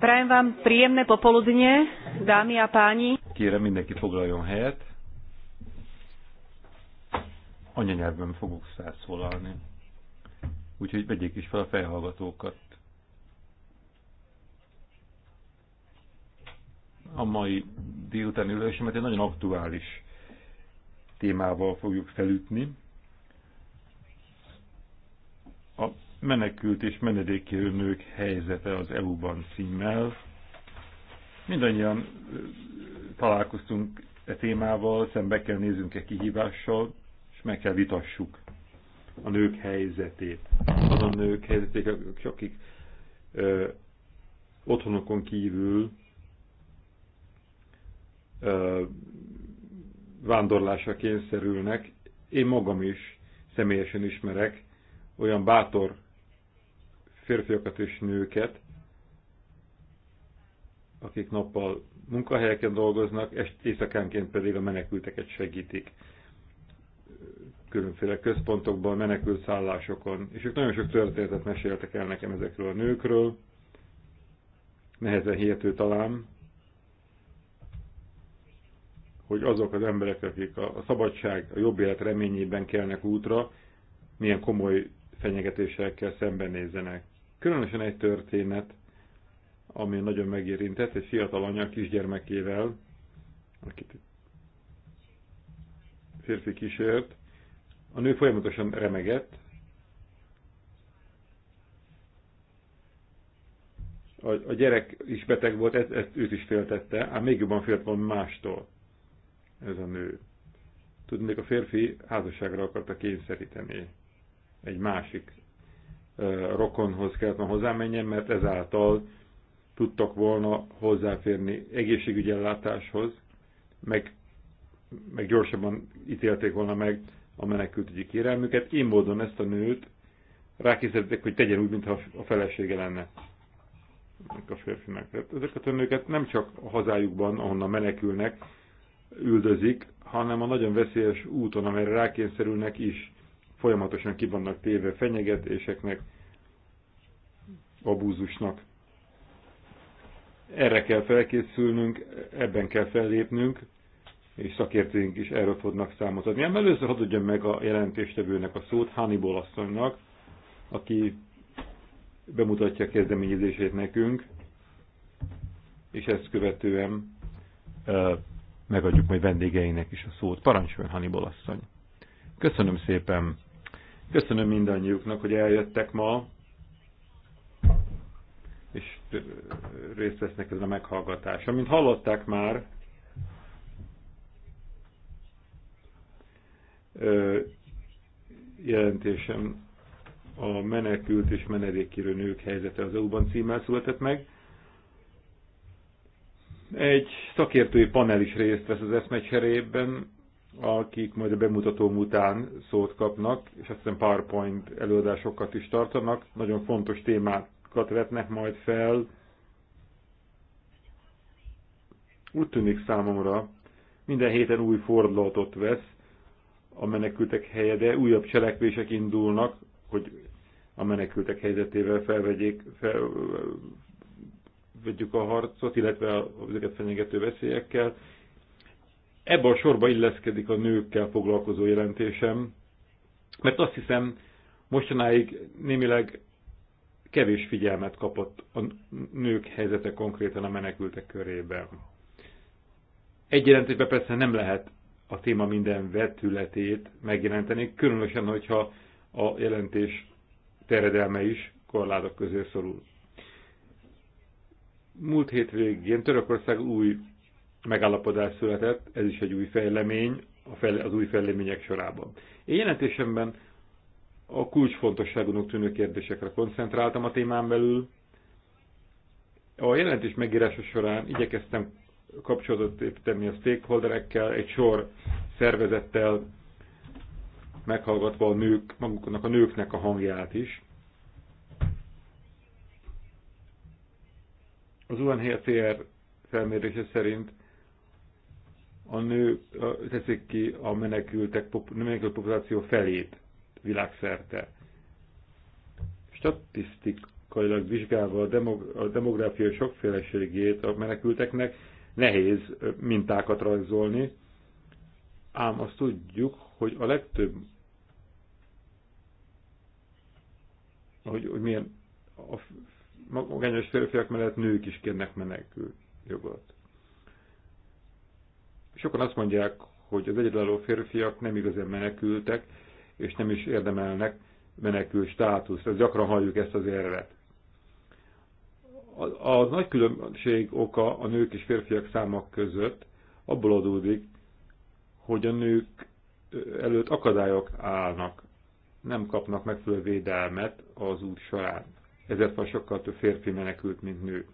Prajem vám príjemné popoludne, dámy a páni. Kérem mindenki foglaljon helyet. Anyanyelvben fogok felszólalni. Úgyhogy vegyék is fel a fejhallgatókat. A mai délután ülésemet egy nagyon aktuális témával fogjuk felütni, menekült és menedékkérő nők helyzete az EU-ban címmel. Mindannyian találkoztunk e témával, szembe kell nézünk e kihívással, és meg kell vitassuk a nők helyzetét. Azon nők helyzetét, akik ö, otthonokon kívül ö, vándorlásra kényszerülnek. Én magam is személyesen ismerek olyan bátor férfiakat és nőket, akik nappal munkahelyeken dolgoznak, és éjszakánként pedig a menekülteket segítik különféle központokban, menekült szállásokon, és ők nagyon sok történetet meséltek el nekem ezekről a nőkről, nehezen hihető talán, hogy azok az emberek, akik a szabadság, a jobb élet reményében kelnek útra, milyen komoly fenyegetésekkel szembenézzenek. Különösen egy történet, ami nagyon megérintett, egy fiatal anya kisgyermekével, akit férfi kísért. A nő folyamatosan remegett, a, a gyerek is beteg volt, ezt, ezt őt is féltette, ám még jobban félt valami mástól ez a nő. Tudnék, a férfi házasságra akarta kényszeríteni egy másik rokonhoz kellett volna hozzámenjen, mert ezáltal tudtak volna hozzáférni egészségügyi ellátáshoz, meg, meg gyorsabban ítélték volna meg a menekültügyi kérelmüket. Én módon ezt a nőt rákészítették, hogy tegyen úgy, mintha a felesége lenne a férfinek. Tehát ezeket a nőket nem csak a hazájukban, ahonnan menekülnek, üldözik, hanem a nagyon veszélyes úton, amelyre rákényszerülnek is folyamatosan ki vannak téve fenyegetéseknek, abúzusnak. Erre kell felkészülnünk, ebben kell fellépnünk, és szakértőink is erről fognak számot adni. először hadd adjam meg a jelentéstevőnek a szót, Hannibal asszonynak, aki bemutatja a kezdeményezését nekünk, és ezt követően megadjuk majd vendégeinek is a szót. Parancsoljon, Hannibal asszony! Köszönöm szépen! Köszönöm mindannyiuknak, hogy eljöttek ma, és részt vesznek ezen a meghallgatáson. Mint hallották már, jelentésem a menekült és menedékkérő nők helyzete az EU-ban címmel született meg. Egy szakértői panel is részt vesz az eszmecserében, akik majd a bemutatóm után szót kapnak, és azt hiszem PowerPoint előadásokat is tartanak, nagyon fontos témákat vetnek majd fel. Úgy tűnik számomra, minden héten új fordulatot vesz a menekültek helye, de újabb cselekvések indulnak, hogy a menekültek helyzetével felvegyék, fel, vegyük a harcot, illetve az őket fenyegető veszélyekkel. Ebbe a sorba illeszkedik a nőkkel foglalkozó jelentésem, mert azt hiszem, mostanáig némileg kevés figyelmet kapott a nők helyzete konkrétan a menekültek körében. Egy jelentésben persze nem lehet a téma minden vetületét megjelenteni, különösen, hogyha a jelentés teredelme is korlátok közé szorul. Múlt hétvégén Törökország új megállapodás született, ez is egy új fejlemény az új fejlemények sorában. Én jelentésemben a kulcsfontosságúnak tűnő kérdésekre koncentráltam a témán belül. A jelentés megírása során igyekeztem kapcsolatot építeni a stakeholderekkel, egy sor szervezettel, meghallgatva a nők, maguknak a nőknek a hangját is. Az UNHCR felmérése szerint a nő teszik ki a menekültek, menekült populáció felét világszerte. Statisztikailag vizsgálva a, demog, a demográfiai sokféleségét a menekülteknek nehéz mintákat rajzolni, ám azt tudjuk, hogy a legtöbb hogy, hogy milyen a magányos férfiak mellett nők is kérnek menekül jogot. Sokan azt mondják, hogy az egyedülálló férfiak nem igazán menekültek, és nem is érdemelnek menekül státuszt. Ezt gyakran halljuk ezt az érvet. A, a nagy különbség oka a nők és férfiak számak között abból adódik, hogy a nők előtt akadályok állnak, nem kapnak megfelelő védelmet az út során. Ezért van sokkal több férfi menekült, mint nő.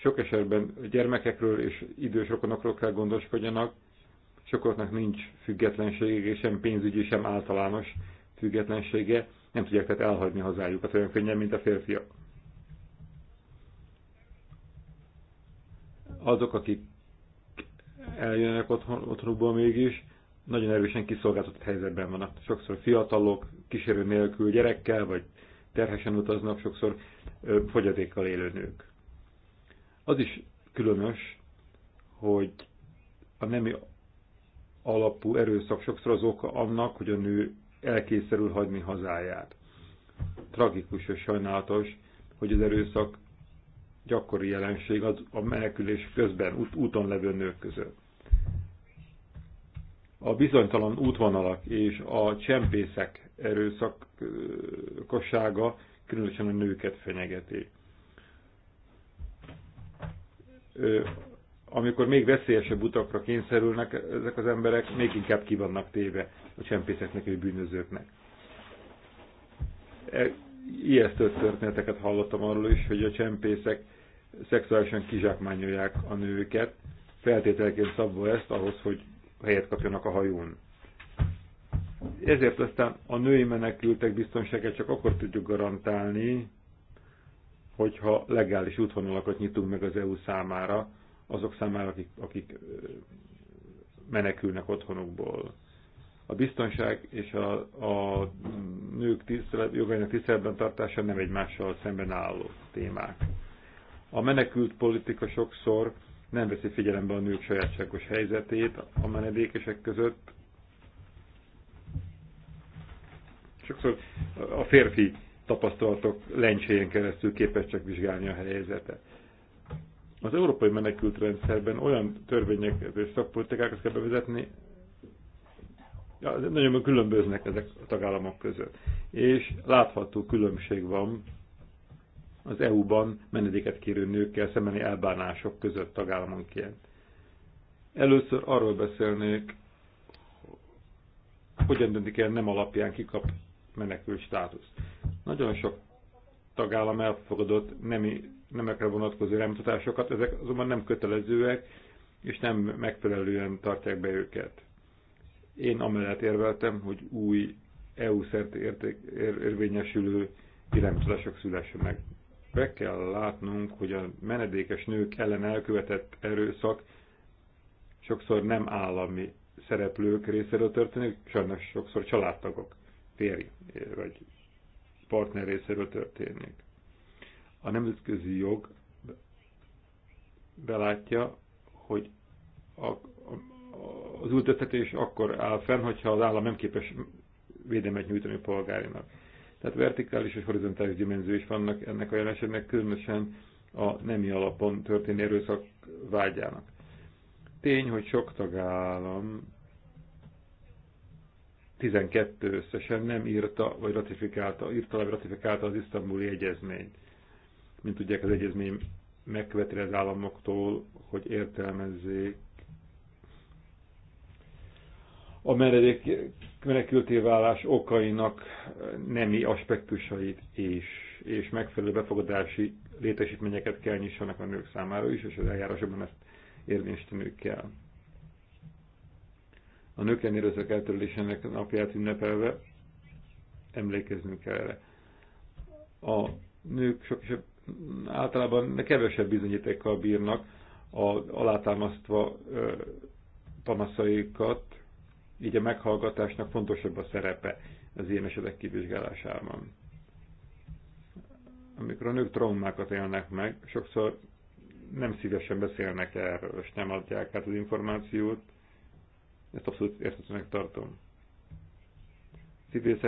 Sok esetben gyermekekről és idős rokonokról kell gondoskodjanak, sokoknak nincs függetlensége, sem pénzügyi, sem általános függetlensége, nem tudják tehát elhagyni hazájukat olyan könnyen, mint a férfiak. Azok, akik eljönnek otthon, otthonukból mégis, nagyon erősen kiszolgáltatott helyzetben vannak. Sokszor fiatalok, kísérő nélkül gyerekkel, vagy terhesen utaznak, sokszor fogyatékkal élő nők. Az is különös, hogy a nemi alapú erőszak sokszor az oka annak, hogy a nő elkészerül hagyni hazáját. Tragikus és sajnálatos, hogy az erőszak gyakori jelenség az a menekülés közben, út, úton levő nők között. A bizonytalan útvonalak és a csempészek erőszakossága különösen a nőket fenyegeti amikor még veszélyesebb utakra kényszerülnek ezek az emberek, még inkább vannak téve a csempészeknek és bűnözőknek. E, ijesztő történeteket hallottam arról is, hogy a csempészek szexuálisan kizsákmányolják a nőket, feltételként szabva ezt ahhoz, hogy helyet kapjanak a hajón. Ezért aztán a női menekültek biztonságát csak akkor tudjuk garantálni, hogyha legális útvonalakat nyitunk meg az EU számára, azok számára, akik, akik menekülnek otthonukból. A biztonság és a, a nők tisztelet, jogainak tiszteletben tartása nem egymással szemben álló témák. A menekült politika sokszor nem veszi figyelembe a nők sajátságos helyzetét a menedékesek között. Sokszor a férfi tapasztalatok lencséjén keresztül képes csak vizsgálni a helyzetet. Az európai menekültrendszerben olyan törvények és szakpolitikákat kell bevezetni, ja, nagyon különböznek ezek a tagállamok között. És látható különbség van az EU-ban menedéket kérő nőkkel szembeni elbánások között tagállamonként. Először arról beszélnék, hogyan döntik el nem alapján kikap menekült státusz. Nagyon sok tagállam elfogadott nemi, nemekre vonatkozó rámutatásokat, ezek azonban nem kötelezőek, és nem megfelelően tartják be őket. Én amellett érveltem, hogy új EU-szert érvényesülő iránymutatások meg. Be kell látnunk, hogy a menedékes nők ellen elkövetett erőszak sokszor nem állami szereplők részéről történik, sajnos sokszor családtagok férj vagy partner részéről történik. A nemzetközi jog belátja, hogy a, a, az ültetés akkor áll fenn, hogyha az állam nem képes védelmet nyújtani a polgárinak. Tehát vertikális és horizontális dimenzió is vannak ennek a jelenségnek, különösen a nemi alapon történő erőszak vágyának. Tény, hogy sok tagállam 12 összesen nem írta, vagy ratifikálta, írta, vagy ratifikálta az isztambuli egyezményt. Mint tudják, az egyezmény megköveti az államoktól, hogy értelmezzék a menekülté válás okainak nemi aspektusait és, és megfelelő befogadási létesítményeket kell nyissanak a nők számára is, és az eljárásokban ezt érvényesíteniük kell a nők erőszak eltörlésének napját ünnepelve emlékeznünk kell erre. A nők sok, általában kevesebb bizonyítékkal bírnak, a, alátámasztva ö, panaszaikat, így a meghallgatásnak fontosabb a szerepe az ilyen esetek kivizsgálásában. Amikor a nők traumákat élnek meg, sokszor nem szívesen beszélnek erről, és nem adják át az információt, ezt abszolút érthetőnek tartom. Civil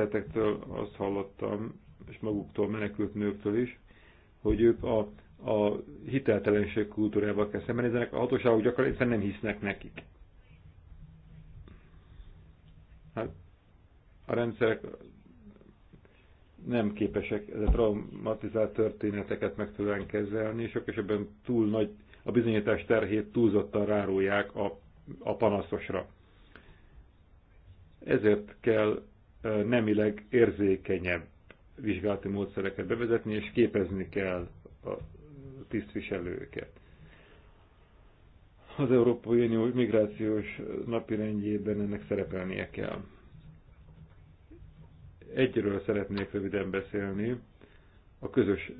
azt hallottam, és maguktól menekült nőktől is, hogy ők a, a hiteltelenség kultúrával kell szembenézenek, a hatóságok gyakran egyszerűen nem hisznek nekik. Hát a rendszerek nem képesek ez a traumatizált történeteket megfelelően kezelni, sok esetben túl nagy, a bizonyítás terhét túlzottan rárulják a, a panaszosra. Ezért kell nemileg érzékenyebb vizsgálati módszereket bevezetni, és képezni kell a tisztviselőket. Az Európai Unió migrációs napirendjében ennek szerepelnie kell. Egyről szeretnék röviden beszélni, a közös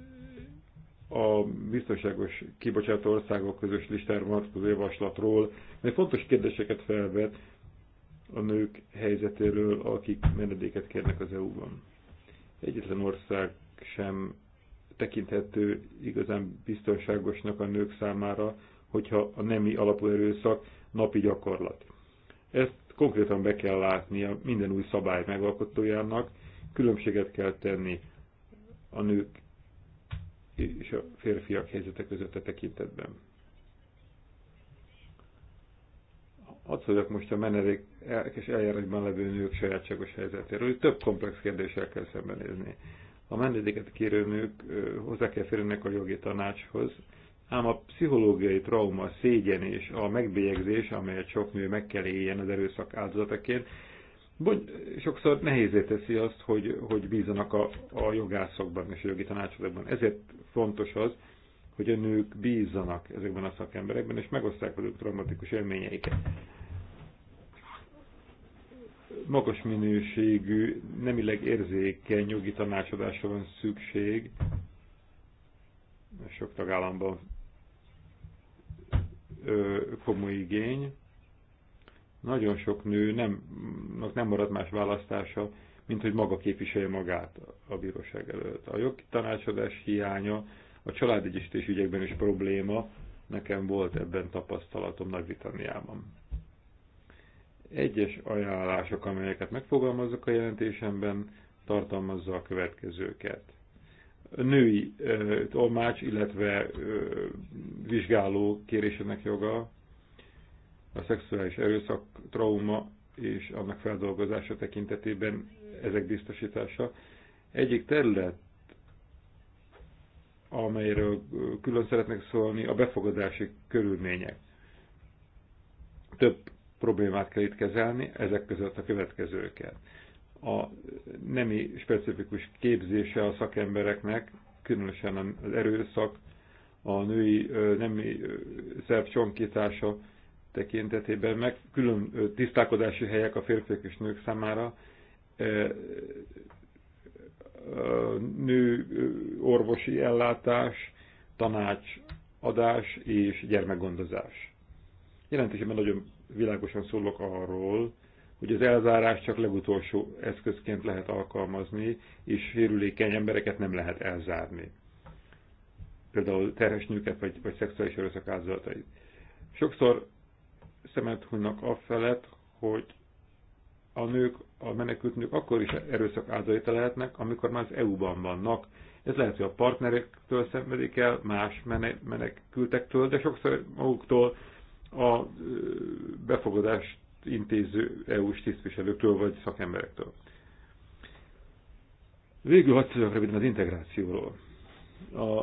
a biztonságos kibocsátó országok közös listára vonatkozó javaslatról, mert fontos kérdéseket felvet, a nők helyzetéről, akik menedéket kérnek az EU-ban. Egyetlen ország sem tekinthető igazán biztonságosnak a nők számára, hogyha a nemi alapú erőszak napi gyakorlat. Ezt konkrétan be kell látnia minden új szabály megalkotójának, különbséget kell tenni a nők és a férfiak helyzete között a tekintetben. Hadd szóljak most a menedék és eljárásban levő nők sajátságos helyzetéről, hogy több komplex kérdéssel kell szembenézni. A menedéket kérő nők hozzá kell férjenek a jogi tanácshoz, ám a pszichológiai trauma, a szégyen és a megbélyegzés, amelyet sok nő meg kell éljen az erőszak áldozataként, vagy sokszor nehézé teszi azt, hogy, hogy bízanak a, a jogászokban és a jogi tanácsokban. Ezért fontos az, hogy a nők bízzanak ezekben a szakemberekben, és megosztják velük traumatikus élményeiket magas minőségű, nemileg érzékeny jogi tanácsadásra van szükség. Sok tagállamban ö, komoly igény. Nagyon sok nő nem, nem marad más választása, mint hogy maga képviselje magát a bíróság előtt. A jogi tanácsadás hiánya a családegyesítés ügyekben is probléma. Nekem volt ebben tapasztalatom Nagy-Britanniában egyes ajánlások, amelyeket megfogalmazok a jelentésemben, tartalmazza a következőket. A női ö, tolmács, illetve ö, vizsgáló kérésének joga, a szexuális erőszak, trauma és annak feldolgozása tekintetében ezek biztosítása. Egyik terület, amelyről külön szeretnék szólni, a befogadási körülmények. Több problémát kell itt kezelni, ezek között a következőket. A nemi specifikus képzése a szakembereknek, különösen az erőszak, a női nemi szerv csonkítása tekintetében, meg külön tisztálkodási helyek a férfiak és nők számára, nő orvosi ellátás, tanácsadás és gyermekgondozás jelentésében nagyon világosan szólok arról, hogy az elzárás csak legutolsó eszközként lehet alkalmazni, és sérülékeny embereket nem lehet elzárni. Például terhes nőket, vagy, vagy szexuális erőszak áldozatait. Sokszor szemet hunynak afelett, hogy a nők, a menekült nők akkor is erőszak áldozata lehetnek, amikor már az EU-ban vannak. Ez lehet, hogy a partnerektől szenvedik el, más menekültektől, de sokszor maguktól a befogadást intéző EU-s tisztviselőktől vagy szakemberektől. Végül hadd szóljak röviden az integrációról. A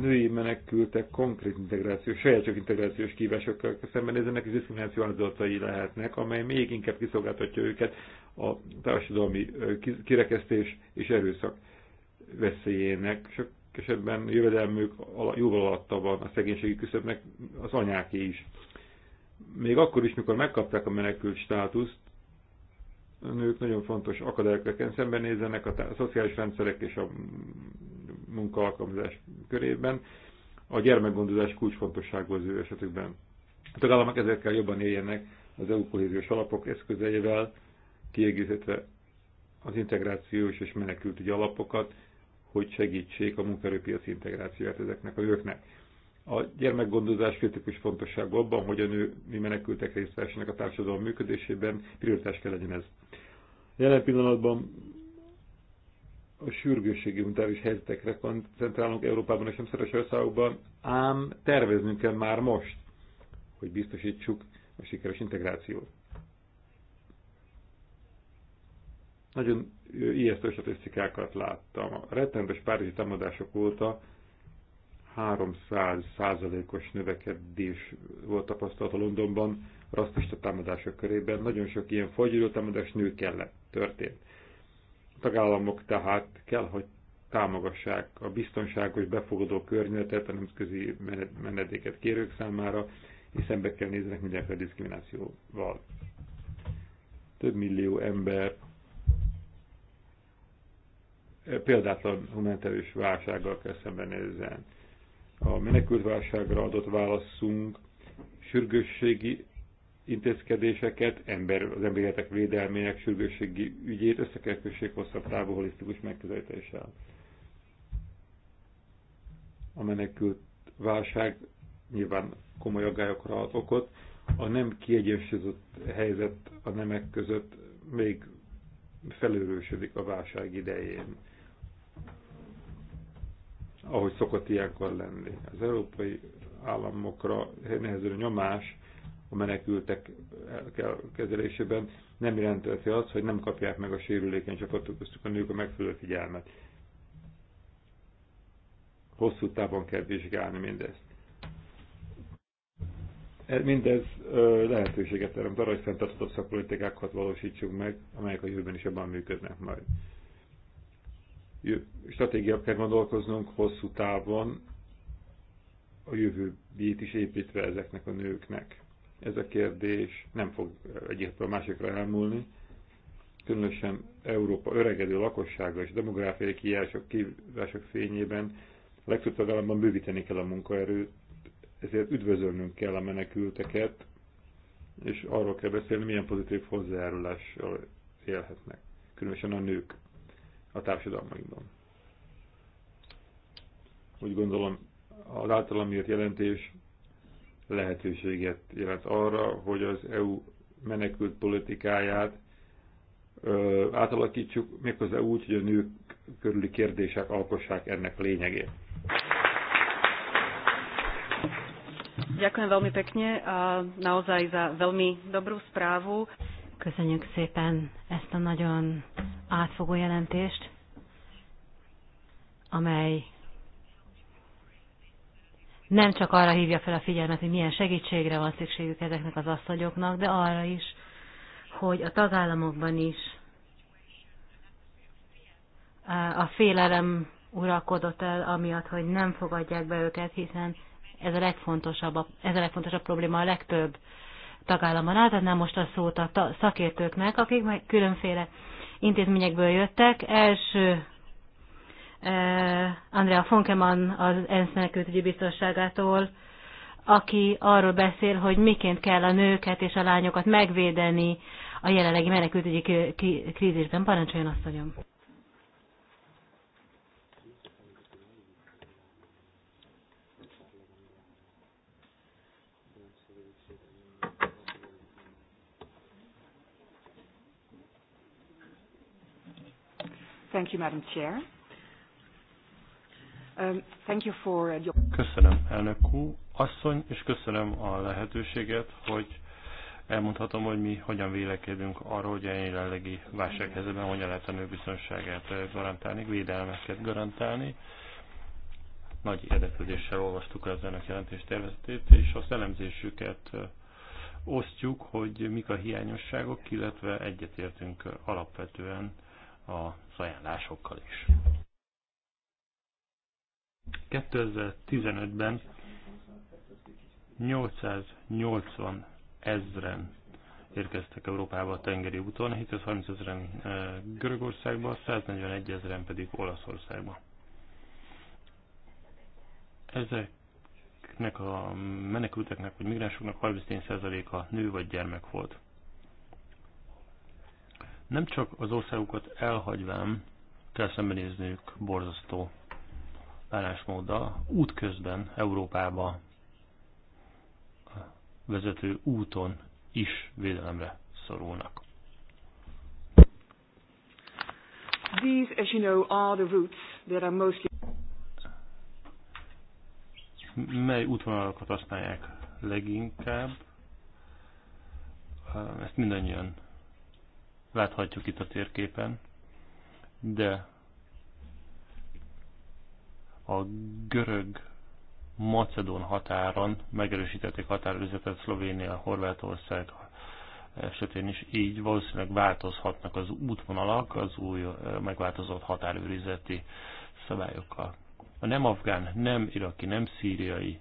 női menekültek konkrét integrációs, saját csak integrációs kívásokkal ezenek és diszkrimináció áldozatai lehetnek, amely még inkább kiszolgáltatja őket a társadalmi kirekesztés és erőszak veszélyének. Sok legkesebben jövedelmük jóval alatta van a szegénységi küszöbnek az anyáké is. Még akkor is, mikor megkapták a menekült státuszt, a nők nagyon fontos akadályokra szembenézzenek a, a szociális rendszerek és a munkaalkalmazás körében. A gyermekgondozás kulcsfontosságú az ő esetükben. A tagállamok ezért kell jobban éljenek az EU kohéziós alapok eszközeivel, kiegészítve az integrációs és menekültügyi alapokat, hogy segítsék a munkaerőpiaci integrációját ezeknek a nőknek. A gyermekgondozás kritikus fontosságú abban, hogy a nő mi menekültek részt vessenek a társadalom működésében, prioritás kell legyen ez. Jelen pillanatban a sürgősségi unitáris helyzetekre koncentrálunk Európában és szomszédos országokban, ám terveznünk kell már most, hogy biztosítsuk a sikeres integrációt. Nagyon ijesztő statisztikákat láttam. A rettenetes párizsi támadások óta 300 százalékos növekedés volt tapasztalat a Londonban, rasszista támadások körében. Nagyon sok ilyen fagyuló támadás nő kellett történt. A tagállamok tehát kell, hogy támogassák a biztonságos befogadó környezetet a nemzetközi menedéket kérők számára, és szembe kell néznek mindenféle diszkriminációval. Több millió ember példátlan humanitárius válsággal kell szembenézzen. A menekült válságra adott válaszunk sürgősségi intézkedéseket, ember, az emberek védelmének sürgősségi ügyét össze hosszabb távú holisztikus megközelítéssel. A menekült válság nyilván komoly aggályokra ad okot, a nem kiegyensúlyozott helyzet a nemek között még felőrősödik a válság idején ahogy szokott ilyenkor lenni. Az európai államokra a nyomás a menekültek kezelésében nem jelenteti azt, hogy nem kapják meg a sérülékeny csapatok köztük a nők a megfelelő figyelmet. Hosszú távon kell vizsgálni mindezt. E, mindez lehetőséget teremt arra, hogy fenntartott szakpolitikákat valósítsunk meg, amelyek a jövőben is ebben működnek majd stratégiát kell gondolkoznunk hosszú távon, a jövőjét is építve ezeknek a nőknek. Ez a kérdés nem fog egyikről a másikra elmúlni, különösen Európa öregedő lakossága és demográfiai kihívások, kihívások fényében a legtöbb tagállamban bővíteni kell a munkaerőt, ezért üdvözölnünk kell a menekülteket, és arról kell beszélni, milyen pozitív hozzájárulással élhetnek, különösen a nők a társadalmainkban. Úgy gondolom, az általam írt jelentés lehetőséget jelent arra, hogy az EU menekült politikáját ö, átalakítsuk, méghozzá úgy, hogy a nők körüli kérdések alkossák ennek lényegét. Ďakujem veľmi pekne a naozaj za veľmi dobrú správu. Köszönjük szépen ezt a nagyon átfogó jelentést, amely nem csak arra hívja fel a figyelmet, hogy milyen segítségre van szükségük ezeknek az asszonyoknak, de arra is, hogy a tagállamokban is eh, a félelem uralkodott el, amiatt, hogy nem fogadják be őket, hiszen ez a legfontosabb, ez a legfontosabb probléma a legtöbb tagállamban. Átadnám most a szót a szakértőknek, akik meg különféle intézményekből jöttek. Első eh, Andrea Fonkeman az ENSZ menekültügyi biztonságától, aki arról beszél, hogy miként kell a nőket és a lányokat megvédeni a jelenlegi menekültügyi krízisben. Parancsoljon, asszonyom! Thank you, Madam Chair. Um, thank you for uh, your... Köszönöm, elnök úr, asszony, és köszönöm a lehetőséget, hogy elmondhatom, hogy mi hogyan vélekedünk arról, hogy a jelenlegi válsághelyzetben hogyan lehet a nőbiztonságát uh, garantálni, védelmeket garantálni. Nagy érdeklődéssel olvastuk az ennek jelentés tervezetét, és az elemzésüket uh, osztjuk, hogy mik a hiányosságok, illetve egyetértünk alapvetően az ajánlásokkal is. 2015-ben 880 ezren érkeztek Európába a tengeri úton, 730 ezeren eh, Görögországba, 141 ezeren pedig Olaszországba. Ezeknek a menekülteknek vagy migránsoknak 30%-a nő vagy gyermek volt. Nem csak az országokat elhagyvám kell szembenézniük borzasztó bánásmóddal, útközben Európába vezető úton is védelemre szorulnak. These, as you know, are the routes that are mostly mely útvonalakat használják leginkább? Ezt mindannyian Láthatjuk itt a térképen, de a görög Macedón határon megerősítették határőrzetet Szlovénia, Horvátország esetén is így valószínűleg változhatnak az útvonalak az új megváltozott határőrizeti szabályokkal. A nem afgán, nem iraki, nem szíriai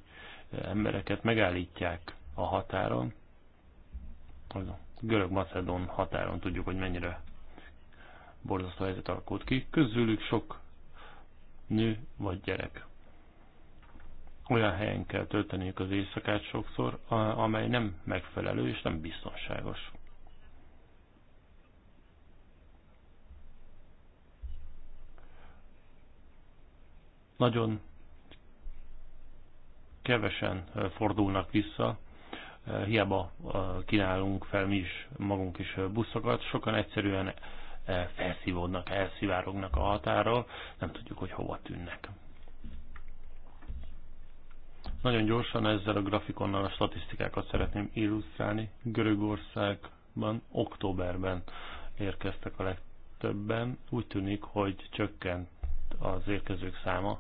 embereket megállítják a határon, azon görög macedon határon tudjuk, hogy mennyire borzasztó helyzet alakult ki. Közülük sok nő vagy gyerek. Olyan helyen kell tölteniük az éjszakát sokszor, amely nem megfelelő és nem biztonságos. Nagyon kevesen fordulnak vissza hiába eh, kínálunk fel mi is magunk is eh, buszokat, sokan egyszerűen eh, felszívódnak, elszivárognak a határól, nem tudjuk, hogy hova tűnnek. Nagyon gyorsan ezzel a grafikonnal a statisztikákat szeretném illusztrálni. Görögországban októberben érkeztek a legtöbben. Úgy tűnik, hogy csökkent az érkezők száma.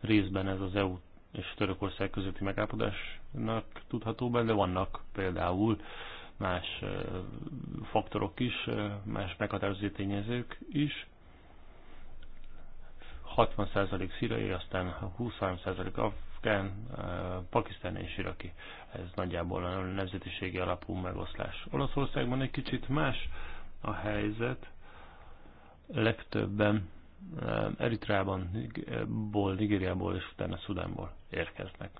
Részben ez az EU és Törökország közötti megállapodásnak tudható be, de vannak például más faktorok is, más meghatározó tényezők is. 60% szírai, aztán 23% afgán, pakisztáni és iraki. Ez nagyjából a nemzetiségi alapú megoszlás. Olaszországban egy kicsit más a helyzet. Legtöbben Eritreában, ból, Nigériából és utána Szudánból érkeznek.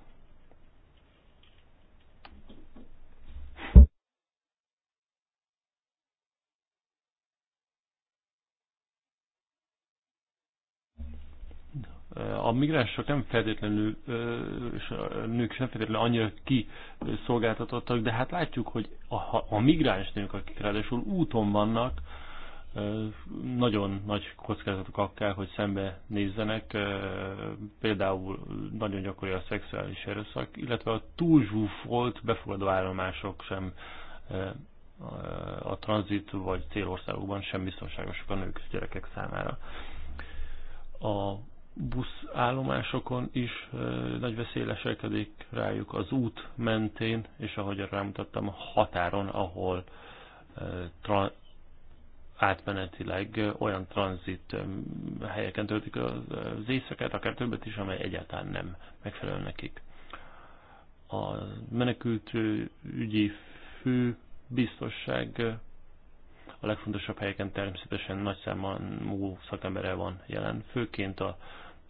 a migránsok nem feltétlenül, és a nők sem feltétlenül annyira kiszolgáltatottak, de hát látjuk, hogy a, a migráns nők, akik ráadásul úton vannak, nagyon nagy kockázatok akár, hogy szembe nézzenek, például nagyon gyakori a szexuális erőszak, illetve a zsúfolt befogadó állomások sem a tranzit vagy célországokban sem biztonságosak a nők és gyerekek számára. A buszállomásokon is nagy veszély leselkedik rájuk az út mentén, és ahogy rámutattam, a határon, ahol átmenetileg olyan tranzit helyeken töltik az éjszakát, akár többet is, amely egyáltalán nem megfelel nekik. A menekült ügyi fő biztosság a legfontosabb helyeken természetesen nagy számú szakemberrel van jelen, főként a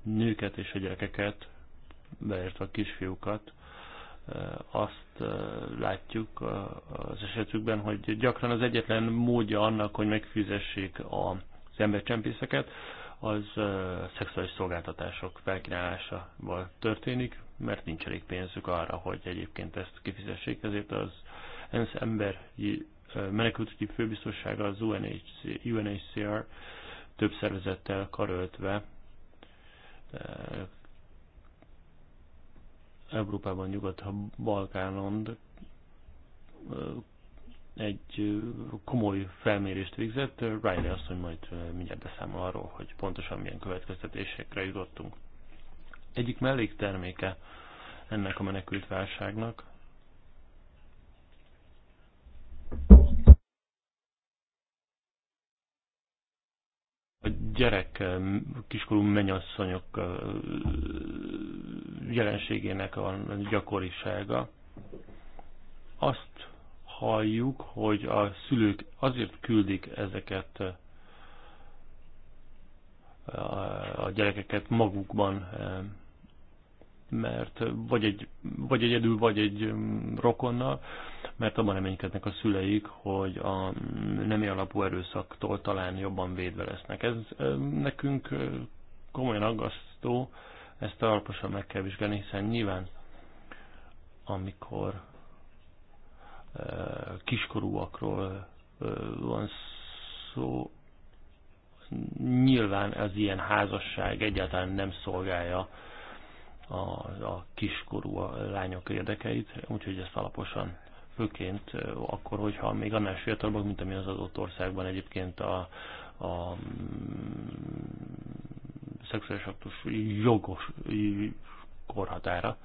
nőket és a gyerekeket, beértve a kisfiúkat, azt látjuk az esetükben, hogy gyakran az egyetlen módja annak, hogy megfizessék az embercsempészeket, az szexuális szolgáltatások felkínálásával történik, mert nincs elég pénzük arra, hogy egyébként ezt kifizessék, ezért az ENSZ ember menekültügyi főbiztossága az UNHCR több szervezettel karöltve Európában, Nyugat-Balkánon egy komoly felmérést végzett. Riley azt, hogy majd mindjárt beszámol arról, hogy pontosan milyen következtetésekre jutottunk. Egyik mellékterméke ennek a menekült válságnak a gyerek kiskorú menyasszonyok jelenségének a gyakorisága. Azt halljuk, hogy a szülők azért küldik ezeket eh, a gyerekeket magukban, eh, mert vagy, egy, vagy egyedül, vagy egy mm, rokonnal, mert abban reménykednek a szüleik, hogy a nemi alapú erőszaktól talán jobban védve lesznek. Ez eh, nekünk komolyan aggasztó, ezt alaposan meg kell vizsgálni, hiszen nyilván amikor kiskorúakról van szó, nyilván az ilyen házasság egyáltalán nem szolgálja a, a kiskorú a lányok érdekeit, úgyhogy ezt alaposan főként akkor, hogyha még annál fiatalabbak, mint ami az adott országban egyébként a, a szexuális aktus jogos korhatára.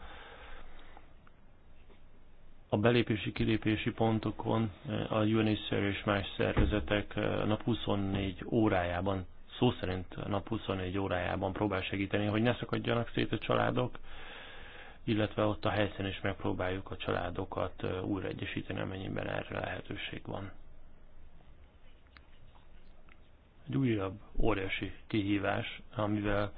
A belépési-kilépési pontokon eh, a UNHCR és más szervezetek eh, nap 24 órájában, szó szerint nap 24 órájában próbál segíteni, hogy ne szakadjanak szét a családok, illetve ott a helyszínen is megpróbáljuk a családokat eh, újraegyesíteni, amennyiben erre lehetőség van. Egy újabb óriási kihívás, amivel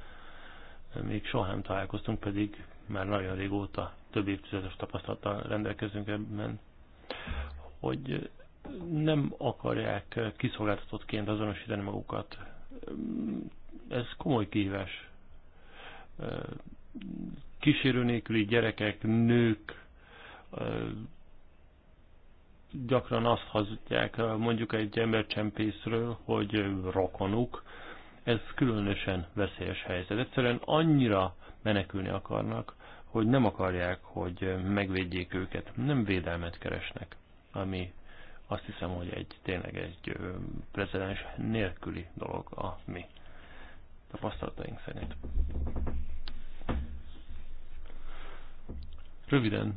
még soha nem találkoztunk, pedig már nagyon régóta, több évtizedes tapasztalattal rendelkezünk ebben, hogy nem akarják kiszolgáltatottként azonosítani magukat. Ez komoly kihívás. Kísérő nélküli gyerekek, nők, gyakran azt hazudják eh, mondjuk egy embercsempészről, hogy eh, rokonuk. Ez különösen veszélyes helyzet. Egyszerűen annyira menekülni akarnak, hogy nem akarják, hogy eh, megvédjék őket. Nem védelmet keresnek, ami azt hiszem, hogy egy tényleg egy prezidens nélküli dolog a mi tapasztalataink szerint. Röviden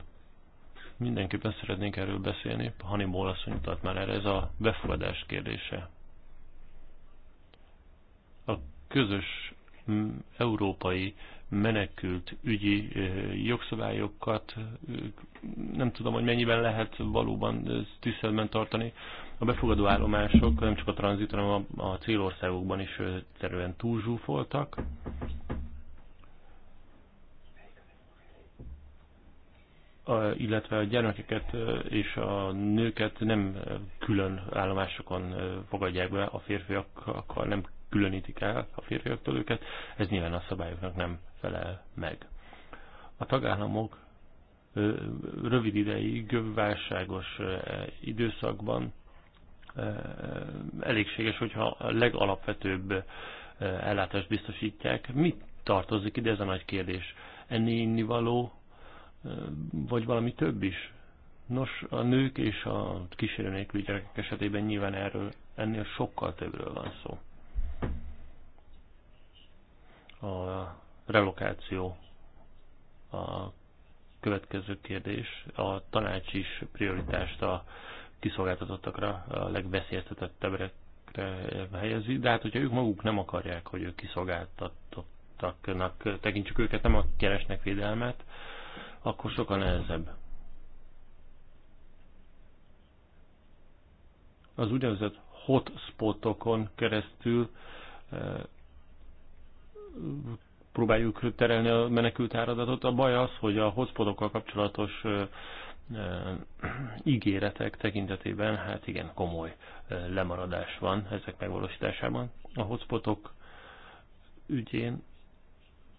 mindenképpen szeretnénk erről beszélni. Hannibal asszony utalt már erre, ez a befogadás kérdése. A közös európai menekült ügyi jogszabályokat nem tudom, hogy mennyiben lehet valóban tiszteletben tartani. A befogadó állomások nem csak a tranzit, hanem a, a célországokban is egyszerűen túlzsúfoltak. illetve a gyermekeket és a nőket nem külön állomásokon fogadják be, a férfiakkal nem különítik el a férfiaktól őket, ez nyilván a szabályoknak nem felel meg. A tagállamok rövid ideig, válságos időszakban elégséges, hogyha a legalapvetőbb ellátást biztosítják. Mit tartozik ide ez a nagy kérdés? Enni, inni való, vagy valami több is. Nos, a nők és a kísérő nélkül gyerekek esetében nyilván erről ennél sokkal többről van szó. A relokáció a következő kérdés. A tanács is prioritást a kiszolgáltatottakra, a legveszélyeztetettebbekre helyezi, de hát hogyha ők maguk nem akarják, hogy ők kiszolgáltatottaknak tekintsük őket, nem a keresnek védelmet, akkor sokkal nehezebb. Az úgynevezett hotspotokon keresztül eh, próbáljuk terelni a menekült áradatot. A baj az, hogy a hotspotokkal kapcsolatos eh, eh, ígéretek tekintetében, hát igen, komoly lemaradás van ezek megvalósításában. A hotspotok ügyén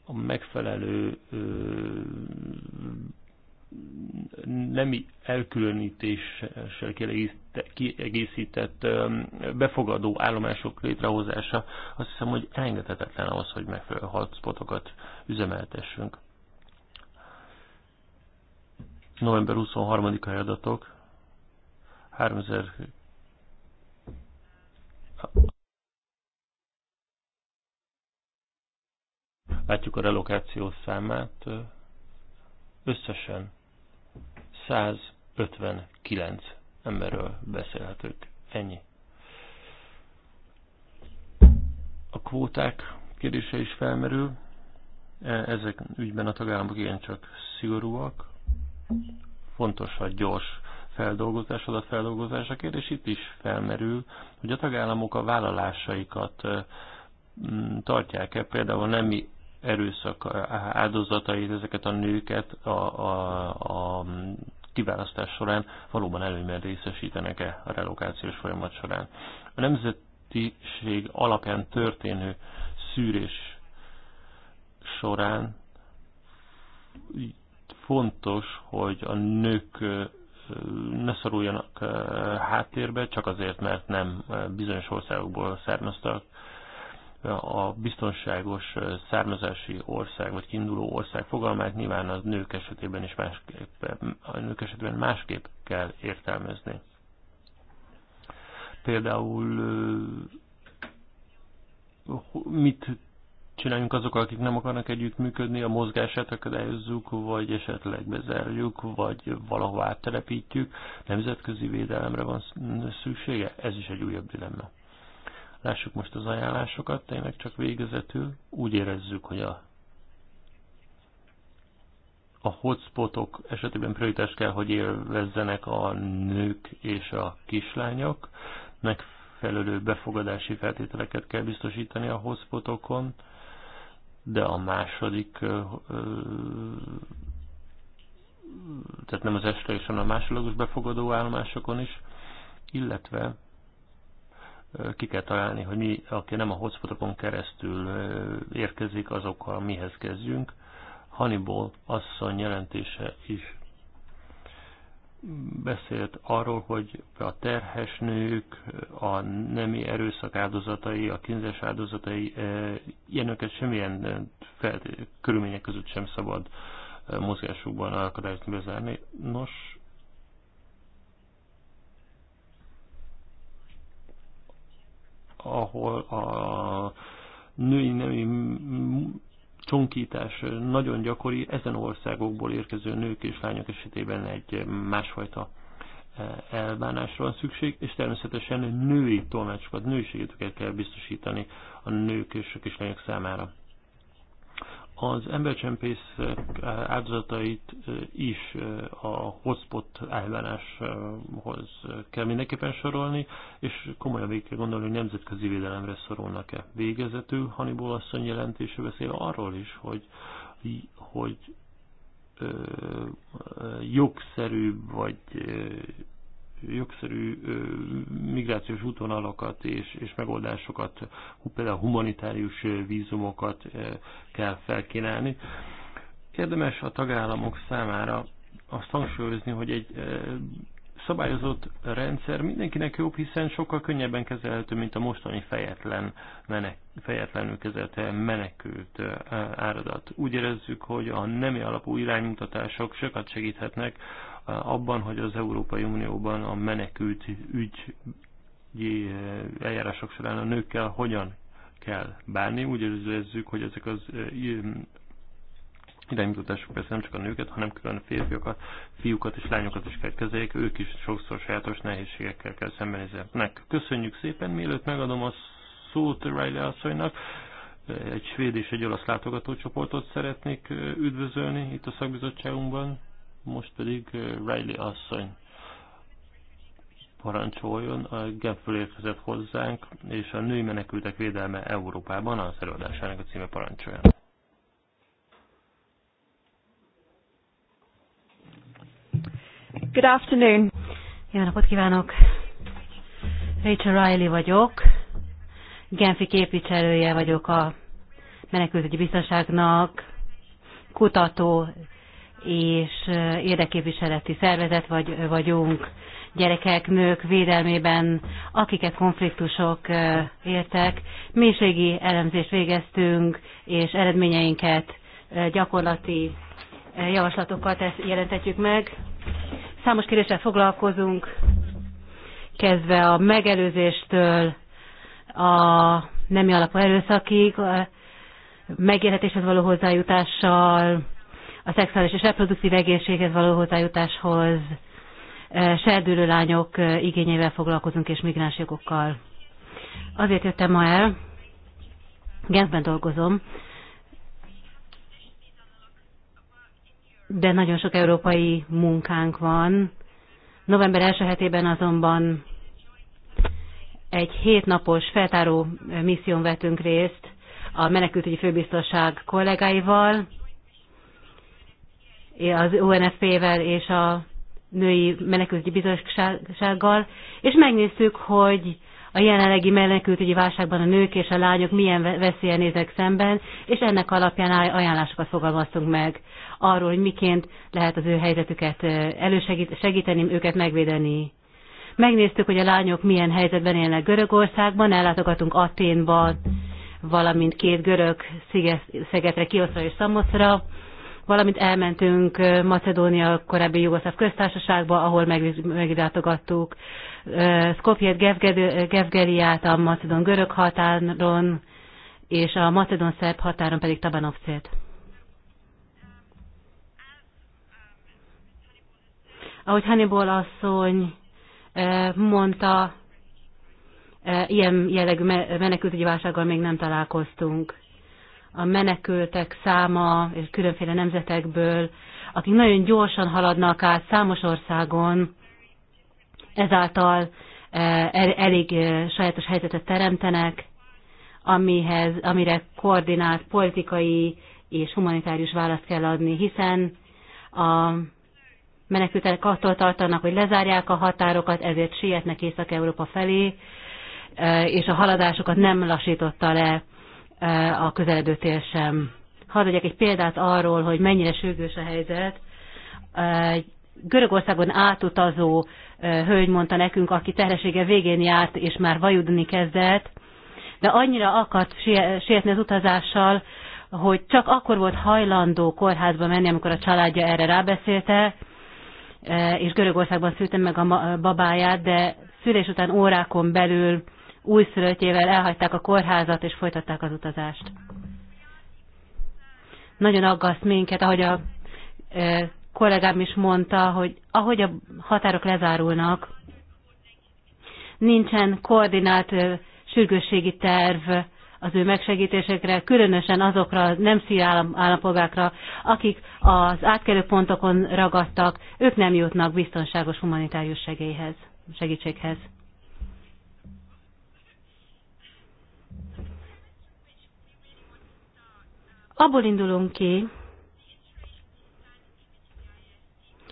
a megfelelő nemi elkülönítéssel kiegészített befogadó állomások létrehozása, azt hiszem, hogy elengedhetetlen ahhoz, hogy megfelelő hotspotokat üzemeltessünk. November 23 a adatok 3000 Látjuk a relokáció számát. Összesen 159 emberről beszélhetők. Ennyi. A kvóták kérdése is felmerül. E, ezek ügyben a tagállamok igencsak szigorúak. Fontos a gyors feldolgozás, adatfeldolgozás a kérdés itt is felmerül, hogy a tagállamok a vállalásaikat tartják-e, például nem erőszak áldozatait, ezeket a nőket a, a, a kiválasztás során valóban előnyben részesítenek-e a relokációs folyamat során. A nemzetiség alapján történő szűrés során fontos, hogy a nők ne szoruljanak háttérbe, csak azért, mert nem bizonyos országokból származtak, a biztonságos származási ország vagy kiinduló ország fogalmát nyilván a nők esetében is másképp, a nők esetében másképp kell értelmezni. Például mit csináljunk azok, akik nem akarnak együttműködni, a mozgását akadályozzuk, vagy esetleg bezárjuk, vagy valahová telepítjük, nemzetközi védelemre van szüksége? Ez is egy újabb dilemma. Lássuk most az ajánlásokat, tényleg csak végezetül. Úgy érezzük, hogy a, a hotspotok esetében prioritást kell, hogy élvezzenek a nők és a kislányok. Megfelelő befogadási feltételeket kell biztosítani a hotspotokon, de a második tehát nem az esetlegesen hanem a másodlagos befogadó állomásokon is, illetve ki kell találni, hogy mi, aki nem a hotspotokon keresztül érkezik, azokkal mihez kezdjünk. Hannibal asszony jelentése is beszélt arról, hogy a terhes nők, a nemi erőszak áldozatai, a kínzás áldozatai, ilyeneket semmilyen körülmények között sem szabad mozgásukban akadályozni bezárni. Nos, ahol a női nemi csonkítás nagyon gyakori, ezen országokból érkező nők és lányok esetében egy másfajta e, elbánásra van szükség, és természetesen női tolmácsokat, nőiségüket kell biztosítani a nők és a kislányok számára az embercsempészek áldozatait is a hotspot elváráshoz kell mindenképpen sorolni, és komolyan végig kell gondolni, hogy nemzetközi védelemre szorulnak-e. Végezetül Hannibal asszony jelentése beszél arról is, hogy, hogy ö, vagy jogszerű migrációs útvonalakat és, és megoldásokat, például humanitárius vízumokat kell felkínálni. Érdemes a tagállamok számára azt hangsúlyozni, hogy egy szabályozott rendszer mindenkinek jobb, hiszen sokkal könnyebben kezelhető, mint a mostani fejetlen menek, fejetlenül kezelt menekült áradat. Úgy érezzük, hogy a nemi alapú iránymutatások sokat segíthetnek abban, hogy az Európai Unióban a menekült ügyi eh, eljárások során a nőkkel hogyan kell bánni. Úgy érezzük, hogy ezek az eh, mm, iránymutatások persze nem csak a nőket, hanem külön a férfiakat, fiúkat és lányokat is kell kezeljék, ők is sokszor sajátos nehézségekkel kell szembenézetnek. Köszönjük szépen, mielőtt megadom a szót Riley asszonynak, eh, egy svéd és egy olasz látogatócsoportot szeretnék üdvözölni itt a szakbizottságunkban. Most pedig eh, Riley asszony parancsoljon, a Genfből érkezett hozzánk, és a női menekültek védelme Európában az előadásának a címe parancsolja. Good afternoon. Jó napot kívánok! Rachel Riley vagyok. Genfi képviselője vagyok a menekültügyi biztonságnak, kutató és érdeképviseleti szervezet vagy, vagyunk gyerekek, nők védelmében, akiket konfliktusok értek. Mélységi elemzést végeztünk, és eredményeinket gyakorlati javaslatokat tesz jelentetjük meg. Számos kérdéssel foglalkozunk, kezdve a megelőzéstől a nemi alapú erőszakig, megélhetéshez való hozzájutással, a szexuális és reproduktív egészséghez való hozzájutáshoz, serdülő lányok igényével foglalkozunk és migráns jogokkal. Azért jöttem ma el, Genfben dolgozom, de nagyon sok európai munkánk van. November első hetében azonban egy hétnapos feltáró misszión vettünk részt a menekültügyi főbiztosság kollégáival, az UNFP-vel és a női menekültügyi bizottsággal, és megnéztük, hogy a jelenlegi menekültügyi válságban a nők és a lányok milyen veszélyen néznek szemben, és ennek alapján ajánlásokat fogalmaztunk meg arról, hogy miként lehet az ő helyzetüket elősegíteni, őket megvédeni. Megnéztük, hogy a lányok milyen helyzetben élnek Görögországban, ellátogatunk Aténban, valamint két görög szigetre, Kioszra és Szamoszra, valamint elmentünk Macedónia korábbi Jugoszláv köztársaságba, ahol megidátogattuk Skopjét, Gevgeliát a macedon-görög határon, és a macedon-szerb határon pedig Tabanovcét. Ahogy Hannibal asszony mondta, ilyen jellegű menekültügyi válsággal még nem találkoztunk a menekültek száma és különféle nemzetekből, akik nagyon gyorsan haladnak át számos országon, ezáltal e, elég e, sajátos helyzetet teremtenek, amihez, amire koordinált politikai és humanitárius választ kell adni, hiszen a menekültek attól tartanak, hogy lezárják a határokat, ezért sietnek Észak-Európa felé, e, és a haladásokat nem lassította le a közeledő tél sem. Hadd adjak egy példát arról, hogy mennyire sürgős a helyzet. Görögországon átutazó hölgy mondta nekünk, aki terhessége végén járt, és már vajudni kezdett, de annyira akart sietni az utazással, hogy csak akkor volt hajlandó kórházba menni, amikor a családja erre rábeszélte, és Görögországban szültem meg a babáját, de szülés után órákon belül újszülöttjével elhagyták a kórházat és folytatták az utazást. Nagyon aggaszt minket, ahogy a e, kollégám is mondta, hogy ahogy a határok lezárulnak, nincsen koordinált e, sürgősségi terv az ő megsegítésekre, különösen azokra a nem szír állampolgákra, akik az átkelő pontokon ragadtak, ők nem jutnak biztonságos humanitárius segélyhez, segítséghez. Abból indulunk ki,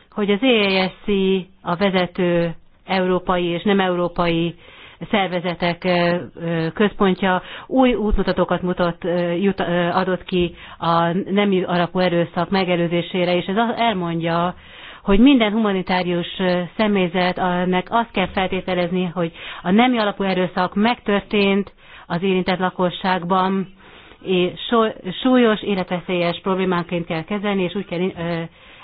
hogy az EASC a vezető európai és nem európai szervezetek központja új útmutatókat mutat, jut, adott ki a nemi alapú erőszak megelőzésére, és ez elmondja, hogy minden humanitárius személyzetnek azt kell feltételezni, hogy a nemi alapú erőszak megtörtént az érintett lakosságban, súlyos, életveszélyes problémáként kell kezelni, és úgy kell,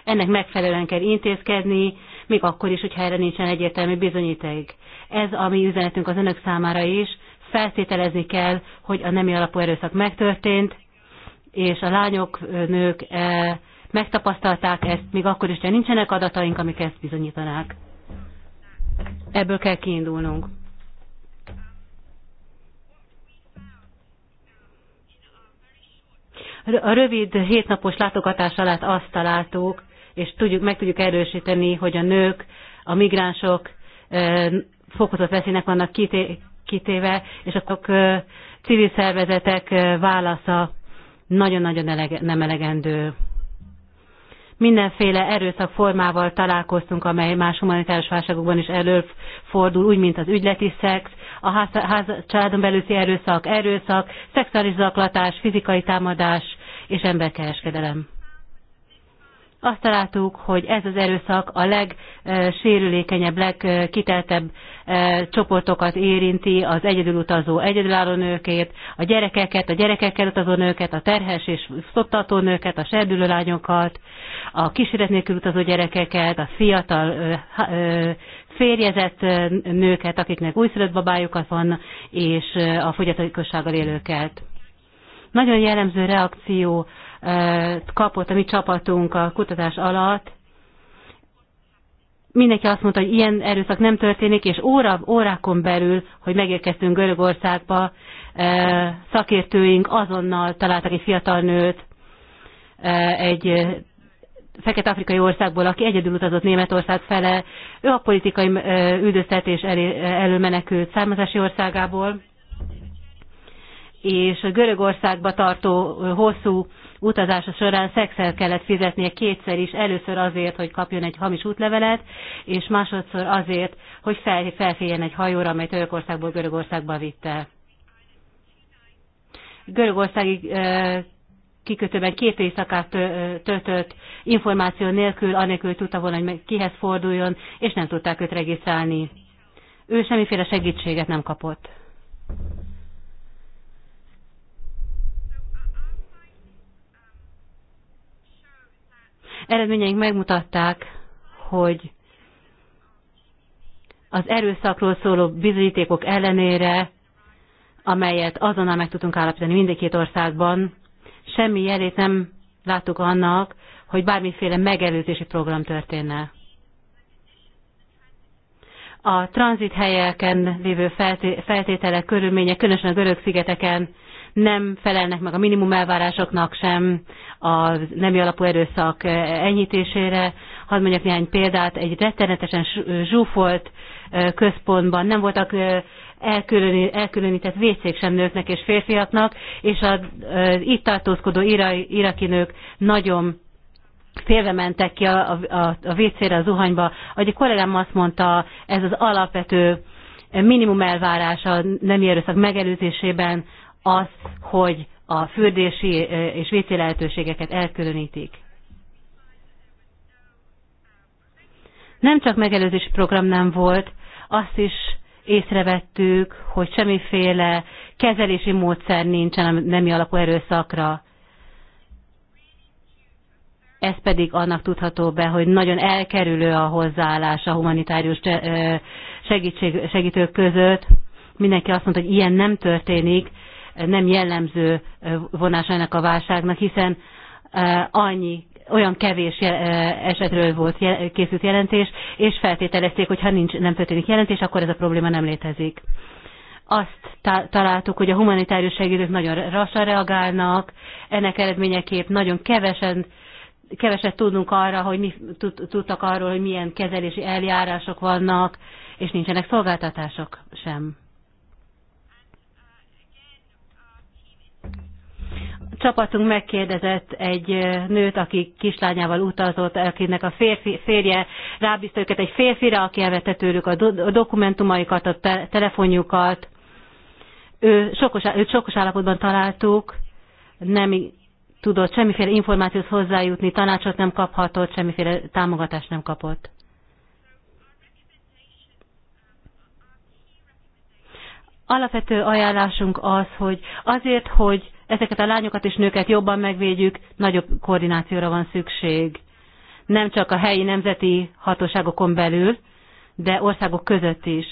ennek megfelelően kell intézkedni, még akkor is, hogyha erre nincsen egyértelmű bizonyíték. Ez a mi üzenetünk az önök számára is, feltételezni kell, hogy a nemi alapú erőszak megtörtént, és a lányok, nők megtapasztalták ezt, még akkor is, ha nincsenek adataink, amik ezt bizonyítanák. Ebből kell kiindulnunk. a rövid hétnapos látogatás alatt azt találtuk, és tudjuk, meg tudjuk erősíteni, hogy a nők, a migránsok fokozott veszélynek vannak kitéve, és akkor civil szervezetek válasza nagyon-nagyon elege, nem elegendő. Mindenféle erőszak formával találkoztunk, amely más humanitárius válságokban is előfordul, úgy, mint az ügyleti szex, a ház, ház, családon belüli erőszak, erőszak, szexuális zaklatás, fizikai támadás, és emberkereskedelem. Azt találtuk, hogy ez az erőszak a legsérülékenyebb, legkiteltebb eh, csoportokat érinti, az egyedülutazó egyedülálló nőkét, a gyerekeket, a gyerekekkel utazó nőket, a terhes és szoptató nőket, a serdülő lányokat, a kísérlet nélkül utazó gyerekeket, a fiatal eh, eh, férjezett nőket, akiknek újszülött babájukat van, és a fogyatékossággal élőket. Nagyon jellemző reakció kapott a mi csapatunk a kutatás alatt. Mindenki azt mondta, hogy ilyen erőszak nem történik, és óra, órákon belül, hogy megérkeztünk Görögországba, szakértőink azonnal találtak egy fiatal nőt, egy fekete-afrikai országból, aki egyedül utazott Németország fele, ő a politikai üldöztetés elő menekült származási országából, és a Görögországba tartó hosszú utazása során szexel kellett fizetnie kétszer is, először azért, hogy kapjon egy hamis útlevelet, és másodszor azért, hogy fel, felféljen egy hajóra, amely Törökországból Görögországba vitte. Görögországi kikötőben két éjszakát töltött információ nélkül, anélkül tudta volna, hogy kihez forduljon, és nem tudták őt regisztrálni. Ő semmiféle segítséget nem kapott. Eredményeink megmutatták, hogy az erőszakról szóló bizonyítékok ellenére, amelyet azonnal meg tudtunk állapítani mindkét országban, semmi jelét nem láttuk annak, hogy bármiféle megelőzési program történne. A helyeken lévő feltételek, körülmények, különösen a görög szigeteken nem felelnek meg a minimum elvárásoknak sem a nemi alapú erőszak enyhítésére. Hadd mondjak néhány példát, egy rettenetesen zsúfolt központban nem voltak elkülönített vécék sem nőknek és férfiaknak, és az itt tartózkodó iraki nők nagyon félve mentek ki a, a, a vécére, a zuhanyba. Ahogy a kollégám azt mondta, ez az alapvető minimum elvárás a nemi erőszak megelőzésében, az, hogy a fürdési és WC lehetőségeket elkülönítik. Nem csak megelőzési program nem volt, azt is észrevettük, hogy semmiféle kezelési módszer nincsen a nemi alapú erőszakra. Ez pedig annak tudható be, hogy nagyon elkerülő a hozzáállás a humanitárius segítség, segítők között. Mindenki azt mondta, hogy ilyen nem történik, nem jellemző ennek a válságnak, hiszen annyi olyan kevés esetről volt készült jelentés, és feltételezték, hogy ha nincs, nem történik jelentés, akkor ez a probléma nem létezik. Azt találtuk, hogy a humanitárius segítők nagyon rassan reagálnak, ennek eredményeképp nagyon kevesen keveset tudunk arra, hogy mi tudtak arról, hogy milyen kezelési eljárások vannak, és nincsenek szolgáltatások sem. csapatunk megkérdezett egy nőt, aki kislányával utazott, akinek a férfi, férje rábízta őket egy férfira, aki elvette tőlük a, do, a dokumentumaikat, a te, telefonjukat. Ő sokos, őt sokos állapotban találtuk, nem tudott semmiféle információhoz hozzájutni, tanácsot nem kaphatott, semmiféle támogatást nem kapott. Alapvető ajánlásunk az, hogy azért, hogy ezeket a lányokat és nőket jobban megvédjük, nagyobb koordinációra van szükség. Nem csak a helyi nemzeti hatóságokon belül, de országok között is.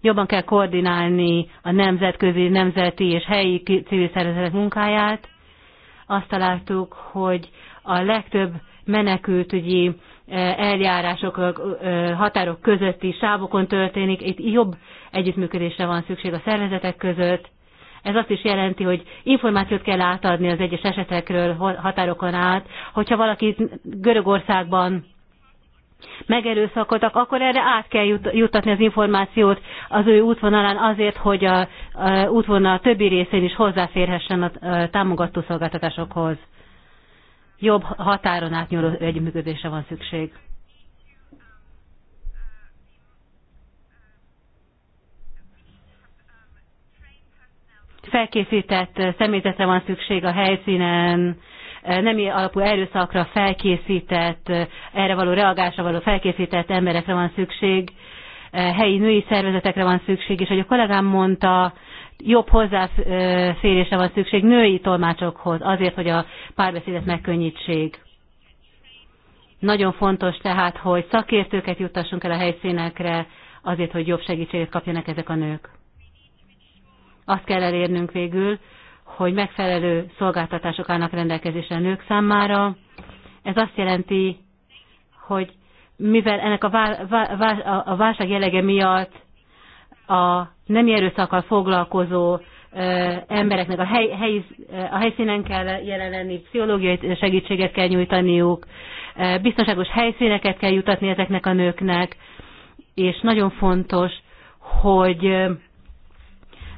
Jobban kell koordinálni a nemzetközi, nemzeti és helyi civil szervezetek munkáját. Azt találtuk, hogy a legtöbb menekültügyi eh, eljárások eh, határok közötti sávokon történik, itt jobb együttműködésre van szükség a szervezetek között, ez azt is jelenti, hogy információt kell átadni az egyes esetekről határokon át. Hogyha valaki Görögországban megerőszakoltak, akkor erre át kell juttatni az információt az ő útvonalán azért, hogy a, a útvonal többi részén is hozzáférhessen a, a támogató szolgáltatásokhoz. Jobb határon átnyúló együttműködésre van szükség. felkészített személyzetre van szükség a helyszínen, e, nemi alapú erőszakra felkészített, e, erre való reagásra való felkészített emberekre van szükség, e, helyi női szervezetekre van szükség, és hogy a kollégám mondta, jobb hozzáférésre van szükség női tolmácsokhoz, azért, hogy a párbeszédet megkönnyítsék. Nagyon fontos tehát, hogy szakértőket juttassunk el a helyszínekre, azért, hogy jobb segítséget kapjanak ezek a nők azt kell elérnünk végül, hogy megfelelő szolgáltatások állnak rendelkezésre a nők számára. Ez azt jelenti, hogy mivel ennek a, vá- vá- a válság jellege miatt a nem erőszakkal foglalkozó embereknek a, hely, hely, a helyszínen kell jelen lenni, pszichológiai segítséget kell nyújtaniuk, biztonságos helyszíneket kell jutatni ezeknek a nőknek, és nagyon fontos, hogy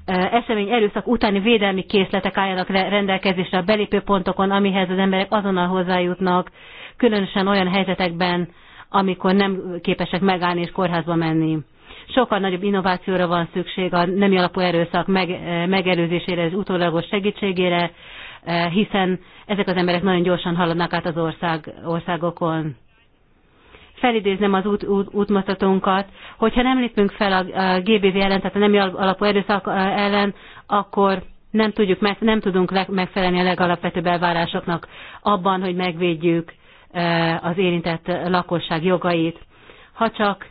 esemény erőszak utáni védelmi készletek álljanak rendelkezésre a belépő pontokon, amihez az emberek azonnal hozzájutnak, különösen olyan helyzetekben, amikor nem képesek megállni és kórházba menni. Sokkal nagyobb innovációra van szükség a nemi alapú erőszak meg, megelőzésére, az utólagos segítségére, hiszen ezek az emberek nagyon gyorsan haladnak át az ország, országokon felidéznem az út, út, útmutatónkat, hogyha nem lépünk fel a, a GBV ellen, tehát a nemi alapú erőszak ellen, akkor nem, tudjuk, nem tudunk megfelelni a legalapvetőbb elvárásoknak abban, hogy megvédjük az érintett lakosság jogait. Ha csak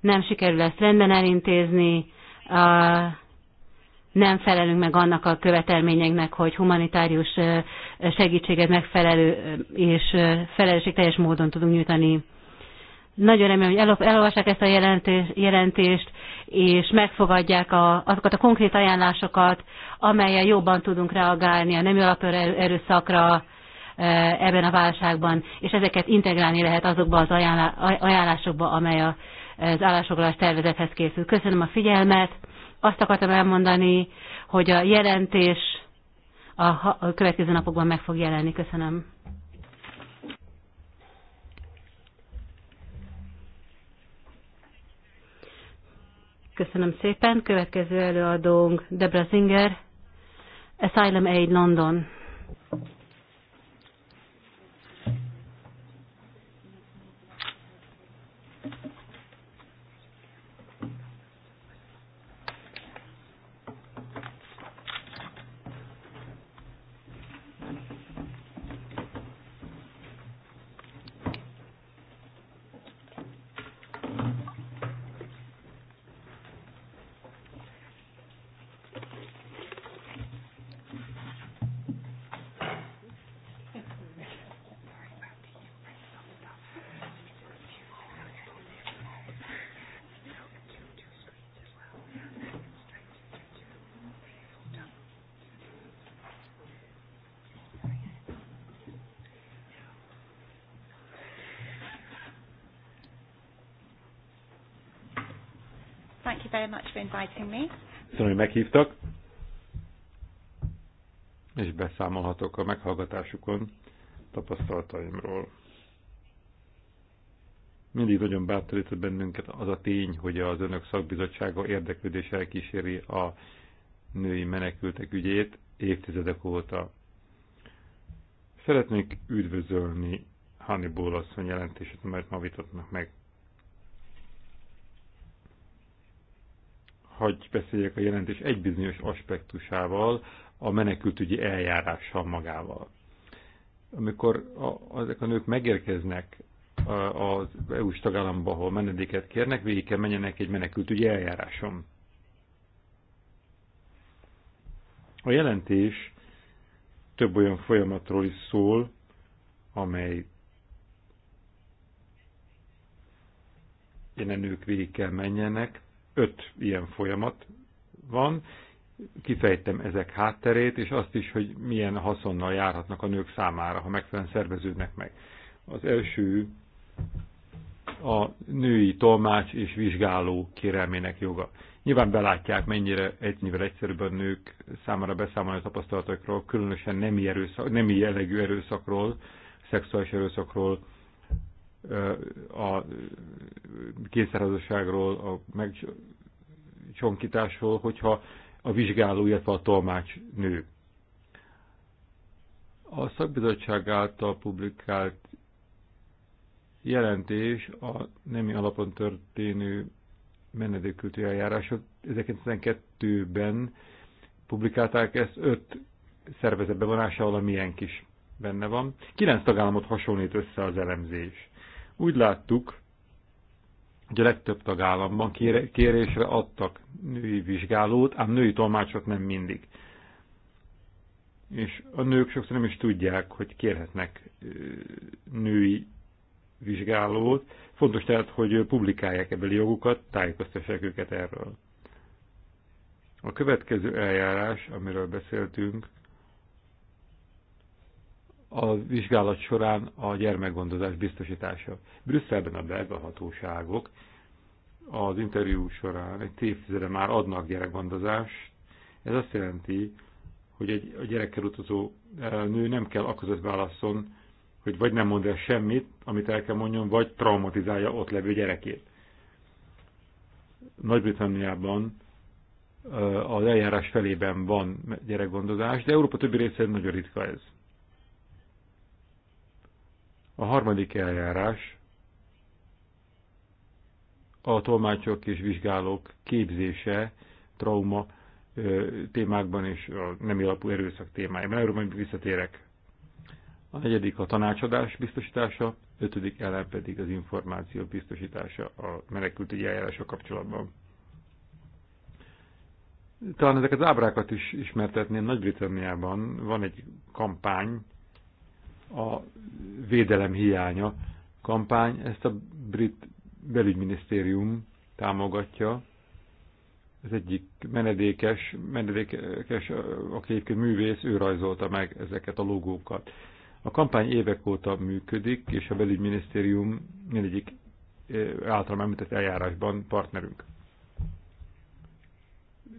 nem sikerül ezt rendben elintézni, nem felelünk meg annak a követelményeknek, hogy humanitárius segítséget megfelelő és felelősségteljes módon tudunk nyújtani. Nagyon remélem, hogy elolvassák ezt a jelentést, és megfogadják a, azokat a konkrét ajánlásokat, amelyel jobban tudunk reagálni a nemi alapőr erőszakra e, ebben a válságban, és ezeket integrálni lehet azokba az ajánlásokba, amely az állásfoglalás tervezethez készül. Köszönöm a figyelmet. Azt akartam elmondani, hogy a jelentés a következő napokban meg fog jelenni. Köszönöm. Köszönöm szépen. Következő előadónk Debra Zinger, Asylum Aid London. very much for inviting me. Köszönöm, hogy meghívtak, és beszámolhatok a meghallgatásukon tapasztalataimról. Mindig nagyon bátorított bennünket az a tény, hogy az önök szakbizottsága érdeklődéssel kíséri a női menekültek ügyét évtizedek óta. Szeretnék üdvözölni Hannibal asszony jelentését, mert ma vitatnak meg hagy beszéljek a jelentés egy bizonyos aspektusával, a menekültügyi eljárással magával. Amikor a, ezek a nők megérkeznek az EU-s tagállamba, ahol menedéket kérnek, végig kell menjenek egy menekültügyi eljáráson. A jelentés több olyan folyamatról is szól, amely ilyen nők végig kell menjenek, öt ilyen folyamat van, kifejtem ezek hátterét, és azt is, hogy milyen haszonnal járhatnak a nők számára, ha megfelelően szerveződnek meg. Az első a női tolmács és vizsgáló kérelmének joga. Nyilván belátják, mennyire ennyivel egyszerűbb a nők számára beszámolni a tapasztalatokról, különösen nemi, erőszak, nemi jellegű erőszakról, szexuális erőszakról, a kényszerházasságról, a megcsonkításról, hogyha a vizsgáló, illetve a tolmács nő. A szakbizottság által publikált jelentés a nemi alapon történő menedékkültő eljárások 1912-ben publikálták ezt, öt szervezet bevonásával, amilyen kis benne van. Kilenc tagállamot hasonlít össze az elemzés. Úgy láttuk, hogy a legtöbb tagállamban kérésre adtak női vizsgálót, ám női tolmácsot nem mindig. És a nők sokszor nem is tudják, hogy kérhetnek női vizsgálót. Fontos tehát, hogy publikálják ebből jogukat, tájékoztassák őket erről. A következő eljárás, amiről beszéltünk, a vizsgálat során a gyermekgondozás biztosítása. Brüsszelben a belga hatóságok az interjú során egy évtizede már adnak gyerekgondozást. Ez azt jelenti, hogy egy a gyerekkel utazó e, nő nem kell akadott válaszon, hogy vagy nem mond el semmit, amit el kell mondjon, vagy traumatizálja ott levő gyerekét. Nagy-Britanniában e, az eljárás felében van gyerekgondozás, de Európa többi részén nagyon ritka ez. A harmadik eljárás a tolmácsok és vizsgálók képzése trauma témákban és a nem alapú erőszak témájában. Erről majd visszatérek. A negyedik a tanácsadás biztosítása, ötödik elem pedig az információ biztosítása a menekültügyi eljárása kapcsolatban. Talán ezeket az ábrákat is ismertetném. Nagy-Britanniában van egy kampány, a védelem hiánya kampány. Ezt a brit belügyminisztérium támogatja. Ez egyik menedékes, menedékes aki egyébként művész, ő rajzolta meg ezeket a logókat. A kampány évek óta működik, és a belügyminisztérium mindegyik általam említett eljárásban partnerünk.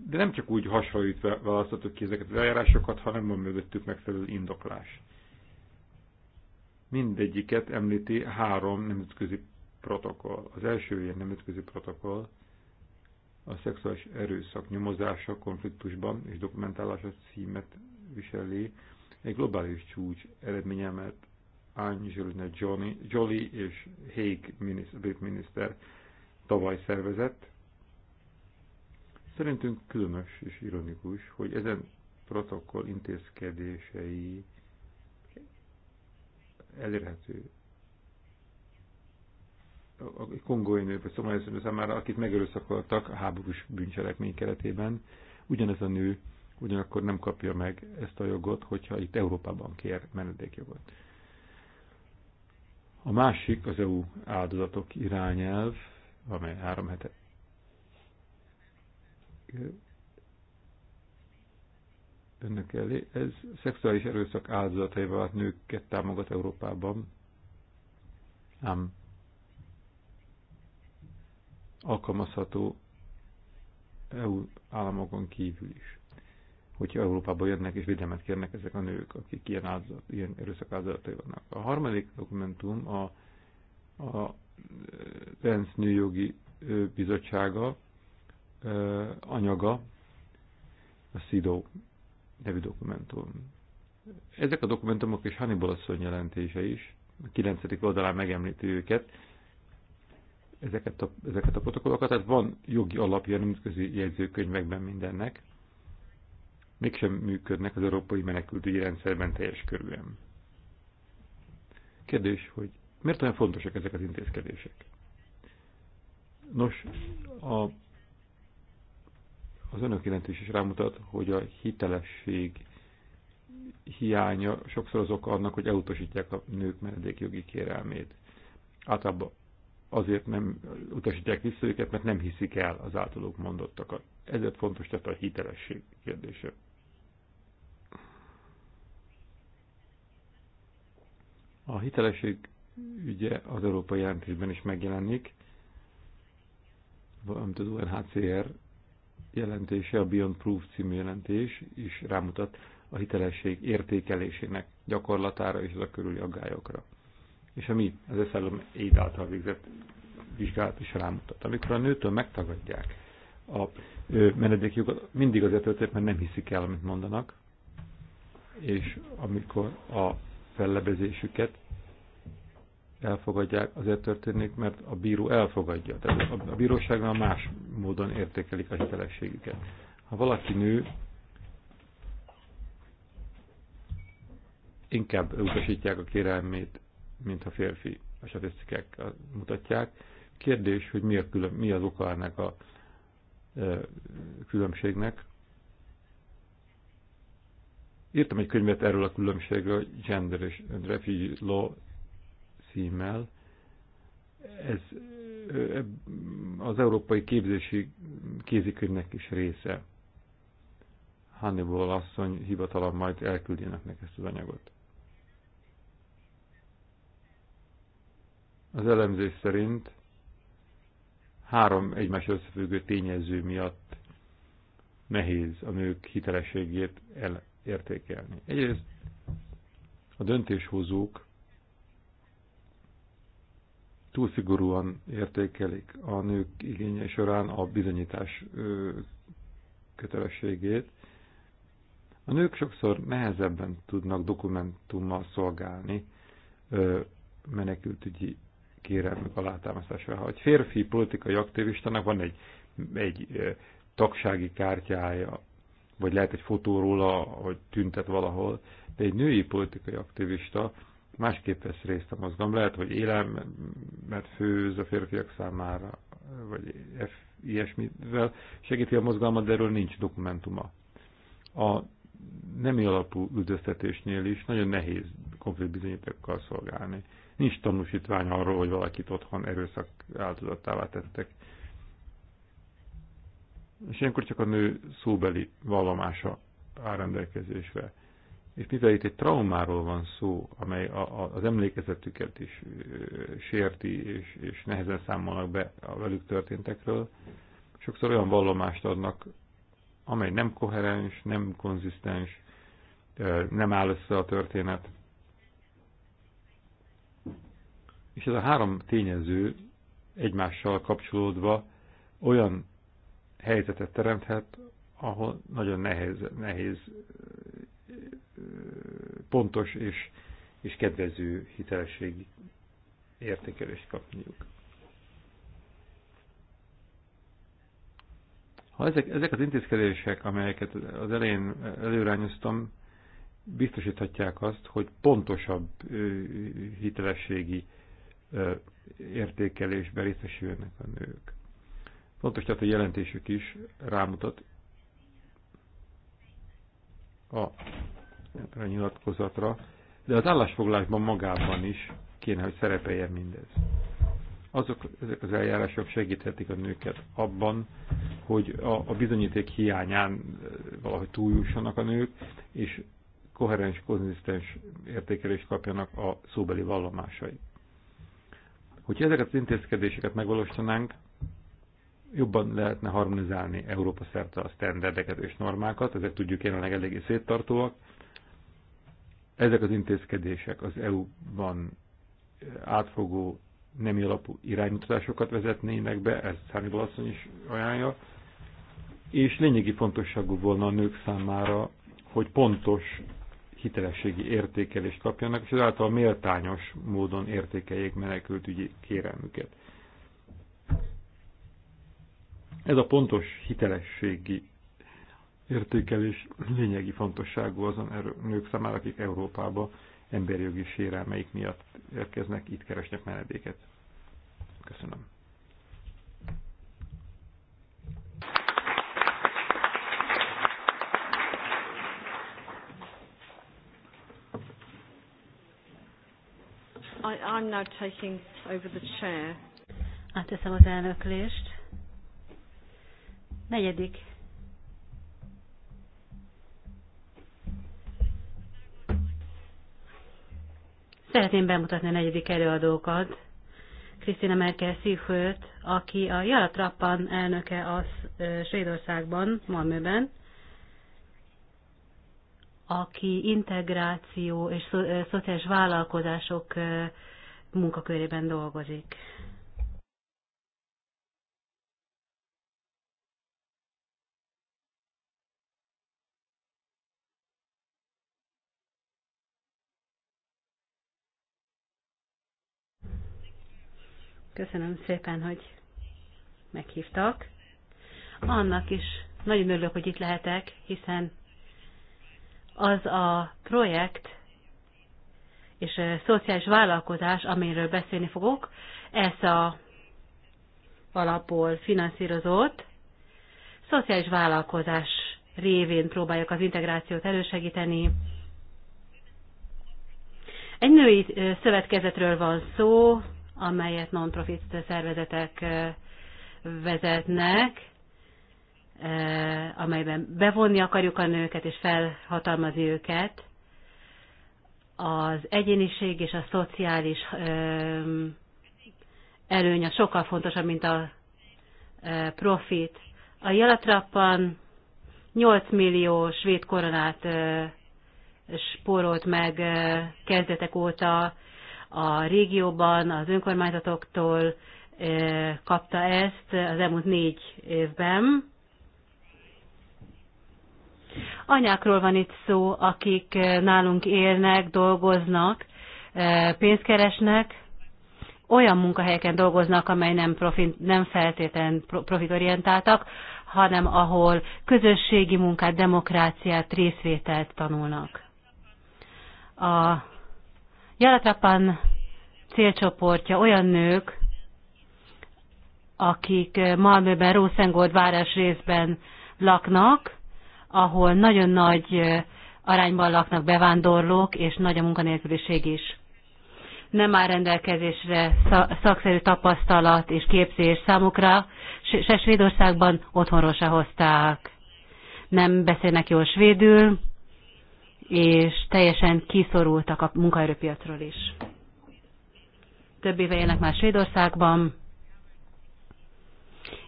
De nem csak úgy hasonlítva választottuk ki ezeket az eljárásokat, hanem van mögöttük megfelelő indoklás mindegyiket említi három nemzetközi protokoll. Az első ilyen nemzetközi protokoll a szexuális erőszak nyomozása konfliktusban és dokumentálása címet viseli egy globális csúcs eredménye, Angelina Jolly és Haig miniszter, brit miniszter tavaly szervezett. Szerintünk különös és ironikus, hogy ezen protokoll intézkedései elérhető a kongói nő vagy szomáli nő számára, akit megerőszakoltak a háborús bűncselekmény keretében, ugyanez a nő ugyanakkor nem kapja meg ezt a jogot, hogyha itt Európában kér menedékjogot. A másik az EU áldozatok irányelv, amely három hete önök elé. Ez szexuális erőszak áldozataival a nőket támogat Európában. Ám alkalmazható EU államokon kívül is. Hogyha Európába jönnek és védelmet kérnek ezek a nők, akik ilyen, áldozat, ilyen erőszak áldozatai vannak. A harmadik dokumentum a, a ENSZ Nőjogi Bizottsága anyaga, a SIDO nevű dokumentum. Ezek a dokumentumok és Hannibal asszony jelentése is, a 9. oldalán megemlíti őket, ezeket a, ezeket a protokollokat, tehát van jogi alapja nemzetközi jegyzőkönyvekben mindennek, mégsem működnek az európai menekültügyi rendszerben teljes körülön. Kérdés, hogy miért olyan fontosak ezek az intézkedések? Nos, a az önök jelentés is rámutat, hogy a hitelesség hiánya sokszor az oka annak, hogy elutasítják a nők menedékjogi kérelmét. Általában azért nem utasítják vissza őket, mert nem hiszik el az általuk mondottakat. Ezért fontos tehát a hitelesség kérdése. A hitelesség ügye az európai jelentésben is megjelenik, valamint az UNHCR jelentése, a Beyond Proof című jelentés is rámutat a hitelesség értékelésének gyakorlatára és az a körüli aggályokra. És ami az eszállom aid által végzett vizsgálat is rámutat. Amikor a nőtől megtagadják a menedékjogot, mindig azért történik, mert nem hiszik el, amit mondanak, és amikor a fellebezésüket elfogadják, azért történik, mert a bíró elfogadja. Tehát a bíróságnál más módon értékelik a hitelességüket. Ha valaki nő, inkább utasítják a kérelmét, mint a férfi. A statisztikák mutatják. Kérdés, hogy a külön, mi az oka ennek a e, különbségnek. Írtam egy könyvet erről a különbségről, Gender és Refugee Law címmel. Ez az Európai Képzési Kézikönyvnek is része. Hannibal asszony hivatalan majd elküldjenek neki ezt az anyagot. Az elemzés szerint három egymás összefüggő tényező miatt nehéz a nők hitelességét elértékelni. Egyrészt a döntéshozók túl szigorúan értékelik a nők igénye során a bizonyítás kötelességét. A nők sokszor nehezebben tudnak dokumentummal szolgálni menekültügyi kérelmük alátámasztásra. Ha egy férfi politikai aktivistának van egy, egy tagsági kártyája, vagy lehet egy fotó róla, hogy tüntet valahol, de egy női politikai aktivista másképp vesz részt a mozgalom. Lehet, hogy élem, mert főz a férfiak számára, vagy F, ilyesmivel segíti a mozgalmat, de erről nincs dokumentuma. A nemi alapú üldöztetésnél is nagyon nehéz konkrét bizonyítékkal szolgálni. Nincs tanúsítvány arról, hogy valakit otthon erőszak áldozattává tettek. És ilyenkor csak a nő szóbeli vallomása áll rendelkezésre. És mivel itt egy traumáról van szó, amely a, a, az emlékezetüket is ö, sérti, és, és nehezen számolnak be a velük történtekről, sokszor olyan vallomást adnak, amely nem koherens, nem konzisztens, ö, nem áll össze a történet. És ez a három tényező egymással kapcsolódva olyan helyzetet teremthet, ahol nagyon nehéz, nehéz pontos és, és kedvező hitelesség értékelést kapniuk. Ha ezek, ezek az intézkedések, amelyeket az elején előrányoztam, biztosíthatják azt, hogy pontosabb hitelességi értékelésbe részesülnek a nők. Fontos tehát a jelentésük is rámutat a a nyilatkozatra, de az állásfoglalásban magában is kéne, hogy szerepeljen mindez. Azok, ezek az eljárások segíthetik a nőket abban, hogy a, a bizonyíték hiányán e, valahogy túljussanak a nők, és koherens, konzisztens értékelést kapjanak a szóbeli vallomásai. Hogyha ezeket az intézkedéseket megvalósítanánk, jobban lehetne harmonizálni Európa szerte a sztenderdeket és normákat, ezek tudjuk jelenleg eléggé széttartóak, ezek az intézkedések az EU-ban átfogó nemi alapú irányításokat vezetnének be, ez Szárnyi asszony is ajánlja, és lényegi fontosságú volna a nők számára, hogy pontos hitelességi értékelést kapjanak, és ezáltal méltányos módon értékeljék menekültügyi kérelmüket. Ez a pontos hitelességi értékelés lényegi fontosságú azon erő, nők számára, akik Európába emberjogi sérelmeik miatt érkeznek, itt keresnek menedéket. Köszönöm. I, I'm now taking over the chair. Átteszem az elnöklést. Negyedik Szeretném bemutatni a negyedik előadókat. Krisztina Merkel Szívfőt, aki a Jara Trappan elnöke a Svédországban, Malmöben, aki integráció és szociális vállalkozások munkakörében dolgozik. Köszönöm szépen, hogy meghívtak. Annak is nagyon örülök, hogy itt lehetek, hiszen az a projekt és a szociális vállalkozás, amiről beszélni fogok, ez a alapból finanszírozott szociális vállalkozás révén próbáljuk az integrációt elősegíteni. Egy női szövetkezetről van szó, amelyet non-profit szervezetek vezetnek, amelyben bevonni akarjuk a nőket és felhatalmazni őket, az egyéniség és a szociális előnye sokkal fontosabb, mint a profit. A jelatrappan 8 millió svéd koronát spórolt meg kezdetek óta a régióban az önkormányzatoktól kapta ezt az elmúlt négy évben. Anyákról van itt szó, akik nálunk élnek, dolgoznak, pénzt keresnek, olyan munkahelyeken dolgoznak, amely nem, profit, nem feltétlen profitorientáltak, hanem ahol közösségi munkát, demokráciát, részvételt tanulnak. A Jalatapan célcsoportja olyan nők, akik eh, Malmöben, Rószengold város részben laknak, ahol nagyon nagy eh, arányban laknak bevándorlók, és nagy a munkanélküliség is. Nem áll rendelkezésre szakszerű tapasztalat és képzés számukra, se Svédországban otthonról se hozták. Nem beszélnek jól svédül, és teljesen kiszorultak a munkaerőpiacról is. Több éve élnek már Svédországban,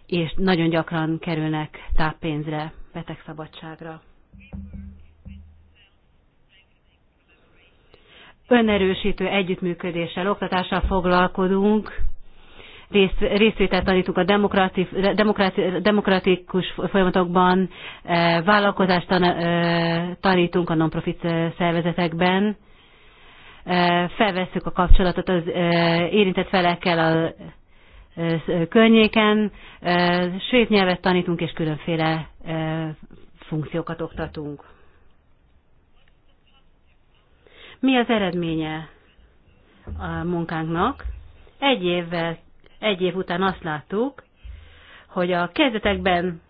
és nagyon gyakran kerülnek táppénzre, betegszabadságra. Önerősítő együttműködéssel, oktatással foglalkodunk, részt, részvételt tanítunk a demokrati, demokrati, demokratikus folyamatokban, e, vállalkozást e, tanítunk a non-profit szervezetekben, e, felvesszük a kapcsolatot az érintett felekkel a környéken, svéd nyelvet tanítunk és különféle funkciókat oktatunk. Mi az eredménye a munkánknak? Egy évvel egy év után azt láttuk, hogy a kezdetekben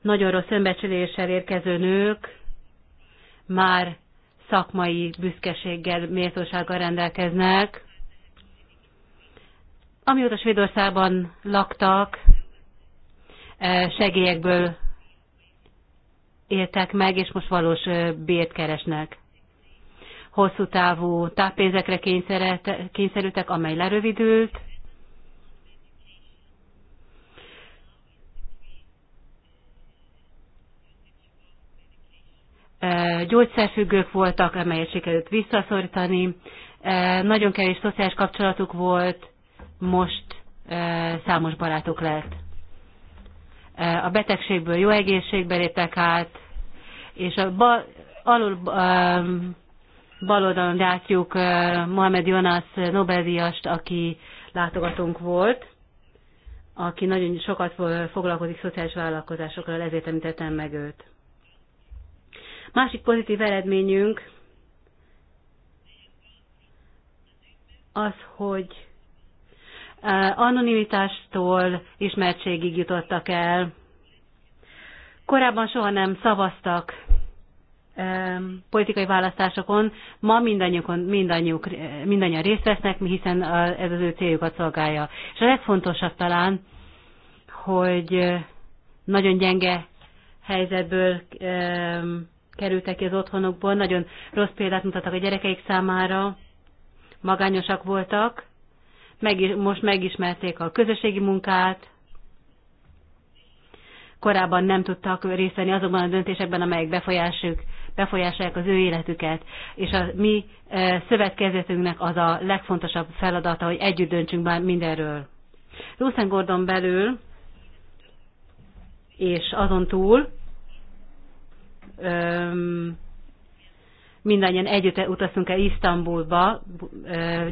nagyon rossz önbecsüléssel érkező nők már szakmai büszkeséggel, méltósággal rendelkeznek. Amióta Svédországban laktak, eh, segélyekből éltek meg, és most valós eh, bért keresnek. Hosszú távú táppénzekre kényszerültek, amely lerövidült, gyógyszerfüggők voltak, amelyet sikerült visszaszorítani. Nagyon kevés szociális kapcsolatuk volt, most számos barátuk lett. A betegségből jó egészségbe léptek át, és a bal, alul bal oldalon látjuk Mohamed Jonas Nobel-díjast, aki látogatónk volt, aki nagyon sokat foglalkozik szociális vállalkozásokkal, ezért említettem meg őt. Másik pozitív eredményünk az, hogy e, anonimitástól ismertségig jutottak el. Korábban soha nem szavaztak e, politikai választásokon, ma mindannyiukon, mindannyiuk, e, mindannyian részt vesznek, hiszen ez az ő céljukat szolgálja. És a legfontosabb talán, hogy nagyon gyenge helyzetből kerültek ki az otthonokból, nagyon rossz példát mutattak a gyerekeik számára, magányosak voltak, meg, most megismerték a közösségi munkát, korábban nem tudtak részt venni azokban a döntésekben, amelyek befolyásuk, befolyásolják az ő életüket. És a mi e, szövetkezetünknek az a legfontosabb feladata, hogy együtt döntsünk már mindenről. Rusen Gordon belül és azon túl mindannyian együtt utaztunk el Isztambulba,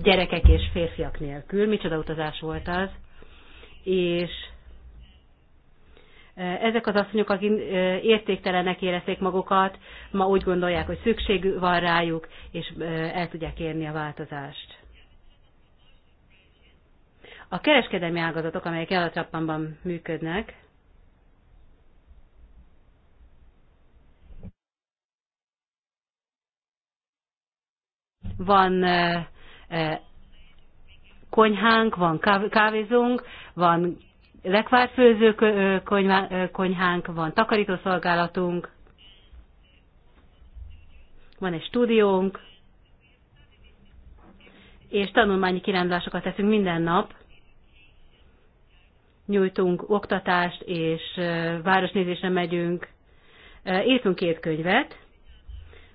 gyerekek és férfiak nélkül, micsoda utazás volt az, és ezek az asszonyok, akik értéktelenek érezték magukat, ma úgy gondolják, hogy szükség van rájuk, és el tudják érni a változást. A kereskedelmi ágazatok, amelyek Jalatrappanban működnek, van konyhánk, van kávézunk, van lekvárfőző konyhánk, van takarítószolgálatunk, van egy stúdiónk, és tanulmányi kirándulásokat teszünk minden nap. Nyújtunk oktatást, és városnézésre megyünk. Írtunk két könyvet,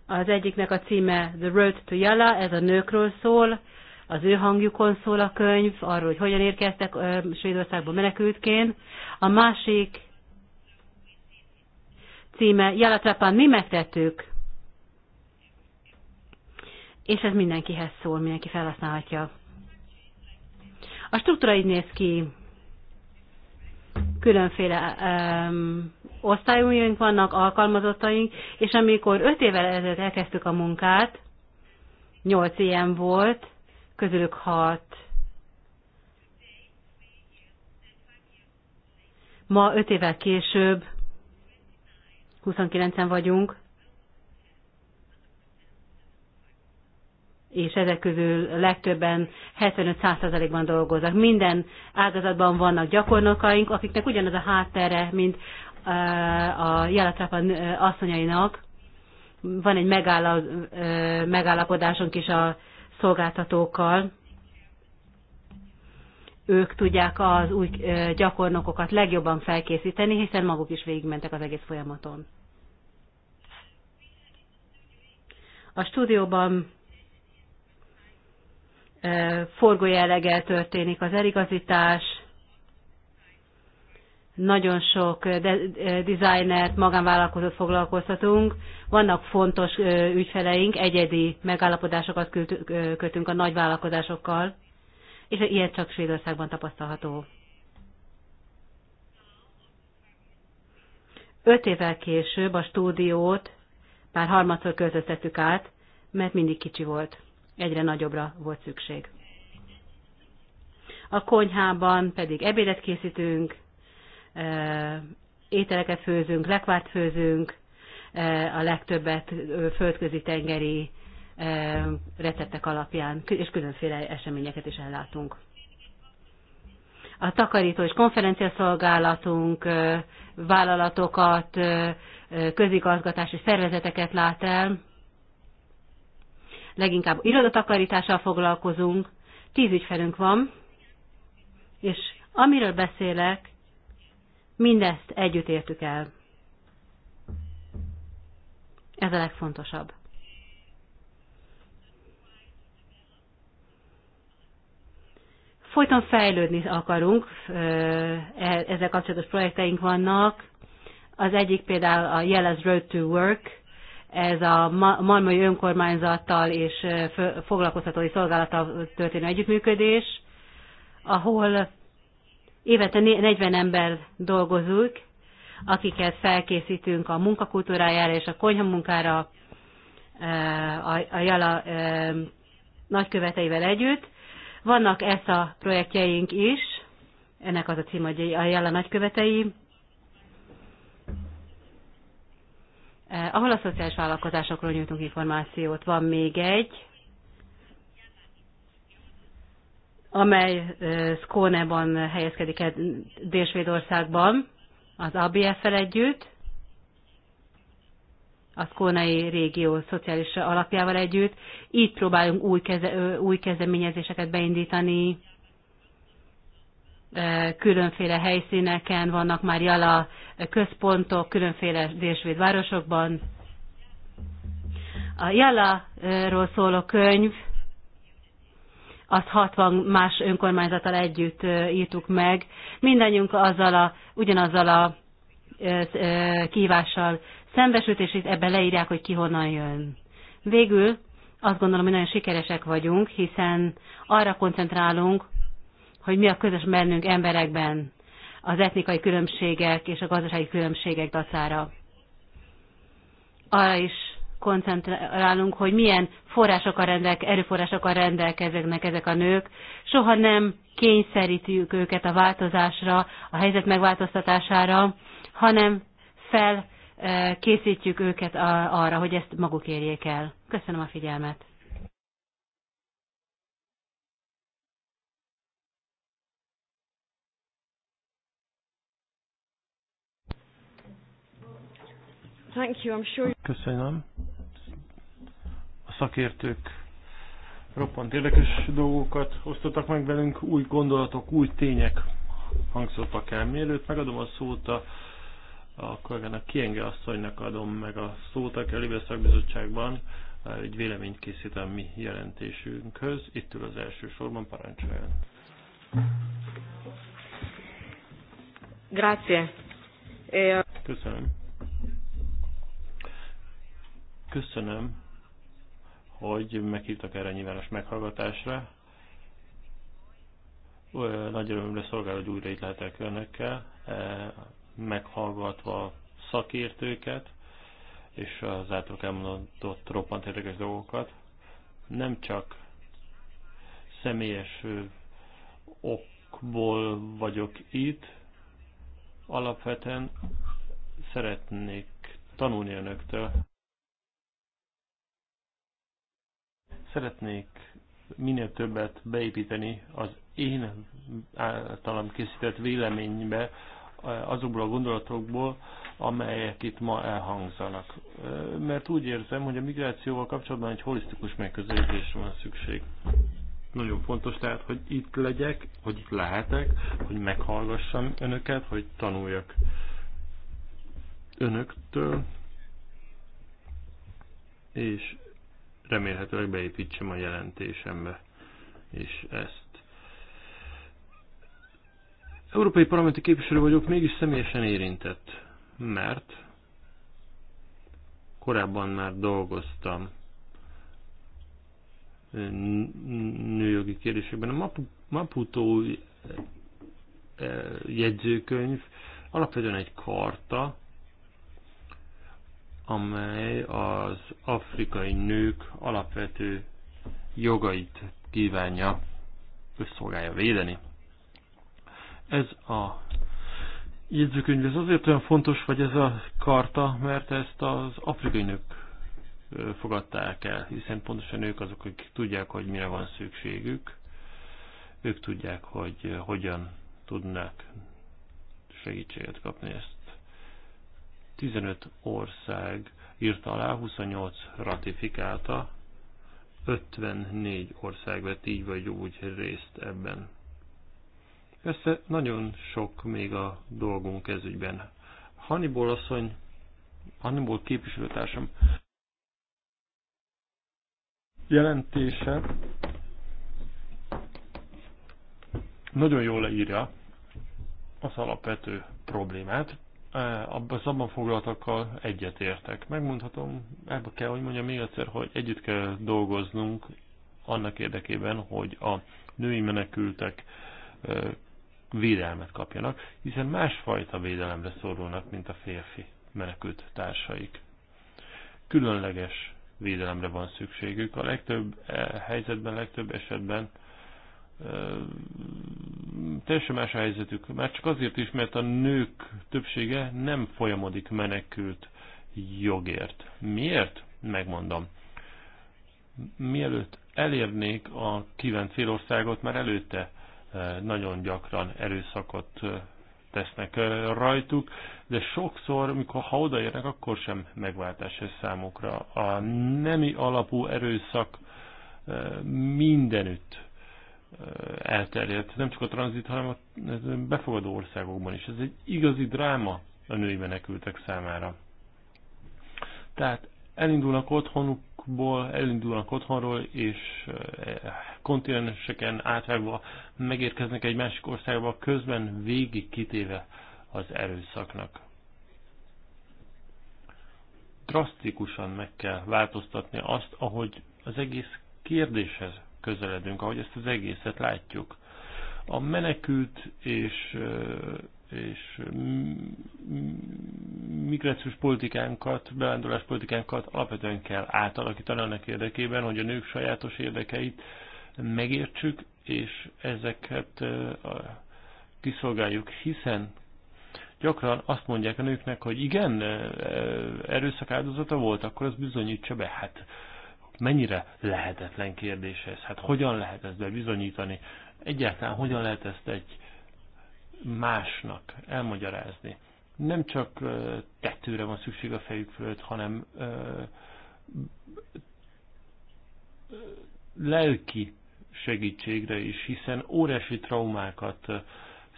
az egyiknek a címe The Road to Yala, ez a nőkről szól, az ő hangjukon szól a könyv, arról, hogy hogyan érkeztek Svédországba menekültként. A másik címe Yala Trapan, mi megtettük, és ez mindenkihez szól, mindenki felhasználhatja. A struktúra így néz ki, különféle um, osztályújaink vannak, alkalmazottaink, és amikor öt évvel ezelőtt elkezdtük a munkát, nyolc ilyen volt, közülük hat. Ma öt évvel később, 29-en vagyunk, és ezek közül legtöbben 75%-ban dolgoznak. Minden ágazatban vannak gyakornokaink, akiknek ugyanaz a háttere, mint a Jeletrában asszonyainak. Van egy megállapodásunk is a szolgáltatókkal. Ők tudják az új gyakornokokat legjobban felkészíteni, hiszen maguk is végigmentek az egész folyamaton. A stúdióban forgójelleggel történik az eligazítás, nagyon sok eh, eh, designert, magánvállalkozót foglalkoztatunk. Vannak fontos eh, ügyfeleink, egyedi megállapodásokat kötünk a nagy vállalkozásokkal, és ilyet csak Svédországban tapasztalható. Öt évvel később a stúdiót már harmadszor költöztettük át, mert mindig kicsi volt. Egyre nagyobbra volt szükség. A konyhában pedig ebédet készítünk, ételeket főzünk, lekvárt főzünk, a legtöbbet földközi tengeri receptek alapján, és különféle eseményeket is ellátunk. A takarító és konferenciaszolgálatunk vállalatokat, közigazgatási szervezeteket lát el. Leginkább irodatakarítással foglalkozunk. Tíz ügyfelünk van, és amiről beszélek, Mindezt együtt értük el. Ez a legfontosabb. Folyton fejlődni akarunk, e, ezzel kapcsolatos projekteink vannak. Az egyik például a Jelez Road to Work, ez a Malmai önkormányzattal és foglalkoztatói szolgálattal történő együttműködés, ahol Évente 40 ember dolgozunk, akiket felkészítünk a munkakultúrájára és a konyhamunkára e, a Jala e, nagyköveteivel együtt. Vannak a projektjeink is, ennek az a cím, hogy a Jala nagykövetei, e, ahol a szociális vállalkozásokról nyújtunk információt. Van még egy, amely Skóneban helyezkedik el Dél-Svédországban, az abf el együtt, a Skónai Régió Szociális Alapjával együtt. Így próbálunk új, keze, új kezdeményezéseket beindítani, különféle helyszíneken, vannak már jala központok, különféle délsvéd városokban. A Jala-ról szóló könyv azt 60 más önkormányzattal együtt írtuk meg. Mindannyiunk azzal a, ugyanazzal a kívással szembesült, és ebben leírják, hogy ki honnan jön. Végül azt gondolom, hogy nagyon sikeresek vagyunk, hiszen arra koncentrálunk, hogy mi a közös bennünk emberekben az etnikai különbségek és a gazdasági különbségek dacára. Arra is koncentrálunk, hogy milyen forrásokkal rendelk, erőforrásokkal rendelkeznek ezek a nők. Soha nem kényszerítjük őket a változásra, a helyzet megváltoztatására, hanem felkészítjük eh, őket arra, hogy ezt maguk érjék el. Köszönöm a figyelmet! Thank you, I'm sure. Köszönöm szakértők roppant érdekes dolgokat osztottak meg velünk, új gondolatok, új tények hangzottak el. Mielőtt megadom a szót a, a kollégának, Kienge asszonynak adom meg a szót, aki a Libes szakbizottságban egy véleményt készít a mi jelentésünkhöz. Itt ül az első sorban, parancsoljon. Grazie. Köszönöm. Köszönöm hogy meghívtak erre nyilvános meghallgatásra. Nagy örömömre szolgál, hogy újra itt lehetek önökkel, meghallgatva szakértőket, és az általuk elmondott roppant érdekes dolgokat. Nem csak személyes okból vagyok itt, alapvetően szeretnék tanulni önöktől. Szeretnék minél többet beépíteni az én általam készített véleménybe eh, azokból a gondolatokból, amelyek itt ma elhangzanak. Eh, mert úgy érzem, hogy a migrációval kapcsolatban egy holisztikus megközelítésre van szükség. Nagyon fontos tehát, hogy itt legyek, hogy itt lehetek, hogy meghallgassam önöket, hogy tanuljak önöktől, és remélhetőleg beépítsem a jelentésembe és ezt. Európai parlamenti képviselő vagyok, mégis személyesen érintett, mert korábban már dolgoztam nőjogi kérdésekben. A Maputo eh, jegyzőkönyv alapvetően egy karta, amely az afrikai nők alapvető jogait kívánja közszolgálja védeni. Ez a jegyzőkönyv ez azért olyan fontos, vagy ez a karta, mert ezt az afrikai nők fogadták el, hiszen pontosan ők azok, akik tudják, hogy mire van szükségük, ők tudják, hogy hogyan tudnak segítséget kapni ezt 15 ország írta alá, 28 ratifikálta, 54 ország vett így vagy úgy részt ebben. Persze nagyon sok még a dolgunk ezügyben. Hannibal asszony, Hannibal képviselőtársam jelentése nagyon jól leírja az alapvető problémát az abban foglaltakkal egyetértek. Megmondhatom, ebbe kell, hogy mondjam még egyszer, hogy együtt kell dolgoznunk annak érdekében, hogy a női menekültek védelmet kapjanak, hiszen másfajta védelemre szorulnak, mint a férfi menekült társaik. Különleges védelemre van szükségük. A legtöbb eh, helyzetben, legtöbb esetben teljesen más helyzetük. Már csak azért is, mert a nők többsége nem folyamodik menekült jogért. Miért? Megmondom. Mielőtt elérnék a kívánt célországot, már előtte nagyon gyakran erőszakot tesznek rajtuk, de sokszor, mikor ha odaérnek, akkor sem megváltás ez számukra. A nemi alapú erőszak mindenütt elterjedt, nem csak a tranzit, hanem a befogadó országokban is. Ez egy igazi dráma a női menekültek számára. Tehát elindulnak otthonukból, elindulnak otthonról, és kontinenseken átvágva megérkeznek egy másik országba, közben végig kitéve az erőszaknak. Drasztikusan meg kell változtatni azt, ahogy az egész kérdéshez közeledünk, ahogy ezt az egészet látjuk. A menekült és, és migrációs politikánkat, bevándorlás politikánkat alapvetően kell átalakítani annak érdekében, hogy a nők sajátos érdekeit megértsük, és ezeket kiszolgáljuk, hiszen gyakran azt mondják a nőknek, hogy igen, erőszak áldozata volt, akkor az bizonyítsa be. Hát mennyire lehetetlen kérdés ez? Hát hogyan lehet ezt bebizonyítani? Egyáltalán hogyan lehet ezt egy másnak elmagyarázni? Nem csak tetőre van szükség a fejük fölött, hanem lelki segítségre is, hiszen óriási traumákat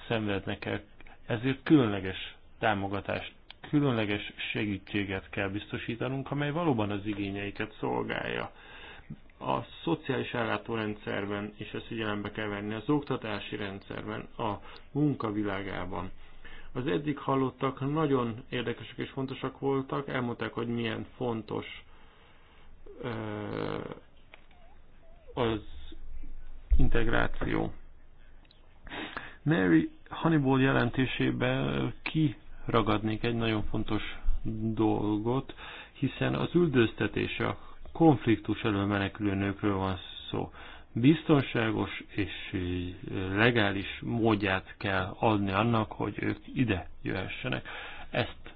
szenvednek el, ezért különleges támogatást különleges segítséget kell biztosítanunk, amely valóban az igényeiket szolgálja. A szociális ellátórendszerben, és ezt figyelembe kell venni, az oktatási rendszerben, a munkavilágában. Az eddig hallottak nagyon érdekesek és fontosak voltak, elmondták, hogy milyen fontos az integráció. Mary Hannibal jelentésében ki ragadnék egy nagyon fontos dolgot, hiszen az üldöztetés a konfliktus elől menekülő nőkről van szó. Biztonságos és legális módját kell adni annak, hogy ők ide jöhessenek. Ezt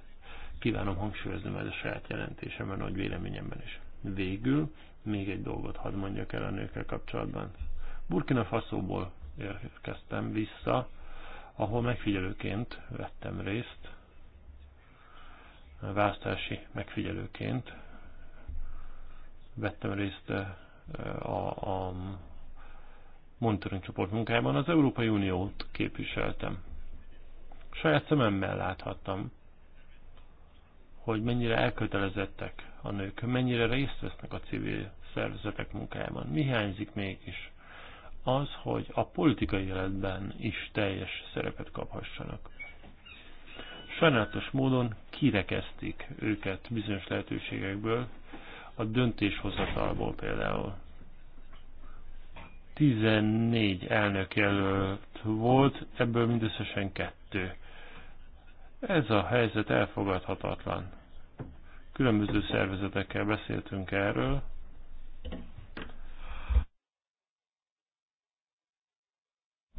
kívánom hangsúlyozni majd a saját jelentésemben, vagy véleményemben is. Végül még egy dolgot hadd mondjak el a nőkkel kapcsolatban. Burkina Faszóból érkeztem vissza, ahol megfigyelőként vettem részt választási megfigyelőként vettem részt a, a monitoring csoport munkájában, az Európai Uniót képviseltem. Saját szememmel láthattam, hogy mennyire elkötelezettek a nők, mennyire részt vesznek a civil szervezetek munkájában. Mi hiányzik mégis? Az, hogy a politikai életben is teljes szerepet kaphassanak. Sajnálatos módon kirekeztik őket bizonyos lehetőségekből, a döntéshozatalból például. 14 elnök jelölt volt, ebből mindösszesen kettő. Ez a helyzet elfogadhatatlan. Különböző szervezetekkel beszéltünk erről.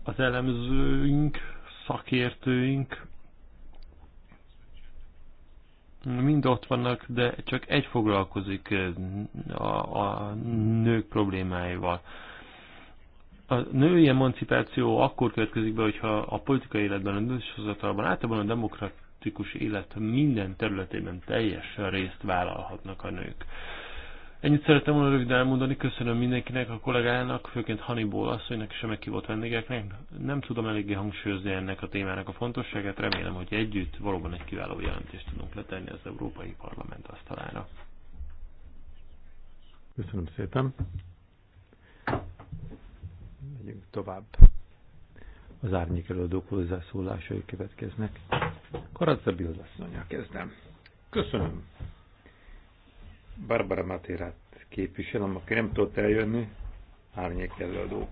Az elemzőink, szakértőink mind ott vannak, de csak egy foglalkozik a, a nők problémáival. A női emancipáció akkor következik be, hogyha a politikai életben, a döntéshozatalban, általában a demokratikus élet minden területében teljesen részt vállalhatnak a nők. Ennyit szeretem volna röviden elmondani, köszönöm mindenkinek, a kollégának, főként Haniból asszonynak és a meghívott vendégeknek. Nem tudom eléggé hangsúlyozni ennek a témának a fontosságát, remélem, hogy együtt valóban egy kiváló jelentést tudunk letenni az Európai Parlament asztalára. Köszönöm szépen. Megyünk tovább. Az árnyék előadók hozzászólásai következnek. Karadza Bildasszonya kezdem. Köszönöm. Barbara Matérát képviselem, aki nem tudott eljönni, árnyék előadó.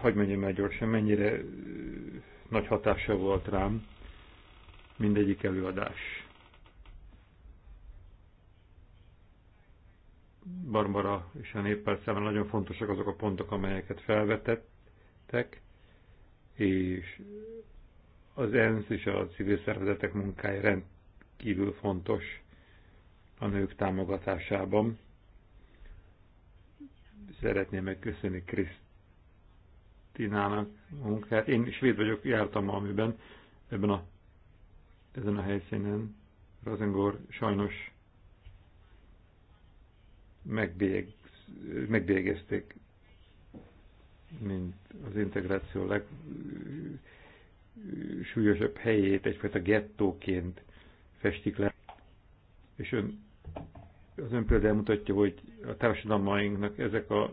Hogy mondjam el gyorsan, mennyire nagy hatása volt rám mindegyik előadás. Barbara és a néppárt számára nagyon fontosak azok a pontok, amelyeket felvetettek, és az ENSZ és a civil szervezetek munkája rend, rendkívül fontos a nők támogatásában. Szeretném megköszönni Krisztinának munkát. Én svéd vagyok, jártam valamiben ebben a, ezen a helyszínen. Razengor sajnos megbélyeg, megbélyegezték, mint az integráció legsúlyosabb helyét egyfajta gettóként festik le. És ön, az ön például mutatja, hogy a társadalmainknak ezek a,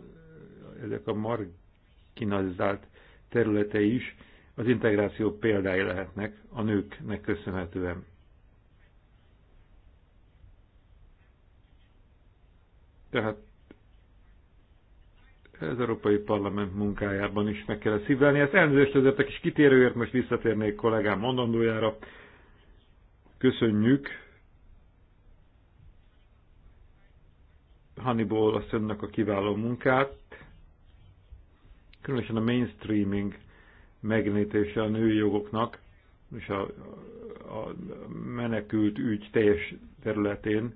ezek a marginalizált területei is az integráció példái lehetnek a nőknek köszönhetően. Tehát az Európai Parlament munkájában is meg kell szívelni. Ezt elnézést ezért a kis kitérőért most visszatérnék kollégám mondandójára. Köszönjük Hannibal asszonynak a kiváló munkát, különösen a mainstreaming megnétése a női jogoknak és a, a menekült ügy teljes területén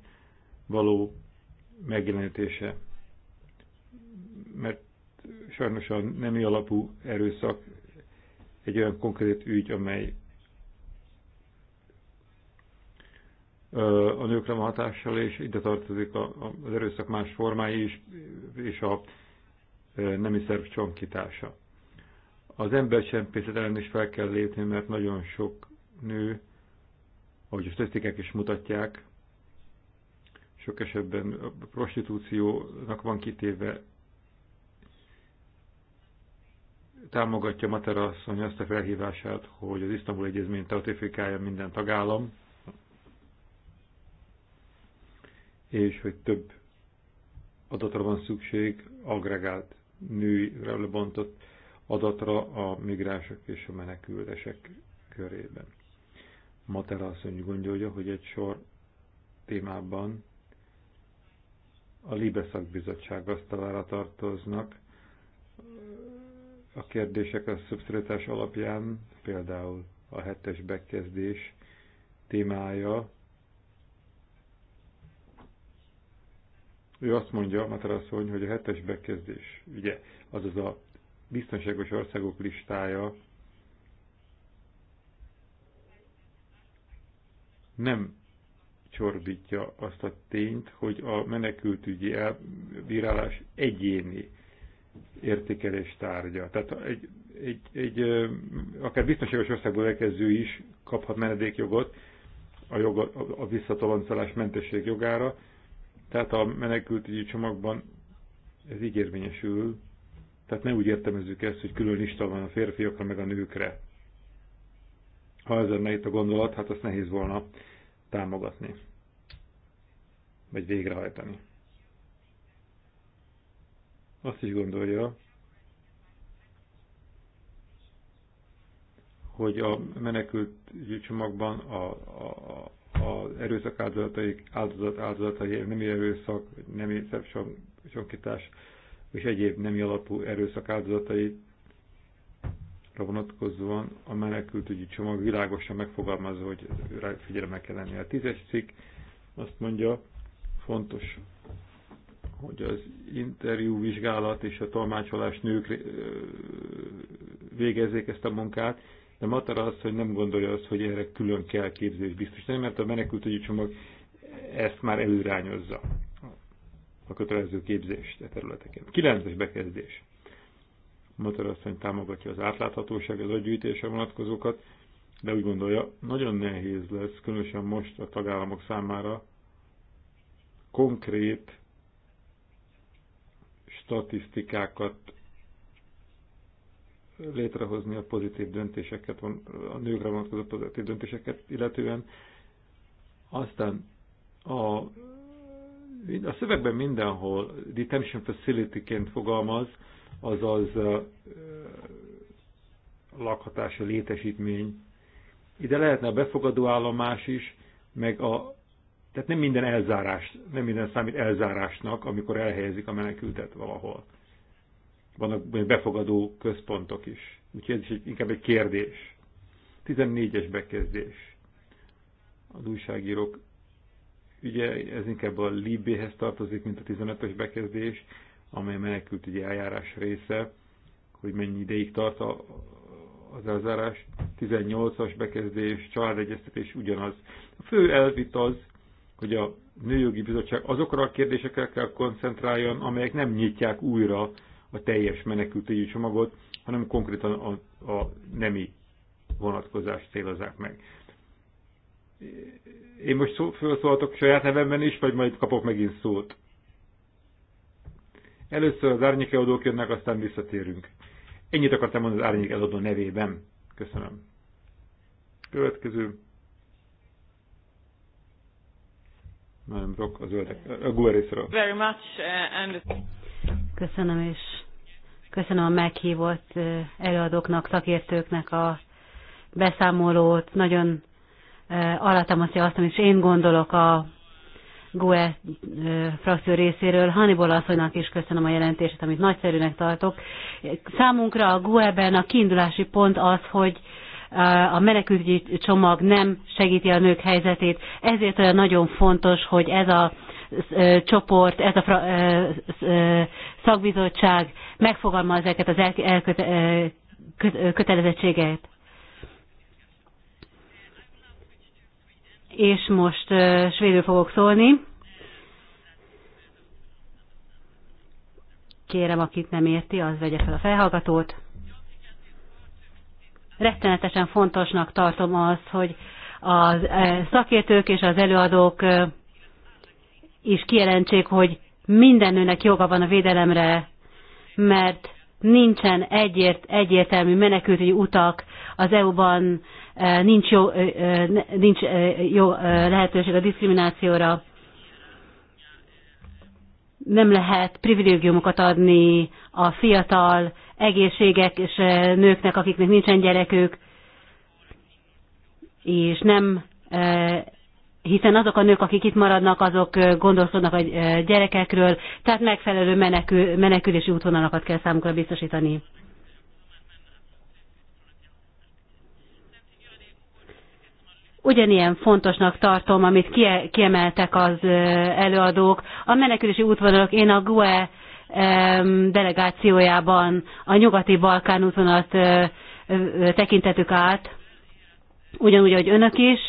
való megjelenítése. Mert sajnos a nemi alapú erőszak egy olyan konkrét ügy, amely a nőkre van hatással, és ide tartozik az erőszak más formái is, és a nemi szerv csonkítása. Az embercsempészet ellen is fel kell lépni, mert nagyon sok nő, ahogy a statisztikák is mutatják, sok esetben a prostitúciónak van kitéve támogatja Materasszony azt a felhívását, hogy az Isztambul Egyezményt ratifikálja minden tagállam, és hogy több adatra van szükség, agregált, női lebontott adatra a migránsok és a menekültesek körében. Matera mondja, gondolja, hogy egy sor témában a Libe szakbizottság asztalára tartoznak, a kérdések a szubsztrétás alapján, például a hetes bekezdés témája Ő azt mondja, Matarasszony, hogy a hetes bekezdés, ugye, azaz a biztonságos országok listája nem csorbítja azt a tényt, hogy a menekültügyi elbírálás egyéni értékelés tárgya. Tehát egy, egy, egy akár biztonságos országból elkezdő is kaphat menedékjogot a, a, a visszatoloncolás mentesség jogára, tehát a menekültügyi csomagban ez így érvényesül. Tehát ne úgy értelmezzük ezt, hogy külön lista van a férfiakra meg a nőkre. Ha ez lenne itt a gondolat, hát azt nehéz volna támogatni. Vagy végrehajtani. Azt is gondolja, hogy a menekült csomagban a, a, az erőszak áldozatai, áldozat, áldozatai, nemi erőszak, nemi szexualitás és egyéb nemi alapú erőszak áldozatai vonatkozóan a menekültügyi csomag világosan megfogalmazza, hogy figyelemmel kell lenni. A tízes cikk azt mondja, fontos, hogy az interjú vizsgálat és a tolmácsolás nők végezzék ezt a munkát, de Matara az, hogy nem gondolja azt, hogy erre külön kell képzést biztosítani, mert a menekültügyi csomag ezt már előrányozza a kötelező képzést a e területeken. Kilences es bekezdés. Matara asszony támogatja az átláthatóság, az agygyűjtésre vonatkozókat, de úgy gondolja, nagyon nehéz lesz, különösen most a tagállamok számára konkrét statisztikákat létrehozni a pozitív döntéseket, a nőkre vonatkozó pozitív döntéseket illetően. Aztán a, a szövegben mindenhol detention facility-ként fogalmaz, azaz lakhatási létesítmény. Ide lehetne a befogadó állomás is, meg a, tehát nem minden elzárás, nem minden számít elzárásnak, amikor elhelyezik a menekültet valahol vannak befogadó központok is. Úgyhogy ez is egy, inkább egy kérdés. 14-es bekezdés. Az újságírók ugye ez inkább a Libéhez tartozik, mint a 15-ös bekezdés, amely ugye, eljárás része, hogy mennyi ideig tart a, az elzárás. 18-as bekezdés, családegyeztetés ugyanaz. A fő elvit az, hogy a Nőjogi Bizottság azokra a kérdésekre kell koncentráljon, amelyek nem nyitják újra a teljes menekültügyi csomagot, hanem konkrétan a, a nemi vonatkozást célozzák meg. Én most szó, felszólaltok saját nevemben is, vagy majd kapok megint szót? Először az árnyékeladók jönnek, aztán visszatérünk. Ennyit akartam mondani az árnyékeladó nevében. Köszönöm. Következő. Nem, Brock, az öldek. A Guerészről. Very much, uh, and... Köszönöm, és Köszönöm a meghívott előadóknak, szakértőknek a beszámolót. Nagyon alátámasztja azt, amit én gondolok a GUE frakció részéről. Hannibal asszonynak is köszönöm a jelentését, amit nagyszerűnek tartok. Számunkra a GUE-ben a kiindulási pont az, hogy a menekültügyi csomag nem segíti a nők helyzetét, ezért olyan nagyon fontos, hogy ez a csoport, ez a szakbizottság megfogalmaz ezeket az elkötelezettséget. És most svédül fogok szólni. Kérem, akit nem érti, az vegye fel a felhallgatót. Rettenetesen fontosnak tartom az, hogy a szakértők és az előadók is kijelentsék, hogy minden nőnek joga van a védelemre, mert nincsen egyért, egyértelmű menekültügyi utak az EU-ban, e, nincs, jó, e, e, nincs jó lehetőség a diszkriminációra, nem lehet privilégiumokat adni a fiatal, egészségek és nőknek, akiknek nincsen gyerekük, és nem hiszen azok a nők, akik itt maradnak, azok gondoskodnak a gyerekekről, tehát megfelelő menekül, menekülési útvonalakat kell számukra biztosítani. Ugyanilyen fontosnak tartom, amit kiemeltek az előadók, a menekülési útvonalak, én a GUE delegációjában a nyugati Balkán útvonalat tekintetük át, ugyanúgy, ahogy önök is,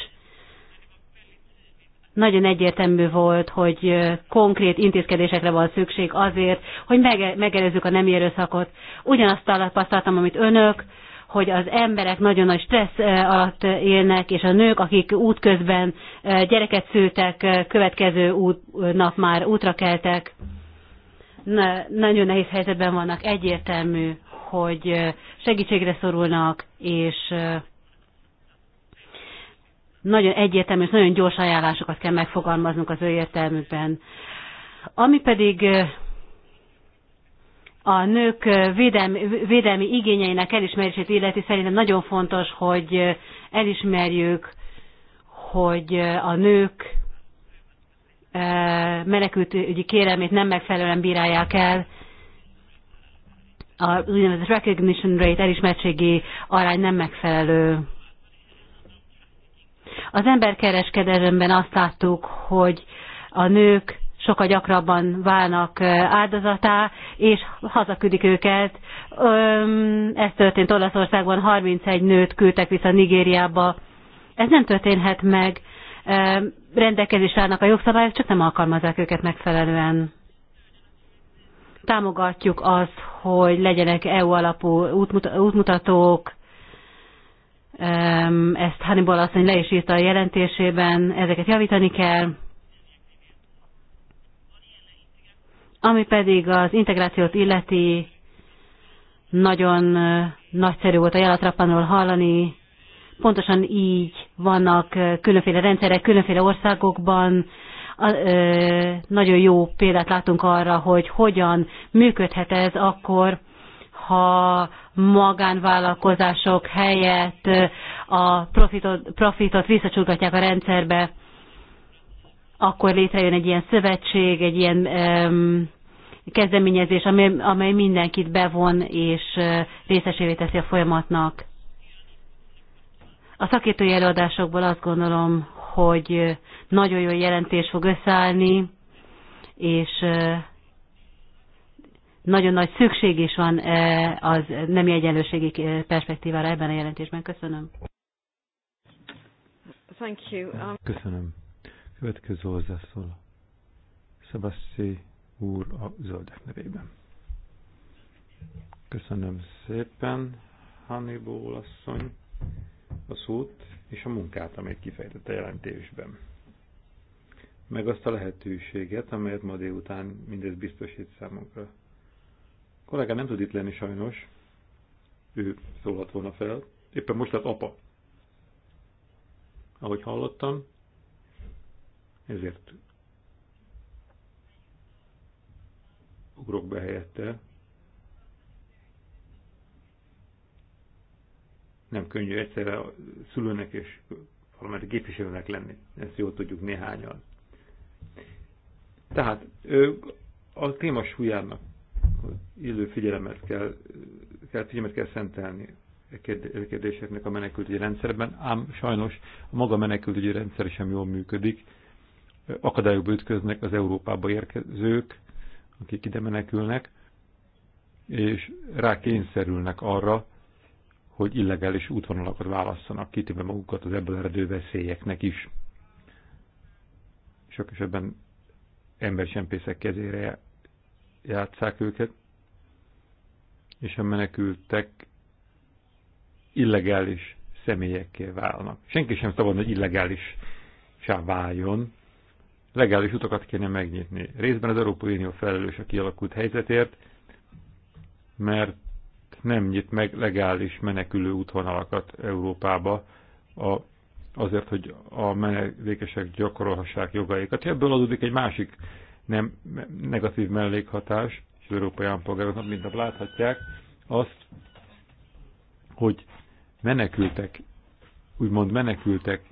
nagyon egyértelmű volt, hogy konkrét intézkedésekre van szükség azért, hogy megelőzzük a nemi erőszakot. Ugyanazt tapasztaltam, amit önök, hogy az emberek nagyon nagy stressz alatt élnek, és a nők, akik útközben gyereket szültek, következő út, nap már útra keltek, Na, nagyon nehéz helyzetben vannak, egyértelmű, hogy segítségre szorulnak, és nagyon egyértelmű és nagyon gyors ajánlásokat kell megfogalmaznunk az ő értelmükben. Ami pedig a nők védelmi, védelmi igényeinek elismerését illeti, szerintem nagyon fontos, hogy elismerjük, hogy a nők menekültügyi kérelmét nem megfelelően bírálják el, a úgynevezett recognition rate, elismertségi arány nem megfelelő. Az emberkereskedelemben azt láttuk, hogy a nők sokkal gyakrabban válnak áldozatá, és hazaküldik őket. Ez történt Olaszországban, 31 nőt küldtek vissza Nigériába. Ez nem történhet meg. Rendelkezés állnak a jogszabályok, csak nem alkalmazzák őket megfelelően. Támogatjuk azt, hogy legyenek EU alapú útmutatók, ezt Hannibal asszony le is írta a jelentésében, ezeket javítani kell. Ami pedig az integrációt illeti, nagyon nagyszerű volt a jelatrapanról hallani. Pontosan így vannak különféle rendszerek, különféle országokban. Nagyon jó példát látunk arra, hogy hogyan működhet ez akkor, ha magánvállalkozások helyett a profitot, profitot visszacsúgatják a rendszerbe, akkor létrejön egy ilyen szövetség, egy ilyen um, kezdeményezés, amely, amely mindenkit bevon és uh, részesévé teszi a folyamatnak. A szakértői előadásokból azt gondolom, hogy nagyon jó jelentés fog összeállni, és uh, nagyon nagy szükség is van eh, az nemi egyenlőségi eh, perspektívára ebben a jelentésben. Köszönöm. Thank you. Um... Köszönöm. Következő hozzászól. Szabassi úr a zöldek nevében. Köszönöm szépen, Hannibal asszony, a szót és a munkát, amit kifejtett a jelentésben. Meg azt a lehetőséget, amelyet ma délután mindez biztosít számunkra. A kollégám nem tud itt lenni sajnos. Ő szólhat volna fel. Éppen most lett apa. Ahogy hallottam, ezért ugrok be helyette. Nem könnyű egyszerre szülőnek és valamelyik képviselőnek lenni. Ezt jól tudjuk néhányan. Tehát a téma súlyának illő figyelemet kell, kell, figyelmet kell szentelni a e e kérdéseknek a menekültügyi rendszerben, ám sajnos a maga menekültügyi rendszer sem jól működik. Akadályokba ütköznek az Európába érkezők, akik ide menekülnek, és kényszerülnek arra, hogy illegális útvonalakat válasszanak, kitéve magukat az ebből eredő veszélyeknek is. Sok esetben embercsempészek kezére játszák őket, és a menekültek illegális személyekké válnak. Senki sem szabad, hogy illegális sem váljon. Legális utakat kéne megnyitni. Részben az Európai Unió felelős a kialakult helyzetért, mert nem nyit meg legális menekülő útvonalakat Európába a, azért, hogy a menedékesek gyakorolhassák jogaikat. Ebből adódik egy másik nem negatív mellékhatás, és az európai állampolgároknak mint a láthatják azt, hogy menekültek, úgymond menekültek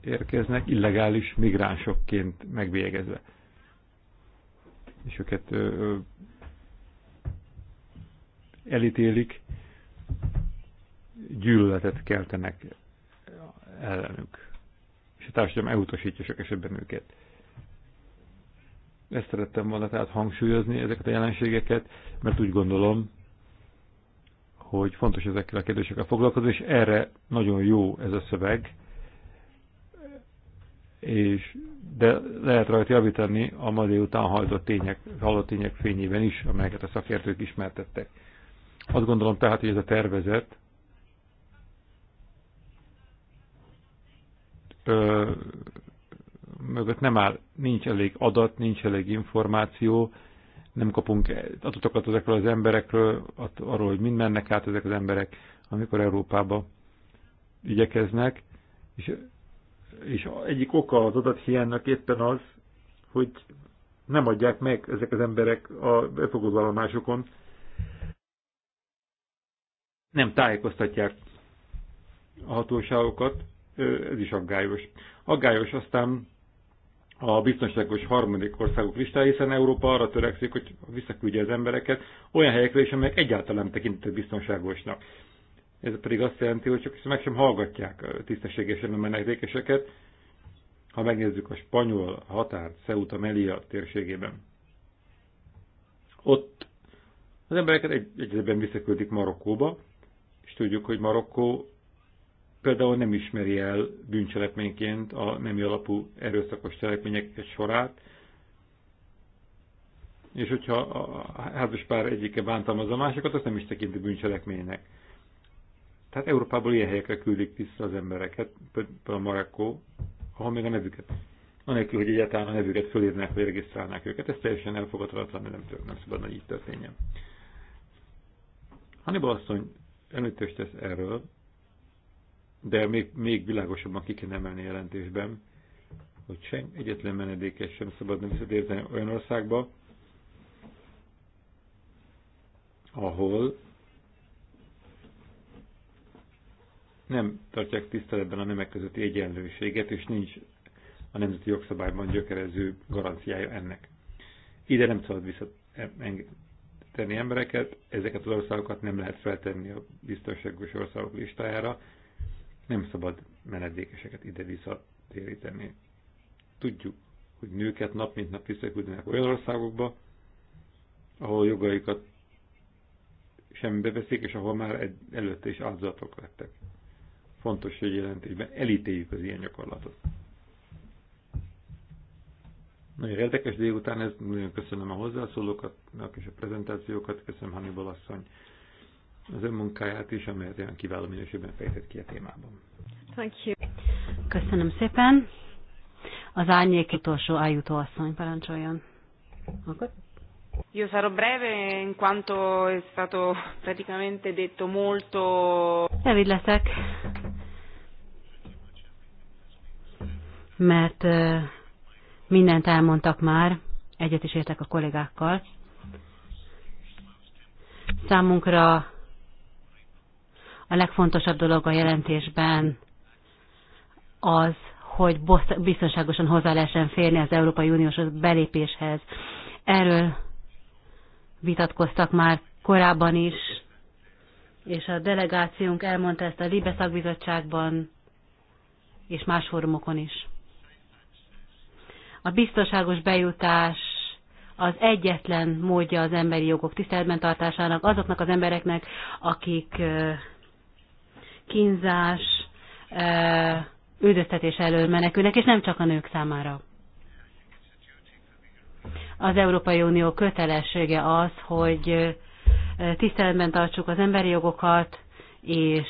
érkeznek, illegális migránsokként megvégezve. És őket ö, elítélik, gyűlöletet keltenek ellenük. És a társadalom elutasítja sok esetben őket. Ezt szerettem volna tehát hangsúlyozni ezeket a jelenségeket, mert úgy gondolom, hogy fontos ezekkel a kérdésekkel foglalkozni, és erre nagyon jó ez a szöveg, és de lehet rajta javítani a ma délután hallott tények, hallott tények fényében is, amelyeket a szakértők ismertettek. Azt gondolom tehát, hogy ez a tervezet ö, mögött nem áll, nincs elég adat, nincs elég információ, nem kapunk adatokat ezekről az emberekről, arról, hogy mind mennek át ezek az emberek, amikor Európába igyekeznek, és, és egyik oka az adathiánynak éppen az, hogy nem adják meg ezek az emberek a befogadóállomásokon, nem tájékoztatják a hatóságokat, ez is aggályos. Aggályos aztán a biztonságos harmadik országok listája, hiszen Európa arra törekszik, hogy visszaküldje az embereket olyan helyekre is, amelyek egyáltalán nem tekintett biztonságosnak. Ez pedig azt jelenti, hogy csak meg sem hallgatják tisztességesen a menedékeseket, ha megnézzük a spanyol határt Ceuta Melia térségében. Ott az embereket egy, egyben visszaküldik Marokkóba, és tudjuk, hogy Marokkó például nem ismeri el bűncselekményként a nemi alapú erőszakos cselekmények sorát, és hogyha a házaspár egyike bántalmazza a másikat, azt nem is tekinti bűncselekménynek. Tehát Európából ilyen helyekre küldik vissza az embereket, például Marokkó, ahol még a nevüket, anélkül, hogy egyáltalán a nevüket fölírnák, vagy regisztrálnák őket. Ez teljesen elfogadhatatlan, nem, tört, nem szabad, hogy így történjen. Hannibal asszony említést tesz erről, de még, még világosabban ki kéne emelni jelentésben, hogy sem egyetlen menedékes sem szabadna visszatérteni olyan országba, ahol nem tartják tiszteletben a nemek közötti egyenlőséget, és nincs a nemzeti jogszabályban gyökerező garanciája ennek. Ide nem szabad visszatenni embereket, ezeket az országokat nem lehet feltenni a biztonságos országok listájára, nem szabad menedékeseket ide-vissza téríteni. Tudjuk, hogy nőket nap mint nap visszaküldenek olyan országokba, ahol jogaikat sem beveszik, és ahol már előtte is áldozatok lettek. Fontos, hogy jelentésben elítéljük az ilyen gyakorlatot. Nagyon érdekes délután, ez nagyon köszönöm a hozzászólókat és a prezentációkat, köszönöm Hannibal asszony az önmunkáját is, amelyet olyan kiváló minőségben fejtett ki a témában. Thank you. Köszönöm szépen. Az árnyék utolsó ájutó asszony parancsoljon. Akkor? Io sarò breve in quanto è stato praticamente detto molto. Rövid leszek, mert mindent elmondtak már, egyet is értek a kollégákkal. Számunkra a legfontosabb dolog a jelentésben az, hogy biztonságosan hozzá lehessen férni az Európai Uniós belépéshez. Erről vitatkoztak már korábban is, és a delegációnk elmondta ezt a Libe szakbizottságban és más fórumokon is. A biztonságos bejutás az egyetlen módja az emberi jogok tiszteletben tartásának azoknak az embereknek, akik kínzás, üldöztetés elől menekülnek, és nem csak a nők számára. Az Európai Unió kötelessége az, hogy tiszteletben tartsuk az emberi jogokat, és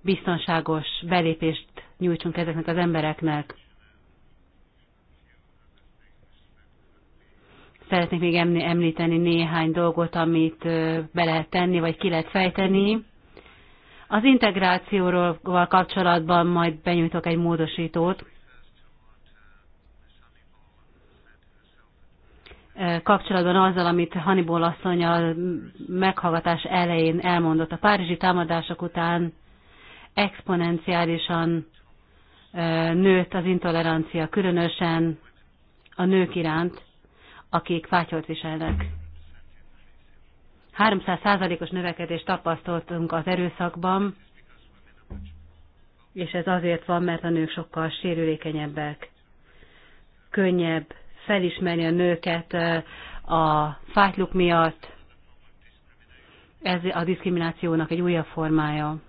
biztonságos belépést nyújtsunk ezeknek az embereknek. Szeretnék még említeni néhány dolgot, amit be lehet tenni, vagy ki lehet fejteni az integrációról kapcsolatban majd benyújtok egy módosítót. kapcsolatban azzal, amit Hannibal asszony a meghallgatás elején elmondott. A párizsi támadások után exponenciálisan nőtt az intolerancia, különösen a nők iránt, akik fátyolt viselnek. 300%-os növekedést tapasztaltunk az erőszakban, és ez azért van, mert a nők sokkal sérülékenyebbek. Könnyebb felismerni a nőket eh, a fájtluk miatt, ez a diszkriminációnak egy újabb formája.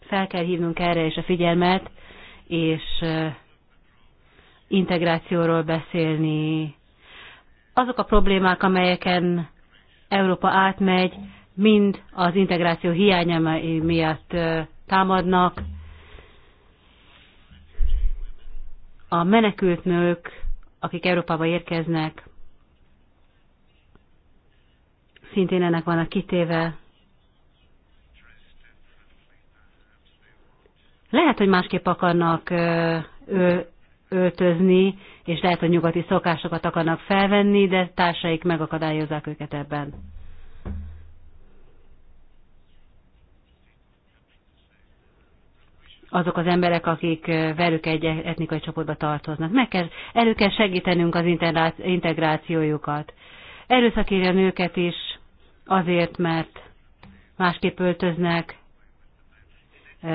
Fel kell hívnunk erre is a figyelmet, és eh, integrációról beszélni, azok a problémák, amelyeken Európa átmegy, mind az integráció hiánya miatt támadnak. A menekült nők, akik Európába érkeznek, szintén ennek vannak kitéve. Lehet, hogy másképp akarnak ő öltözni, és lehet, hogy nyugati szokásokat akarnak felvenni, de társaik megakadályozzák őket ebben. azok az emberek, akik velük egy etnikai csoportba tartoznak. Meg kell, elő kell segítenünk az integrációjukat. Erőszakírja nőket is azért, mert másképp öltöznek,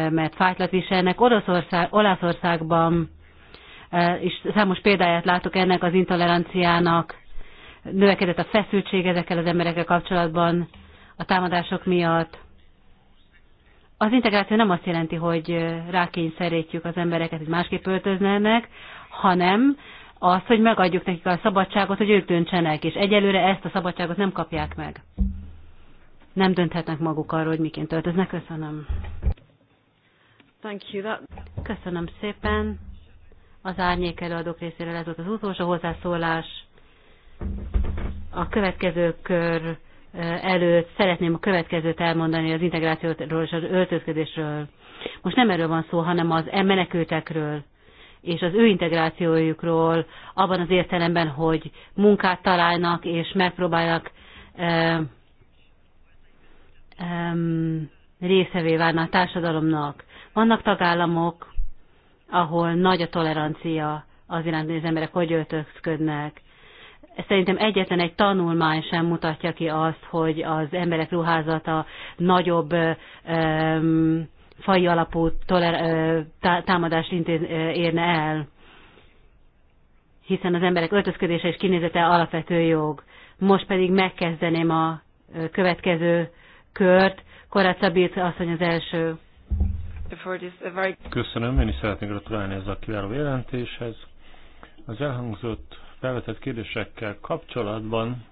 mert fájtlat viselnek. Oroszország, Olaszországban E, és számos példáját látok ennek az intoleranciának. Növekedett a feszültség ezekkel az emberekkel kapcsolatban a támadások miatt. Az integráció nem azt jelenti, hogy rákényszerítjük az embereket, hogy másképp öltöznének, hanem az, hogy megadjuk nekik a szabadságot, hogy ők döntsenek, és egyelőre ezt a szabadságot nem kapják meg. Nem dönthetnek maguk arról, hogy miként öltöznek. Köszönöm. Thank you. That... Köszönöm szépen az árnyék előadók részéről ez volt az utolsó hozzászólás. A következő kör eh, előtt szeretném a következőt elmondani az integrációról és az öltözködésről. Most nem erről van szó, hanem az e menekültekről és az ő integrációjukról abban az értelemben, hogy munkát találnak és megpróbálnak um, eh, részevé válni a társadalomnak. Vannak tagállamok, ahol nagy a tolerancia az iránt, hogy az emberek hogy öltözködnek. Szerintem egyetlen egy tanulmány sem mutatja ki azt, hogy az emberek ruházata nagyobb um, fai alapú toler, támadást intéz, érne el, hiszen az emberek öltözködése és kinézete alapvető jog. Most pedig megkezdeném a következő kört. Korát Szabít asszony az első. Uh, Köszönöm, én is szeretnék gratulálni ezzel a kiváló jelentéshez. Az elhangzott felvetett kérdésekkel kapcsolatban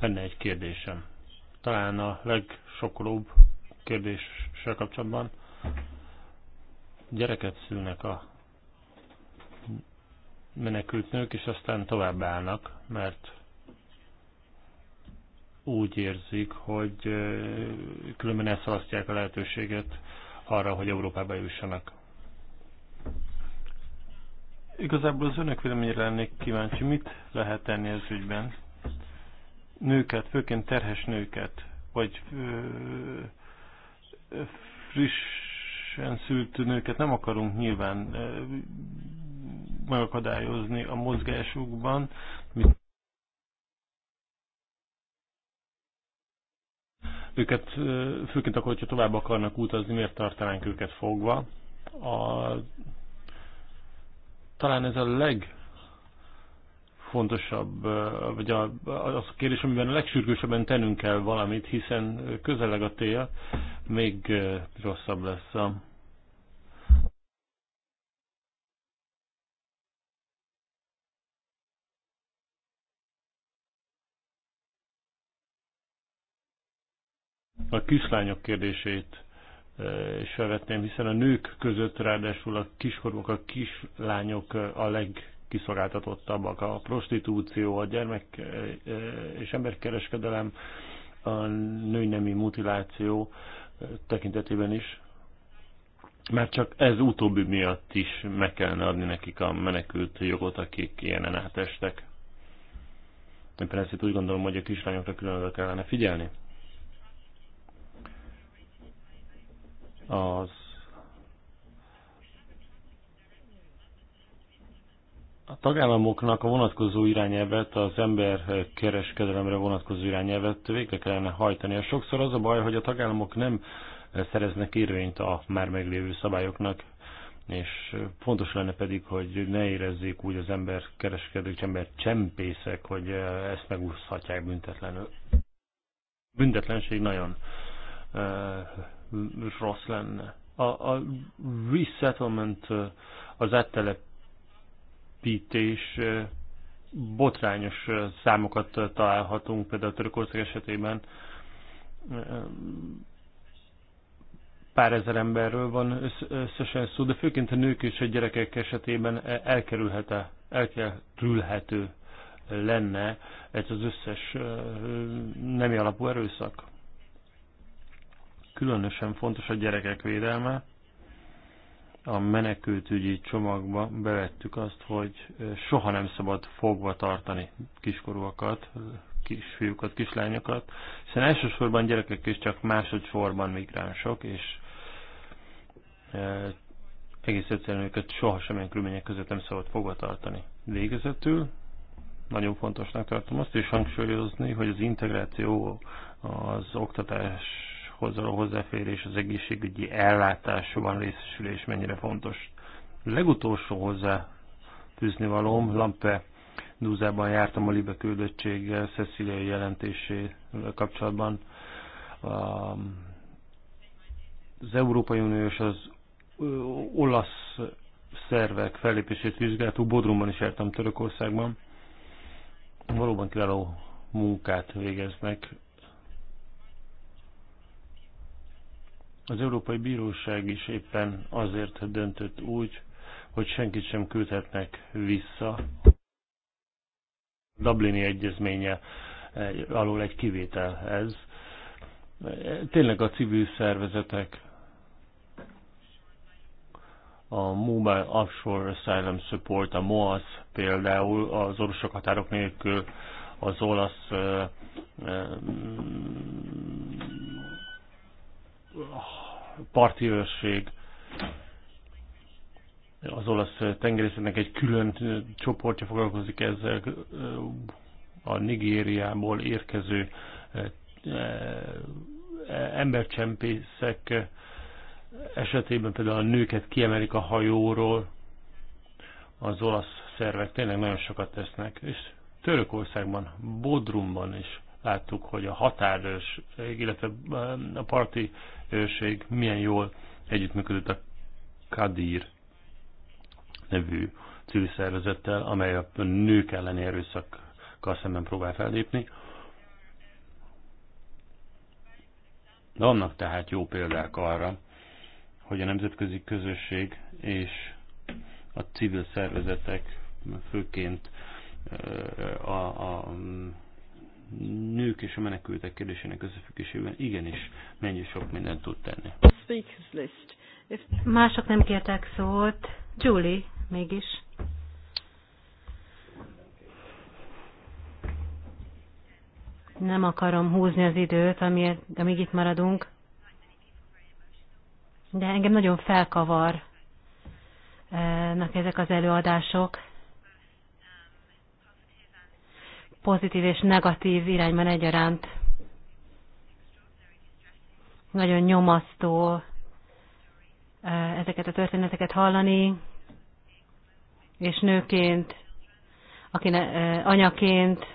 lenne egy kérdésem. Talán a legsokolóbb kérdéssel kapcsolatban gyereket szülnek a menekült nők, és aztán tovább állnak, mert úgy érzik, hogy eh, különben elszalasztják a lehetőséget arra, hogy Európába jussanak. Igazából az önök véleményére lennék kíváncsi, mit lehet tenni ez ügyben? Nőket, főként terhes nőket, vagy ö, frissen szült nőket nem akarunk nyilván ö, megakadályozni a mozgásukban, mit őket, főként akkor, hogyha tovább akarnak utazni, miért tartanánk őket fogva. A, talán ez a leg fontosabb, vagy a, az a kérdés, amiben a legsürgősebben tennünk kell valamit, hiszen közeleg a tél, még rosszabb lesz a A kislányok kérdését is e, felvetném, hiszen a nők között ráadásul a kiskorúk, a kislányok a legkiszolgáltatottabbak. A prostitúció, a gyermek e, e, és emberkereskedelem, a nőnemi mutiláció tekintetében is. Már csak ez utóbbi miatt is meg kellene adni nekik a menekült jogot, akik ilyenen átestek. Én persze úgy gondolom, hogy a kislányokra különösen kellene figyelni. az a tagállamoknak a vonatkozó irányelvet, az ember kereskedelemre vonatkozó irányelvet végre kellene hajtani. A sokszor az a baj, hogy a tagállamok nem szereznek érvényt a már meglévő szabályoknak, és fontos lenne pedig, hogy ne érezzék úgy az ember kereskedők, ember csempészek, hogy ezt megúszhatják büntetlenül. Büntetlenség nagyon rossz lenne. A, a resettlement, az áttelepítés botrányos számokat találhatunk, például a Törökország esetében pár ezer emberről van összesen szó, de főként a nők és a gyerekek esetében e, elkerülhető, elkerülhető lenne ez az összes nemi alapú erőszak. Különösen fontos a gyerekek védelme. A menekültügyi csomagba bevettük azt, hogy soha nem szabad fogva tartani kiskorúakat, kisfiúkat, kislányokat, hiszen elsősorban gyerekek is csak másodszorban migránsok, és e, egész egyszerűen őket soha semmilyen körülmények között nem szabad fogva tartani. Végezetül nagyon fontosnak tartom azt is hangsúlyozni, hogy az integráció az oktatás gyógyszerekhoz való hozzáférés, az egészségügyi ellátásban részesülés mennyire fontos. Legutolsó hozzá fűzni valóm, Lampe Dúzában jártam a Libe küldöttséggel, Cecilia jelentésével kapcsolatban. Az Európai Unió és az olasz szervek fellépését vizsgáltuk, Bodrumban is jártam Törökországban. Valóban kiváló munkát végeznek Az Európai Bíróság is éppen azért döntött úgy, hogy senkit sem küldhetnek vissza. Dublini egyezménye eh, alól egy kivétel ez. Eh, tényleg a civil szervezetek, a Mobile Offshore Asylum Support, a MOAS például az orvosok határok nélkül az olasz uh, parti őrség, az olasz tengerészetnek egy külön csoportja foglalkozik ezzel a Nigériából érkező eh, eh, embercsempészek esetében például a nőket kiemelik a hajóról, az olasz szervek tényleg nagyon sokat tesznek, és Törökországban, Bodrumban is láttuk, hogy a határos, illetve eh, a parti őrség milyen jól együttműködött a Kadir nevű civil szervezettel, amely a nők elleni erőszakkal szemben próbál fellépni. Vannak tehát jó példák arra, hogy a nemzetközi közösség és a civil szervezetek, főként a, a nők és a menekültek kérdésének összefüggésében igenis mennyi sok mindent tud tenni. Mások nem kértek szót. Julie, mégis. Nem akarom húzni az időt, amíg itt maradunk. De engem nagyon felkavarnak ezek az előadások. pozitív és negatív irányban egyaránt. Nagyon nyomasztó ezeket a történeteket hallani, és nőként, akin, anyaként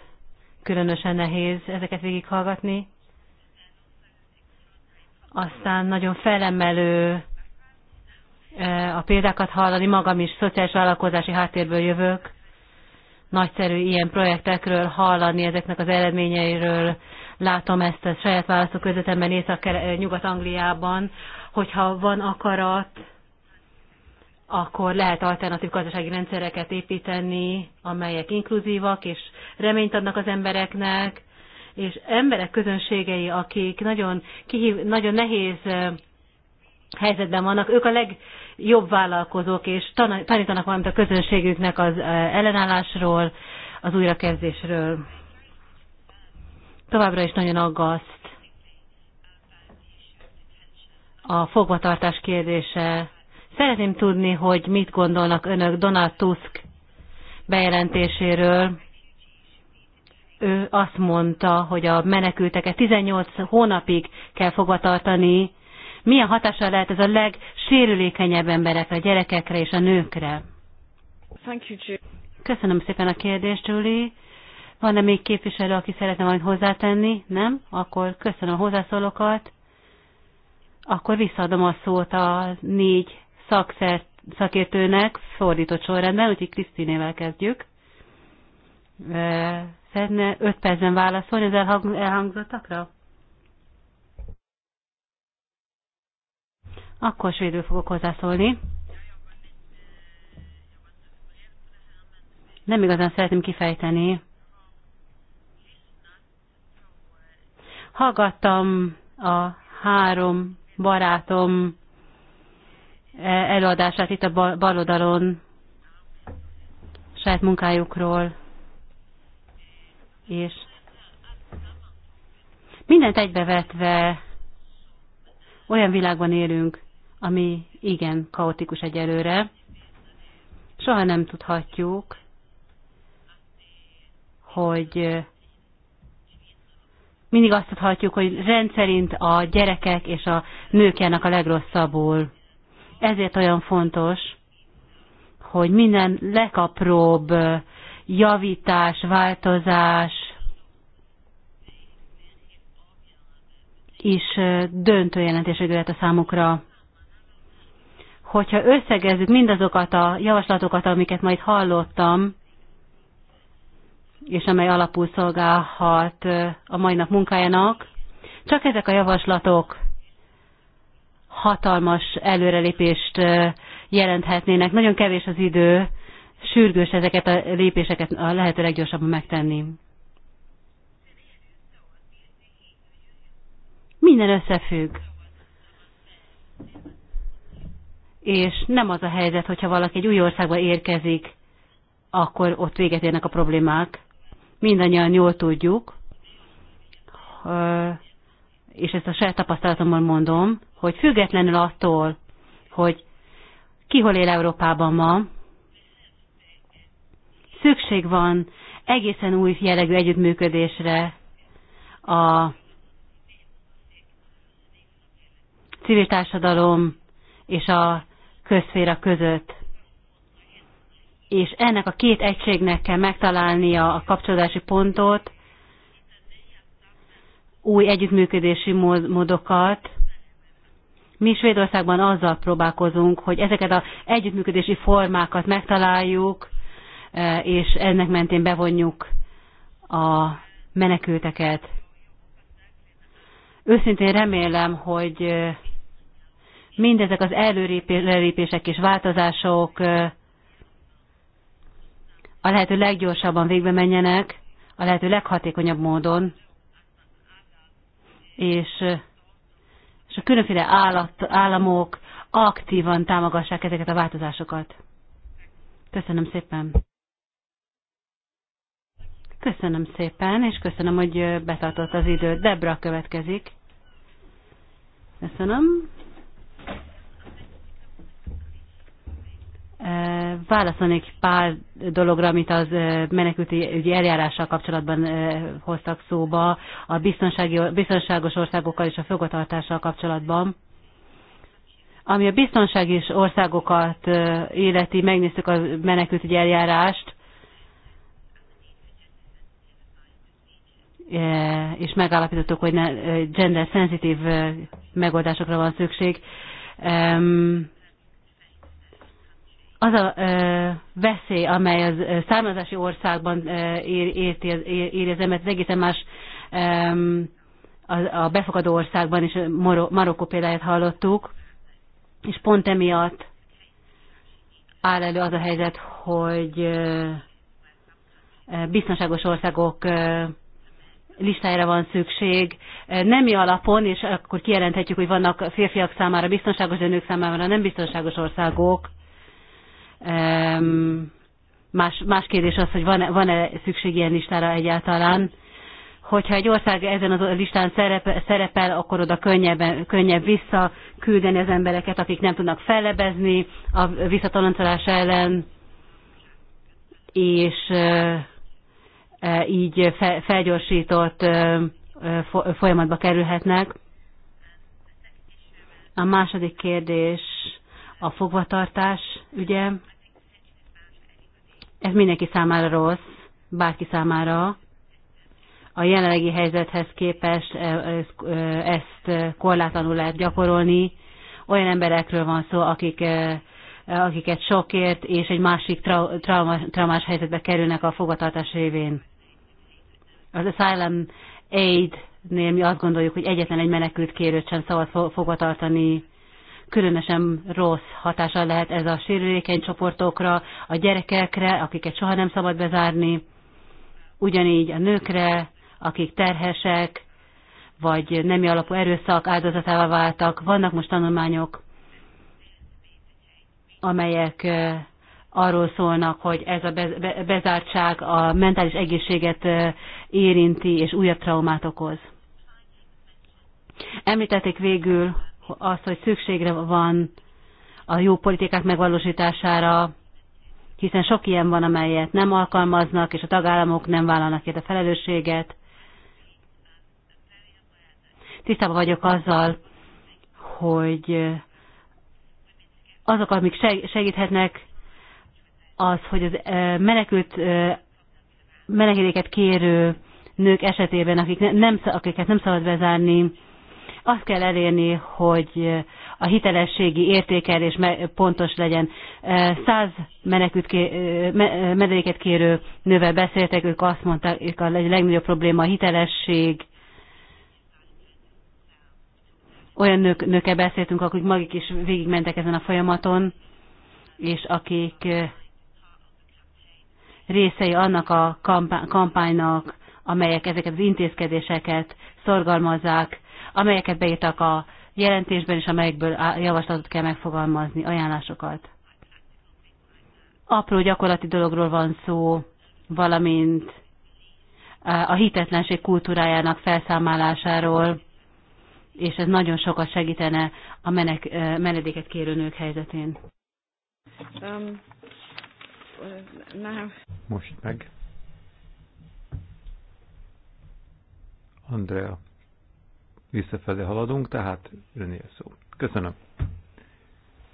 különösen nehéz ezeket végighallgatni. Aztán nagyon felemelő a példákat hallani, magam is szociális vállalkozási háttérből jövök, nagyszerű ilyen projektekről hallani, ezeknek az eredményeiről. Látom ezt a saját választó közvetemben Észak-Nyugat-Angliában, eh, hogyha van akarat, akkor lehet alternatív gazdasági rendszereket építeni, amelyek inkluzívak, és reményt adnak az embereknek, és emberek közönségei, akik nagyon, kihív, nagyon nehéz eh, helyzetben vannak, ők a leg, jobb vállalkozók, és tanítanak valamit a közönségüknek az ellenállásról, az újrakezdésről. Továbbra is nagyon aggaszt a fogvatartás kérdése. Szeretném tudni, hogy mit gondolnak önök Donald Tusk bejelentéséről. Ő azt mondta, hogy a menekülteket 18 hónapig kell fogvatartani, milyen hatással lehet ez a legsérülékenyebb emberekre, a gyerekekre és a nőkre? Thank you, Köszönöm szépen a kérdést, Julie. Van-e még képviselő, aki szeretne valamit hozzátenni? Nem? Akkor köszönöm a hozzászólókat. Akkor visszaadom a szót a négy szakszert, szakértőnek fordított sorrendben, úgyhogy Krisztinével kezdjük. Szeretne öt percen válaszolni az elhangzottakra? Akkor svédül fogok hozzászólni. Nem igazán szeretném kifejteni. Hallgattam a három barátom e, előadását itt a bal, oldalon, saját munkájukról, és mindent egybevetve olyan világban élünk, ami igen kaotikus egyelőre. Soha nem tudhatjuk, hogy mindig azt tudhatjuk, hogy rendszerint a gyerekek és a nők járnak a legrosszabbul. Ezért olyan fontos, hogy minden legapróbb javítás, változás is döntő jelentésű lehet a számukra hogyha összegezzük mindazokat a javaslatokat, amiket majd hallottam, és amely alapul szolgálhat a mai nap munkájának, csak ezek a javaslatok hatalmas előrelépést jelenthetnének. Nagyon kevés az idő, sürgős ezeket a lépéseket a lehető leggyorsabban megtenni. Minden összefügg és nem az a helyzet, hogyha valaki egy új országba érkezik, akkor ott véget érnek a problémák. Mindannyian jól tudjuk, és ezt a saját tapasztalatomban mondom, hogy függetlenül attól, hogy ki hol él Európában ma, szükség van egészen új jellegű együttműködésre a civil társadalom és a közféra között. És ennek a két egységnek kell megtalálnia a kapcsolódási pontot, új együttműködési módokat. Mi Svédországban azzal próbálkozunk, hogy ezeket az együttműködési formákat megtaláljuk, e, és ennek mentén bevonjuk a menekülteket. Őszintén remélem, hogy e, mindezek az előrelépések és változások a lehető leggyorsabban végbe menjenek, a lehető leghatékonyabb módon, és, és a különféle állat, államok aktívan támogassák ezeket a változásokat. Köszönöm szépen! Köszönöm szépen, és köszönöm, hogy betartott az időt. Debra következik. Köszönöm. Válaszolnék pár dologra, amit az menekülti ügyi eljárással kapcsolatban hoztak szóba, a biztonsági, biztonságos országokkal és a fogatartással kapcsolatban. Ami a biztonsági országokat életi, megnéztük a menekülti eljárást, és megállapítottuk, hogy gender-szenzitív megoldásokra van szükség. Um, az a ö, veszély, amely az származási országban ö, ér, érti, ér, az embert, az egészen más ö, a, a befogadó országban, is, Marokkó példáját hallottuk, és pont emiatt áll elő az a helyzet, hogy ö, biztonságos országok ö, listájára van szükség nemi alapon, és akkor kijelenthetjük, hogy vannak férfiak számára biztonságos, de nők számára nem biztonságos országok, Más, más kérdés az, hogy van-e, van-e szükség ilyen listára egyáltalán. Hogyha egy ország ezen a listán szerepel, szerepel akkor oda könnyebb, könnyebb visszaküldeni az embereket, akik nem tudnak fellebezni a visszatalancolás ellen, és így felgyorsított folyamatba kerülhetnek. A második kérdés a fogvatartás ugye? Ez mindenki számára rossz, bárki számára. A jelenlegi helyzethez képest e, e, ezt korlátlanul lehet gyakorolni. Olyan emberekről van szó, akik e, akiket sokért és egy másik trau- trauma- traumás helyzetbe kerülnek a fogvatartás révén. Az Asylum Aid-nél mi azt gondoljuk, hogy egyetlen egy menekült kérőt sem szabad fogvatartani, különösen rossz hatása lehet ez a sérülékeny csoportokra, a gyerekekre, akiket soha nem szabad bezárni, ugyanígy a nőkre, akik terhesek, vagy nemi alapú erőszak áldozatává váltak. Vannak most tanulmányok, amelyek arról szólnak, hogy ez a bezártság a mentális egészséget érinti és újabb traumát okoz. Említették végül azt, hogy szükségre van a jó politikák megvalósítására, hiszen sok ilyen van, amelyet nem alkalmaznak, és a tagállamok nem vállalnak ért a felelősséget. Tisztában vagyok azzal, hogy azok, amik segíthetnek, az, hogy az menekült, menekedéket kérő nők esetében, akik nem, akiket nem szabad bezárni, azt kell elérni, hogy a hitelességi értékelés pontos legyen. Száz menekült ké, menedéket kérő nővel beszéltek, ők azt mondták, ők a legnagyobb probléma a hitelesség, olyan nők, nőkkel beszéltünk, akik magik is végigmentek ezen a folyamaton, és akik részei annak a kampánynak, amelyek ezeket az intézkedéseket szorgalmazzák, amelyeket beírtak a jelentésben, és amelyekből javaslatot kell megfogalmazni, ajánlásokat. Apró gyakorlati dologról van szó, valamint a hitetlenség kultúrájának felszámálásáról, és ez nagyon sokat segítene a menek, menedéket kérő nők helyzetén. Um, nem. Most meg. Andrea visszafelé haladunk, tehát önél szó. Köszönöm.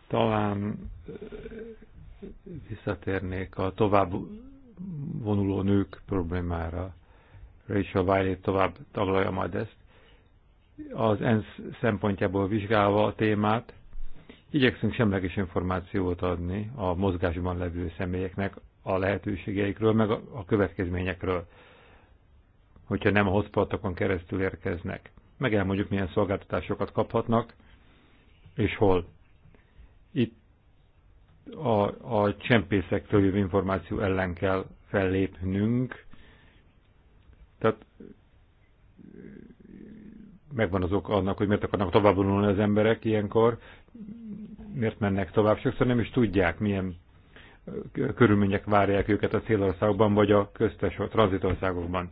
Talán visszatérnék a tovább vonuló nők problémára. Rachel Wiley tovább taglalja majd ezt. Az ENSZ szempontjából vizsgálva a témát, igyekszünk semleges információt adni a mozgásban levő személyeknek a lehetőségeikről, meg a következményekről, hogyha nem a hotspotokon keresztül érkeznek meg elmondjuk, milyen szolgáltatásokat kaphatnak, és hol. Itt a, a csempészektől jövő információ ellen kell fellépnünk. Tehát megvan azok annak, hogy miért akarnak tovább az emberek ilyenkor, miért mennek tovább. Sokszor nem is tudják, milyen körülmények várják őket a célországban, vagy a köztes tranzitországokban.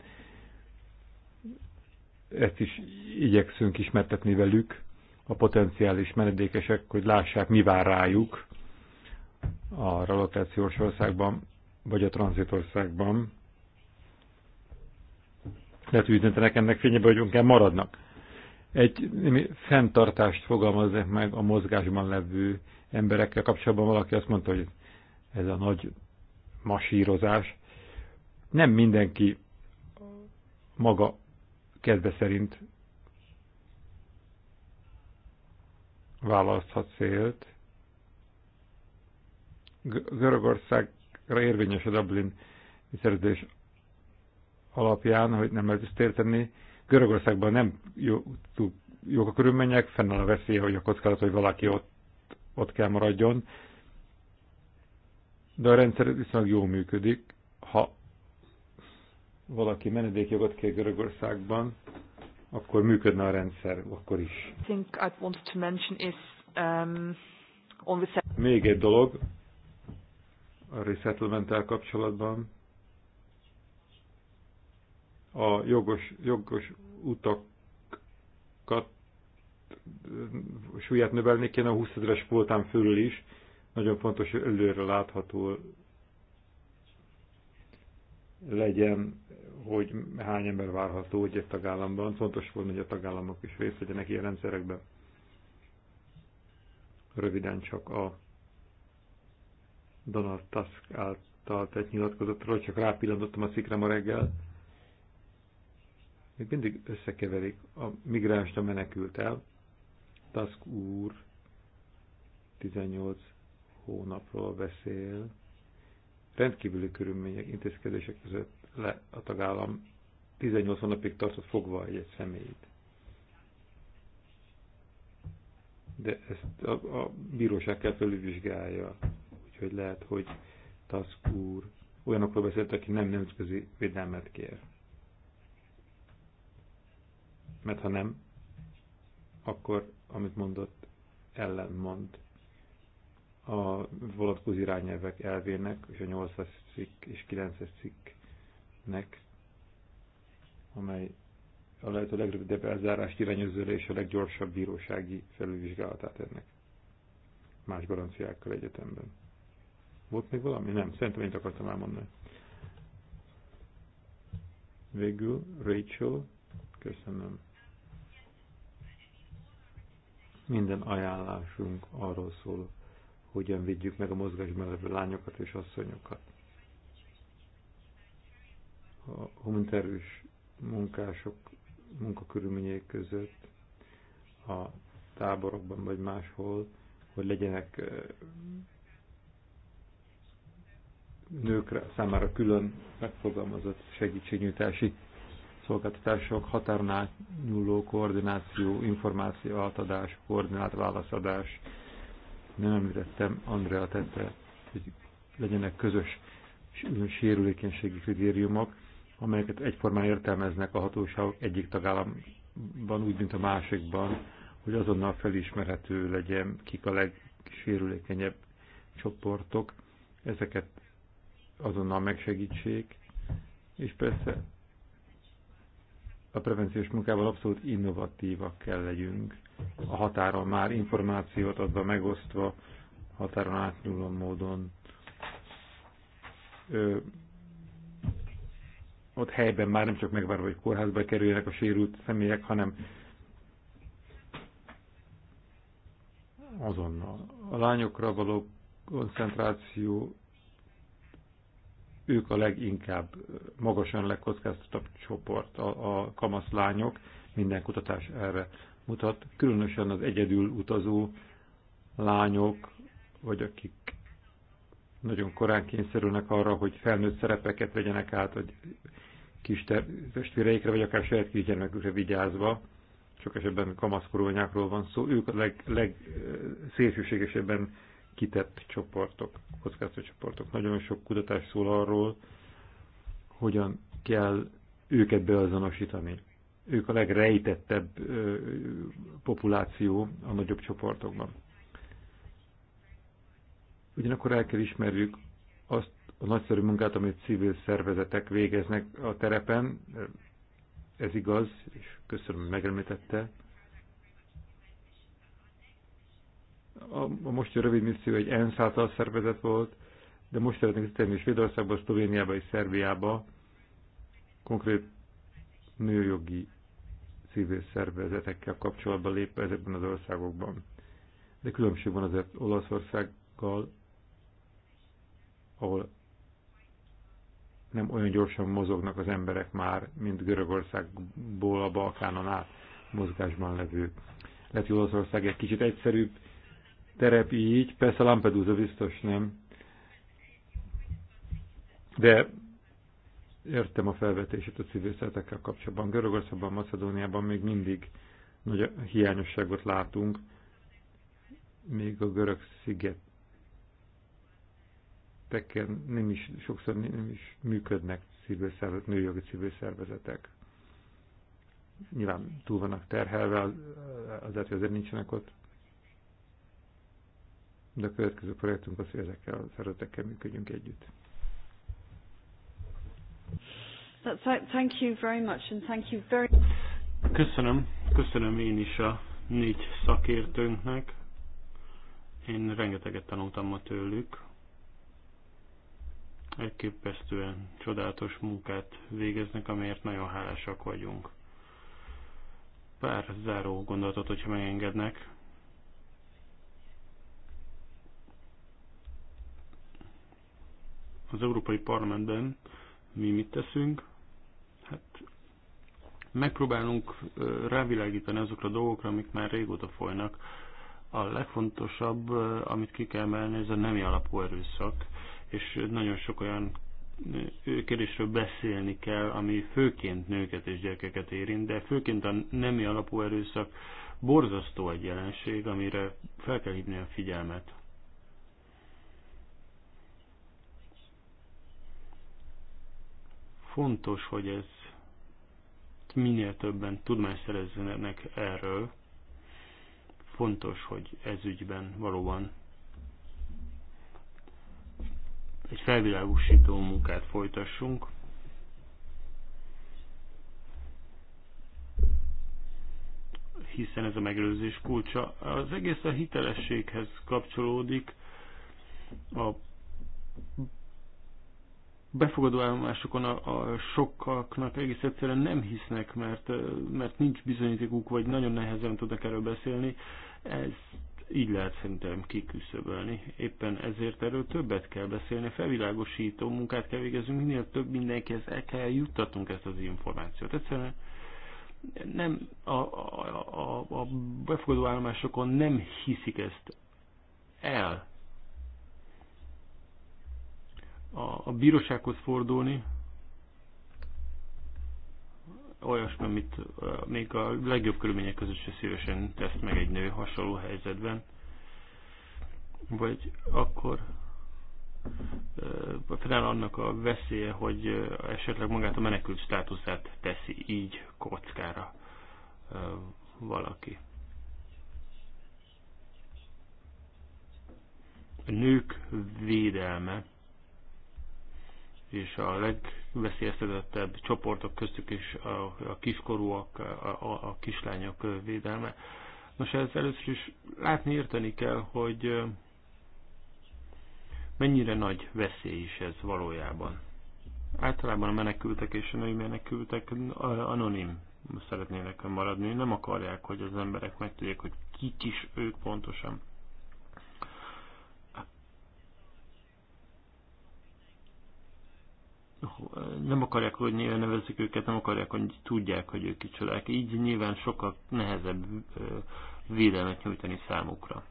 Ezt is igyekszünk ismertetni velük, a potenciális menedékesek, hogy lássák, mi vár rájuk a relokációs országban, vagy a tranzitországban. Lehet, hogy ennek fényebe, hogy kell maradnak. Egy fenntartást fogalmaznak meg a mozgásban levő emberekkel kapcsolatban. Valaki azt mondta, hogy ez a nagy masírozás. Nem mindenki maga kedve szerint választhat célt. Görögországra érvényes a Dublin szerződés alapján, hogy nem lehet ezt érteni. Görögországban nem jó, túl jók a körülmények, fennáll a veszélye, hogy a kockázat, hogy valaki ott, ott kell maradjon. De a rendszer viszonylag jól működik, ha valaki menedékjogot kér Görögországban, akkor működne a rendszer, akkor is. Is, um, on the... Még egy dolog a resettlement kapcsolatban. A jogos, jogos utakat uh, súlyát növelni kéne a 20 ezeres kvótán fölül is. Nagyon fontos, hogy előre látható legyen, hogy hány ember várható egy tagállamban. Fontos volna, hogy a tagállamok is részt vegyenek ilyen rendszerekben. Röviden csak a Donald Tusk által tett nyilatkozatról, csak rápillantottam a szikre ma reggel. Még mindig összekeverik a migráns a menekült el. Tusk úr 18 hónapról beszél rendkívüli körülmények, intézkedések között le a tagállam 18 hónapig tartott fogva egy, -egy személyt. De ezt a, a bíróság kell felülvizsgálja, úgyhogy lehet, hogy Tusk úr olyanokról beszélt, aki nem nemzetközi védelmet kér. Mert ha nem, akkor amit mondott, ellen mond a vonatkozó irányelvek elvének, és a 800 cikk és 900 cikknek, amely a lehető legrövidebb elzárás irányozóra és a leggyorsabb bírósági felülvizsgálatát ennek. Más garanciákkal egyetemben. Volt még valami? Nem, szerintem ennyit akartam elmondani. Végül Rachel, köszönöm. Minden ajánlásunk arról szól, hogyan védjük meg a mozgásban levő lányokat és asszonyokat. A humanitárius munkások munkakörülményei között a táborokban vagy máshol, hogy legyenek eh, nőkre számára külön megfogalmazott segítségnyújtási szolgáltatások, határnál nyúló koordináció, információ átadás, koordinált válaszadás, nem említettem Andrea tette, hogy legyenek közös sérülékenységi kritériumok, amelyeket egyformán értelmeznek a hatóságok egyik tagállamban, úgy, mint a másikban, hogy azonnal felismerhető legyen, kik a legsérülékenyebb csoportok, ezeket azonnal megsegítsék, és persze a prevenciós munkában abszolút innovatívak kell legyünk. A határon már információt adva, megosztva, határon átnyúló módon. Ö, ott helyben már nem csak megvárva, hogy kórházba kerüljenek a sérült személyek, hanem azonnal. A lányokra való koncentráció ők a leginkább magasan legkockáztatabb csoport, a, a kamaszlányok, minden kutatás erre mutat, különösen az egyedül utazó lányok, vagy akik nagyon korán kényszerülnek arra, hogy felnőtt szerepeket vegyenek át, hogy kis testvéreikre, vagy akár saját kisgyermekükre vigyázva, sok esetben kamaszkorúanyákról van szó, ők a leg, szélsőségesebben kitett csoportok, kockázatú csoportok. Nagyon sok kutatás szól arról, hogyan kell őket beazonosítani. Ők a legrejtettebb ö, populáció a nagyobb csoportokban. Ugyanakkor el kell ismerjük azt a nagyszerű munkát, amit civil szervezetek végeznek a terepen. Ez igaz, és köszönöm, hogy megremítette. A, a mostani rövid misszió egy ENSZ által szervezet volt, de most szeretnénk tenni Svédországba, Szlovéniába és Szerbiába konkrét nőjogi civil szervezetekkel kapcsolatban lép ezekben az országokban. De különbség van azért Olaszországgal, ahol nem olyan gyorsan mozognak az emberek már, mint Görögországból a Balkánon át mozgásban levő. Lehet, hogy Olaszország egy kicsit egyszerűbb terep így, persze Lampedusa biztos nem. De értem a felvetését a civil szeretekkel kapcsolatban. Görögországban, Macedóniában még mindig nagy hiányosságot látunk, még a görög sziget tekken nem is, sokszor nem is működnek civil szervezet, nőjogi civil szervezetek. Nyilván túl vannak terhelve, azért, hogy azért nincsenek ott de a következő projektünk az, hogy ezekkel a szervezetekkel működjünk együtt. Thank you very much, and thank you very... Köszönöm, köszönöm én is a négy szakértőnknek. Én rengeteget tanultam ma tőlük. Elképesztően csodálatos munkát végeznek, amiért nagyon hálásak vagyunk. Pár záró gondolatot, hogyha megengednek. az Európai Parlamentben mi mit teszünk? Hát megpróbálunk rávilágítani azokra a dolgokra, amik már régóta folynak. A legfontosabb, amit ki kell emelni, ez a nemi alapú erőszak, és nagyon sok olyan kérdésről beszélni kell, ami főként nőket és gyerekeket érint, de főként a nemi alapú erőszak borzasztó egy jelenség, amire fel kell hívni a figyelmet. Fontos, hogy ez minél többen tudomást szerezzenek erről. Fontos, hogy ez ügyben valóban egy felvilágosító munkát folytassunk. hiszen ez a megelőzés kulcsa. Az egész a hitelességhez kapcsolódik, a befogadó állomásokon a, a sokaknak egész egyszerűen nem hisznek, mert, mert nincs bizonyítékuk, vagy nagyon nehezen tudnak erről beszélni. Ez így lehet szerintem kiküszöbölni. Éppen ezért erről többet kell beszélni, felvilágosító munkát kell végezünk, minél több mindenkihez el kell juttatunk ezt az információt. Egyszerűen nem a, a, a, a befogadó állomásokon nem hiszik ezt el a, a bírósághoz fordulni, olyasmi, amit még a legjobb körülmények között se szívesen tesz meg egy nő hasonló helyzetben, vagy akkor fennáll annak a veszélye, hogy esetleg magát a menekült státuszát teszi így kockára valaki. A nők védelme és a legveszélyeztetettebb csoportok köztük is a, a kiskorúak, a, a, a kislányok védelme. Nos, ez először is látni, érteni kell, hogy mennyire nagy veszély is ez valójában. Általában a menekültek és a női menekültek anonim szeretnének maradni, nem akarják, hogy az emberek megtudják, hogy kik is ők pontosan. nem akarják, hogy nevezzük őket, nem akarják, hogy tudják, hogy ők kicsodák. Így nyilván sokkal nehezebb védelmet nyújtani számukra.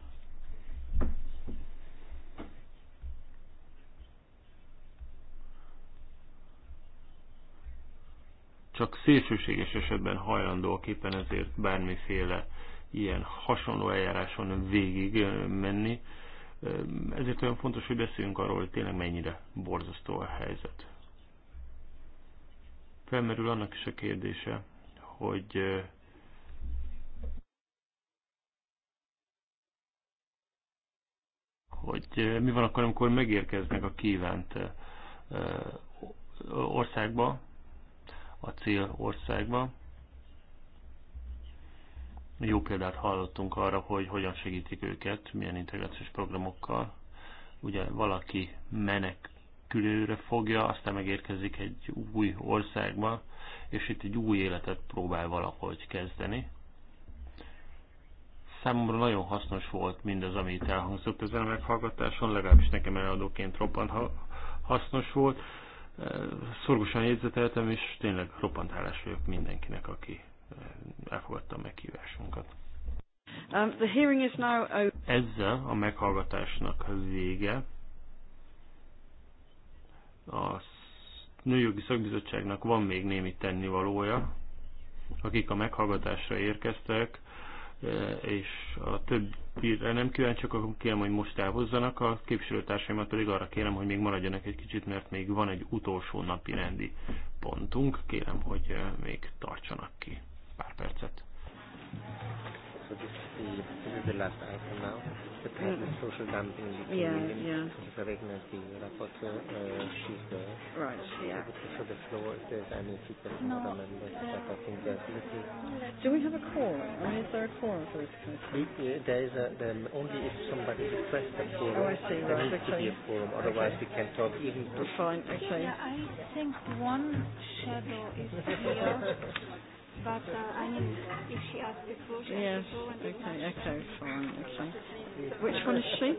Csak szélsőséges esetben hajlandóak éppen ezért bármiféle ilyen hasonló eljáráson végig menni. Ezért olyan fontos, hogy beszéljünk arról, hogy tényleg mennyire borzasztó a helyzet. Felmerül annak is a kérdése, hogy hogy mi van akkor, amikor megérkeznek a kívánt országba, a cél országba. Jó példát hallottunk arra, hogy hogyan segítik őket, milyen integrációs programokkal. Ugye valaki menek, repülőre fogja, aztán megérkezik egy új országba, és itt egy új életet próbál valahogy kezdeni. Számomra nagyon hasznos volt mindaz, amit elhangzott ezen a meghallgatáson, legalábbis nekem előadóként roppant hasznos volt. Szorgosan jegyzeteltem, és tényleg roppant hálás vagyok mindenkinek, aki elfogadta a meghívásunkat. Um, the hearing is now Ezzel a meghallgatásnak vége a Nőjogi Szakbizottságnak van még némi tennivalója, akik a meghallgatásra érkeztek, e, és a többire nem kíváncsiak, akkor kérem, hogy most elhozzanak, a képviselőtársaimat pedig arra kérem, hogy még maradjanak egy kicsit, mert még van egy utolsó napi rendi pontunk. Kérem, hogy e, még tartsanak ki pár percet so this is the this is the last item now. The patent mm. social dumping in yeah, Union. Yeah. Professor Regner is the rapporteur. Uh, she's there. Right. She's yeah. Able to the floor if there's any people from no. other members. But I think there's little. Do we have a quorum? I mean, is there a quorum for this country? Yeah, there is a, then only if somebody requests a quorum. Oh, I see. There right. needs okay. to be a quorum. Otherwise, okay. we can talk even. Fine. Okay. Yeah, I think one shadow is here. But uh, I mean, if she asked before, she yes. asked before. Yes. Okay. Okay. Fine. Okay. Which one is she? um,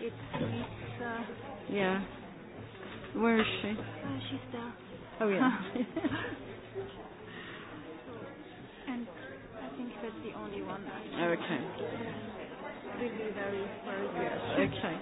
it's Miss. Uh, yeah. Where is she? Uh, she's there. Oh yeah. and I think that's the only one. Actually. Okay. Really very very good. Okay.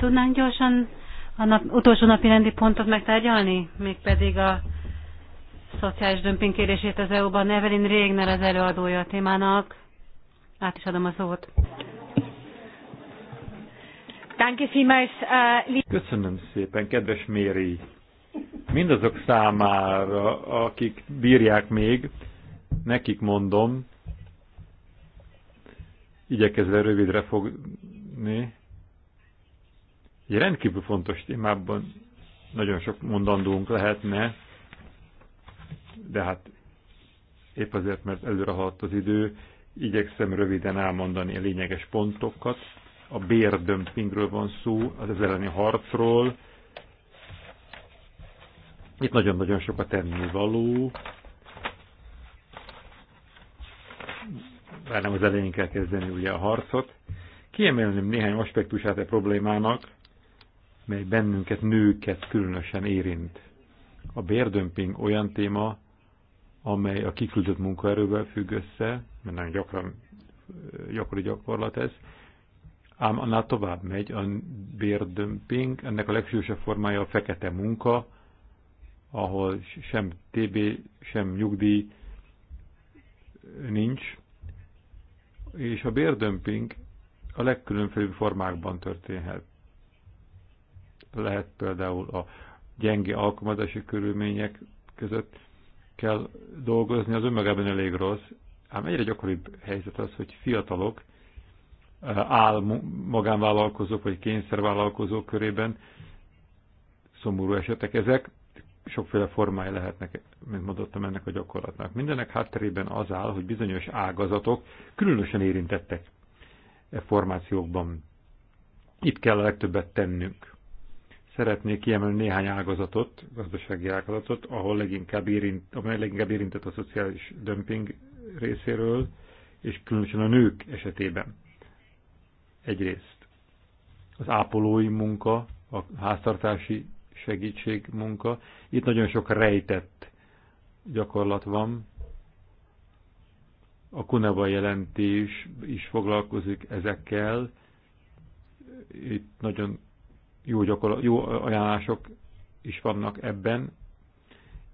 Tudnánk gyorsan a nap, utolsó napi rendi pontot megtárgyalni? Mégpedig a szociális dömping kérdését az EU-ban. Evelyn Régner az előadója a témának. Át is adom a szót. Äh, Köszönöm szépen, kedves Méri. Mindazok számára, akik bírják még, nekik mondom, igyekezve rövidre fogni. Egy rendkívül fontos témában nagyon sok mondandónk lehetne, de hát épp azért, mert előre haladt az idő, igyekszem röviden elmondani a lényeges pontokat. A bérdömpingről van szó, az ez elleni harcról. Itt nagyon-nagyon sok a tennivaló, már nem az elején kell kezdeni ugye a harcot. Kiemelném néhány aspektusát a problémának, mely bennünket, nőket különösen érint. A bérdömping olyan téma, amely a kiküldött munkaerővel függ össze, mert nagyon gyakran, gyakori gyakorlat ez, ám annál tovább megy a bérdömping, ennek a legsősebb formája a fekete munka, ahol sem TB, sem nyugdíj nincs, és a bérdömping a legkülönfélebb formákban történhet. Lehet például a gyenge alkalmazási körülmények között kell dolgozni, az önmagában elég rossz, ám egyre gyakoribb helyzet az, hogy fiatalok eh, áll magánvállalkozók vagy kényszervállalkozók körében, szomorú esetek ezek, sokféle formái lehetnek, mint mondottam, ennek a gyakorlatnak. Mindenek hátterében az áll, hogy bizonyos ágazatok különösen érintettek e formációkban. Itt kell a legtöbbet tennünk. Szeretnék kiemelni néhány ágazatot, gazdasági ágazatot, ahol leginkább érint, amely leginkább érintett a szociális dömping részéről, és különösen a nők esetében. Egyrészt az ápolói munka, a háztartási segítségmunka. Itt nagyon sok rejtett gyakorlat van. A Kuneva jelentés is foglalkozik ezekkel. Itt nagyon jó, gyakorlat, jó ajánlások is vannak ebben.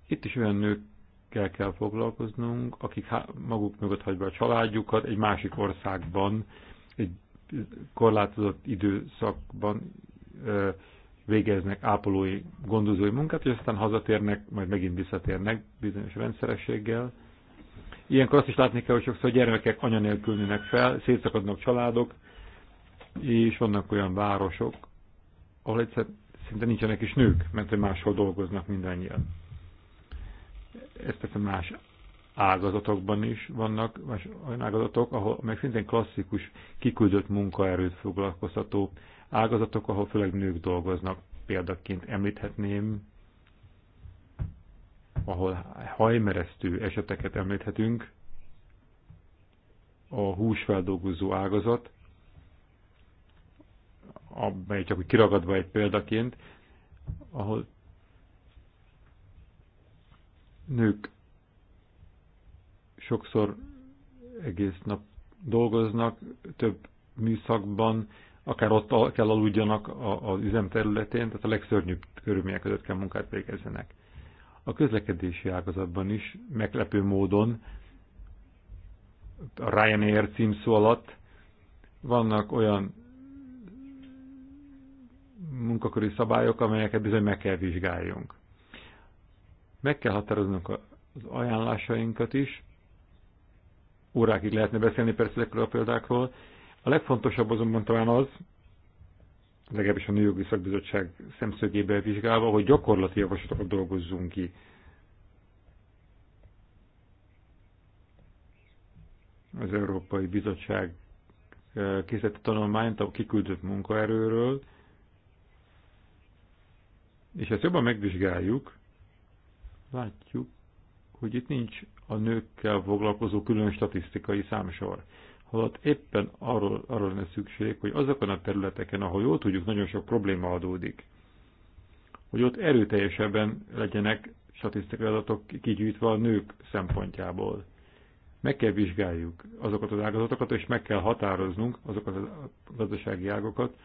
Itt is olyan nőkkel kell foglalkoznunk, akik maguk mögött hagyva a családjukat egy másik országban, egy korlátozott időszakban végeznek ápolói, gondozói munkát, és aztán hazatérnek, majd megint visszatérnek bizonyos rendszerességgel. Ilyenkor azt is látni kell, hogy sokszor gyermekek anya nélkül nőnek fel, szétszakadnak családok, és vannak olyan városok, ahol egyszer szinte nincsenek is nők, mert hogy máshol dolgoznak mindannyian. Ezt persze más ágazatokban is vannak más olyan ágazatok, ahol meg szintén klasszikus, kiküldött munkaerőt foglalkoztató ágazatok, ahol főleg nők dolgoznak. Példaként említhetném, ahol hajmeresztő eseteket említhetünk, a húsfeldolgozó ágazat, amely csak úgy kiragadva egy példaként, ahol nők sokszor egész nap dolgoznak, több műszakban akár ott kell aludjanak az üzemterületén, tehát a legszörnyűbb körülmények között kell munkát végezzenek. A közlekedési ágazatban is meglepő módon a Ryanair címszó alatt vannak olyan munkaköri szabályok, amelyeket bizony meg kell vizsgáljunk. Meg kell határoznunk az ajánlásainkat is, órákig lehetne beszélni persze ezekről a példákról, a legfontosabb azonban talán az, legalábbis a Yorki Szakbizottság szemszögéből vizsgálva, hogy gyakorlati javaslatokat dolgozzunk ki. Az Európai Bizottság eh, készített tanulmányt a kiküldött munkaerőről, és ezt jobban megvizsgáljuk, látjuk, hogy itt nincs a nőkkel foglalkozó külön statisztikai számsor holott éppen arról, arról lenne szükség, hogy azokon a területeken, ahol jól tudjuk, nagyon sok probléma adódik, hogy ott erőteljesebben legyenek statisztikai adatok kigyűjtve a nők szempontjából. Meg kell vizsgáljuk azokat az ágazatokat, és meg kell határoznunk azokat a gazdasági ágokat,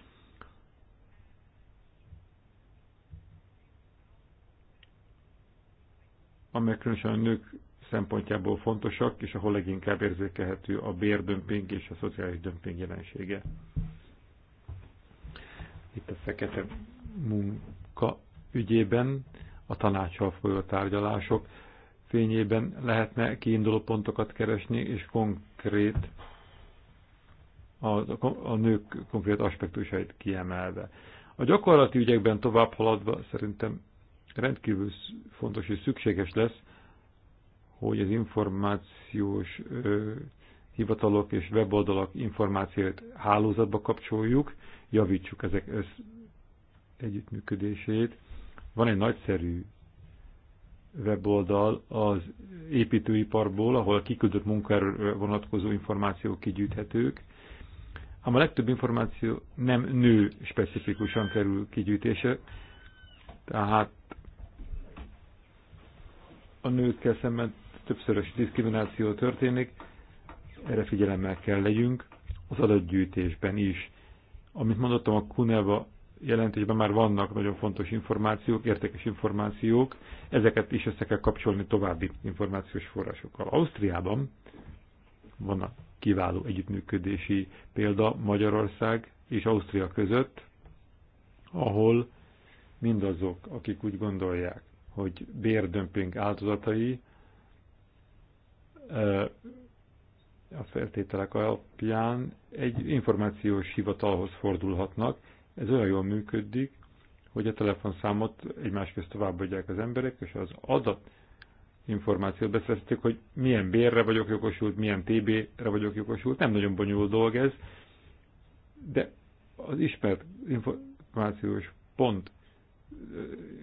amelyek különösen a nők szempontjából fontosak, és ahol leginkább érzékelhető a bérdömping és a szociális dömping jelensége. Itt a fekete munka ügyében a tanácssal folyó tárgyalások fényében lehetne kiinduló pontokat keresni, és konkrét a, a nők konkrét aspektusait kiemelve. A gyakorlati ügyekben tovább haladva szerintem rendkívül fontos és szükséges lesz, hogy az információs ö, hivatalok és weboldalak információt hálózatba kapcsoljuk, javítsuk ezek össz együttműködését. Van egy nagyszerű weboldal az építőiparból, ahol a kiküldött munkaerő vonatkozó információk kigyűjthetők, ám a legtöbb információ nem nő specifikusan kerül kigyűjtése, tehát a nőkkel szemben többszörös diszkrimináció történik, erre figyelemmel kell legyünk az adatgyűjtésben is. Amit mondottam, a Kuneva jelentésben már vannak nagyon fontos információk, értékes információk, ezeket is össze kell kapcsolni további információs forrásokkal. Ausztriában van a kiváló együttműködési példa Magyarország és Ausztria között, ahol mindazok, akik úgy gondolják, hogy bérdömping áldozatai, a feltételek alapján egy információs hivatalhoz fordulhatnak. Ez olyan jól működik, hogy a telefonszámot egymás közt továbbadják az emberek, és az adat információt beszélhetik, hogy milyen bérre vagyok jogosult, milyen TB-re vagyok jogosult. Nem nagyon bonyolult dolog ez, de az ismert információs pont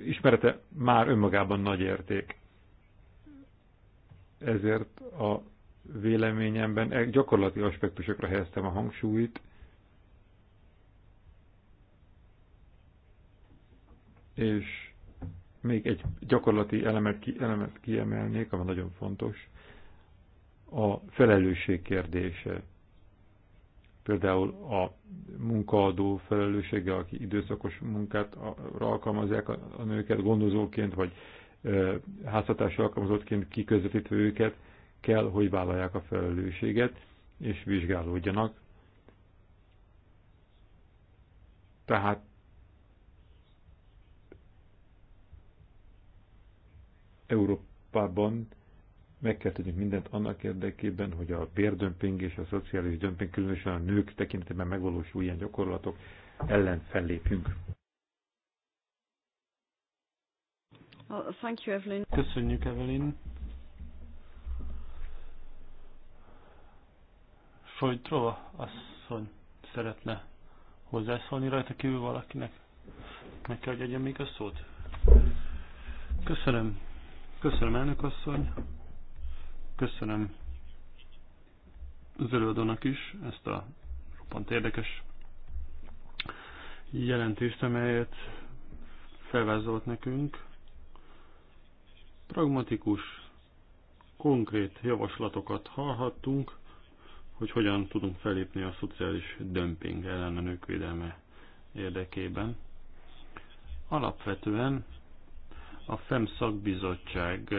ismerete már önmagában nagy érték ezért a véleményemben e- gyakorlati aspektusokra helyeztem a hangsúlyt, és még egy gyakorlati elemet, ki, elemet kiemelnék, ami nagyon fontos, a felelősség kérdése. Például a munkaadó felelőssége, aki időszakos munkát alkalmazják a nőket gondozóként, vagy háztartási alkalmazottként kiközvetítve őket, kell, hogy vállalják a felelősséget, és vizsgálódjanak. Tehát Európában meg kell tegyünk mindent annak érdekében, hogy a bérdömping és a szociális dömping, különösen a nők tekintetében megvalósuló ilyen gyakorlatok ellen fellépjünk. Thank you, Evelyn. Köszönjük, Evelyn. Sojtrova asszony szeretne hozzászólni rajta kívül valakinek. Meg kell, hogy adjam még a szót. Köszönöm. Köszönöm, elnök asszony. Köszönöm az előadónak is ezt a roppant érdekes jelentést, amelyet felvázolt nekünk. Pragmatikus, konkrét javaslatokat hallhattunk, hogy hogyan tudunk felépni a szociális dömping ellen a nők védelme érdekében. Alapvetően a FEM szakbizottság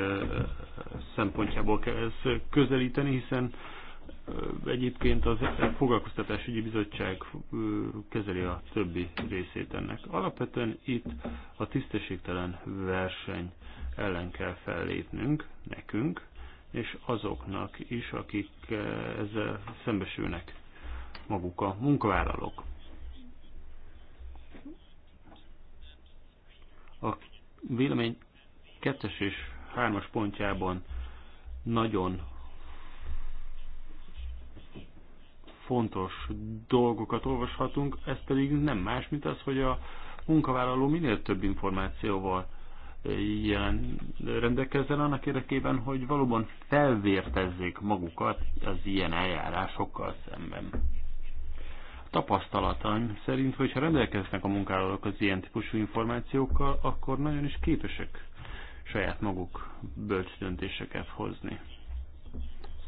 szempontjából kell ezt közelíteni, hiszen egyébként az foglalkoztatásügyi bizottság kezeli a többi részét ennek. Alapvetően itt a tisztességtelen verseny ellen kell fellépnünk, nekünk, és azoknak is, akik eh, ezzel szembesülnek maguk a munkavállalók. A vélemény kettes és hármas pontjában nagyon fontos dolgokat olvashatunk, ez pedig nem más, mint az, hogy a munkavállaló minél több információval jelen rendelkezzen annak érdekében, hogy valóban felvértezzék magukat az ilyen eljárásokkal szemben. A tapasztalataim szerint, hogyha rendelkeznek a munkálók az ilyen típusú információkkal, akkor nagyon is képesek saját maguk bölcs döntéseket hozni.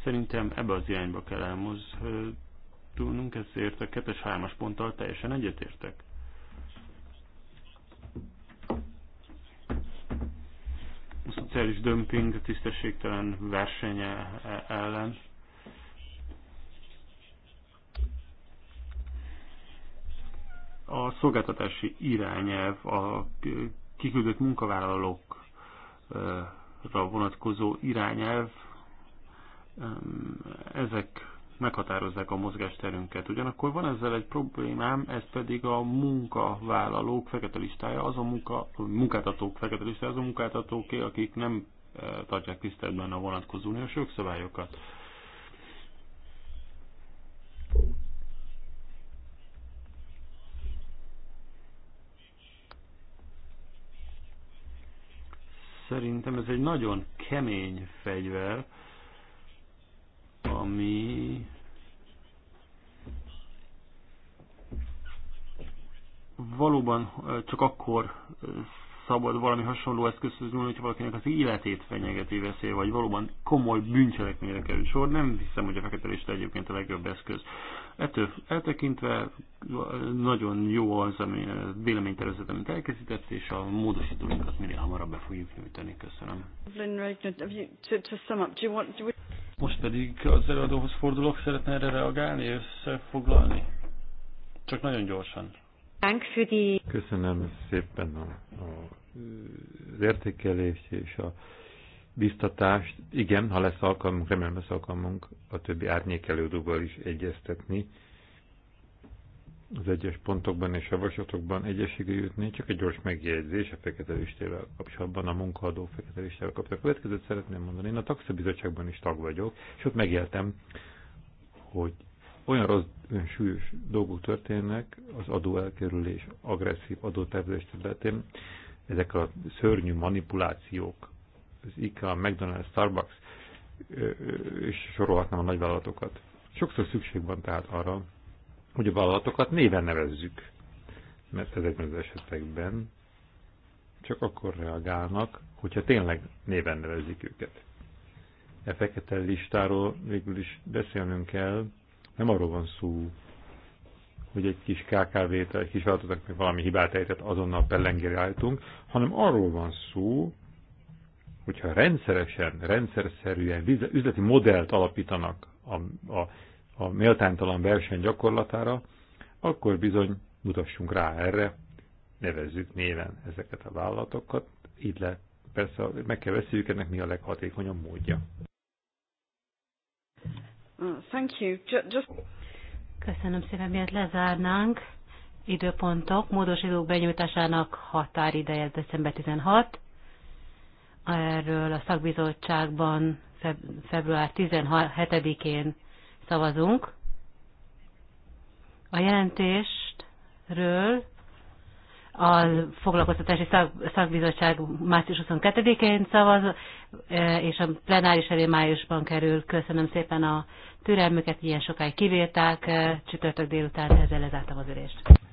Szerintem ebbe az irányba kell elmozdulnunk, ezért a 2-3-as ponttal teljesen egyetértek. szociális dömping, tisztességtelen versenye e- ellen. A szolgáltatási irányelv a kiküldött munkavállalókra vonatkozó irányelv ezek meghatározzák a mozgásterünket. Ugyanakkor van ezzel egy problémám, ez pedig a munkavállalók fekete listája, az a munka, munkáltatók fekete listája, az a munkáltatóké, akik nem eh, tartják tiszteletben a vonatkozó uniós jogszabályokat. Szerintem ez egy nagyon kemény fegyver, ami valóban csak akkor szabad valami hasonló eszközhöz nyúlni, hogyha valakinek az életét fenyegeti veszély, vagy valóban komoly bűncselekményre kerül sor. Nem hiszem, hogy a fekete lista egyébként a legjobb eszköz. Ettől eltekintve nagyon jó az, ami véleménytervezet, amit elkészített, és a módosítóinkat minél hamarabb be fogjuk nyújtani. Köszönöm. Most pedig az előadóhoz fordulok, szeretne erre reagálni, összefoglalni? Csak nagyon gyorsan. Köszönöm szépen a, a, az értékelést és a biztatást. Igen, ha lesz alkalmunk, remélem lesz alkalmunk a többi árnyékelődővel is egyeztetni az egyes pontokban és javaslatokban egyességre jutni, csak egy gyors megjegyzés a fekete listével kapcsolatban, a munkaadó fekete listével kapcsolatban. A következőt szeretném mondani, én a taxabizottságban is tag vagyok, és ott megéltem, hogy olyan rossz, olyan súlyos dolgok történnek az adóelkerülés, agresszív adótervezés területén, ezek a szörnyű manipulációk, az IKEA, McDonald's, Starbucks, és sorolhatnám a nagyvállalatokat. Sokszor szükség van tehát arra, hogy a vállalatokat néven nevezzük. Mert ezekben az esetekben csak akkor reagálnak, hogyha tényleg néven nevezik őket. E fekete listáról végül is beszélnünk kell, nem arról van szó, hogy egy kis KKV-t, egy kis vállalatot, meg valami hibát ejtett, azonnal pellengére álltunk, hanem arról van szó, hogyha rendszeresen, rendszerszerűen üzleti modellt alapítanak a, a a méltánytalan verseny gyakorlatára, akkor bizony mutassunk rá erre, nevezzük néven ezeket a vállalatokat, így le persze meg kell beszéljük ennek mi a leghatékonyabb módja. Uh, thank you. Just... Köszönöm szépen, miért lezárnánk. Időpontok, módosítók benyújtásának határideje december 16. Erről a szakbizottságban február 17-én szavazunk. A jelentéstről a foglalkoztatási szak, szakbizottság március 22-én szavaz, e, és a plenáris elé májusban kerül. Köszönöm szépen a türelmüket, ilyen sokáig kivérták, e, csütörtök délután ezzel lezártam az ülést.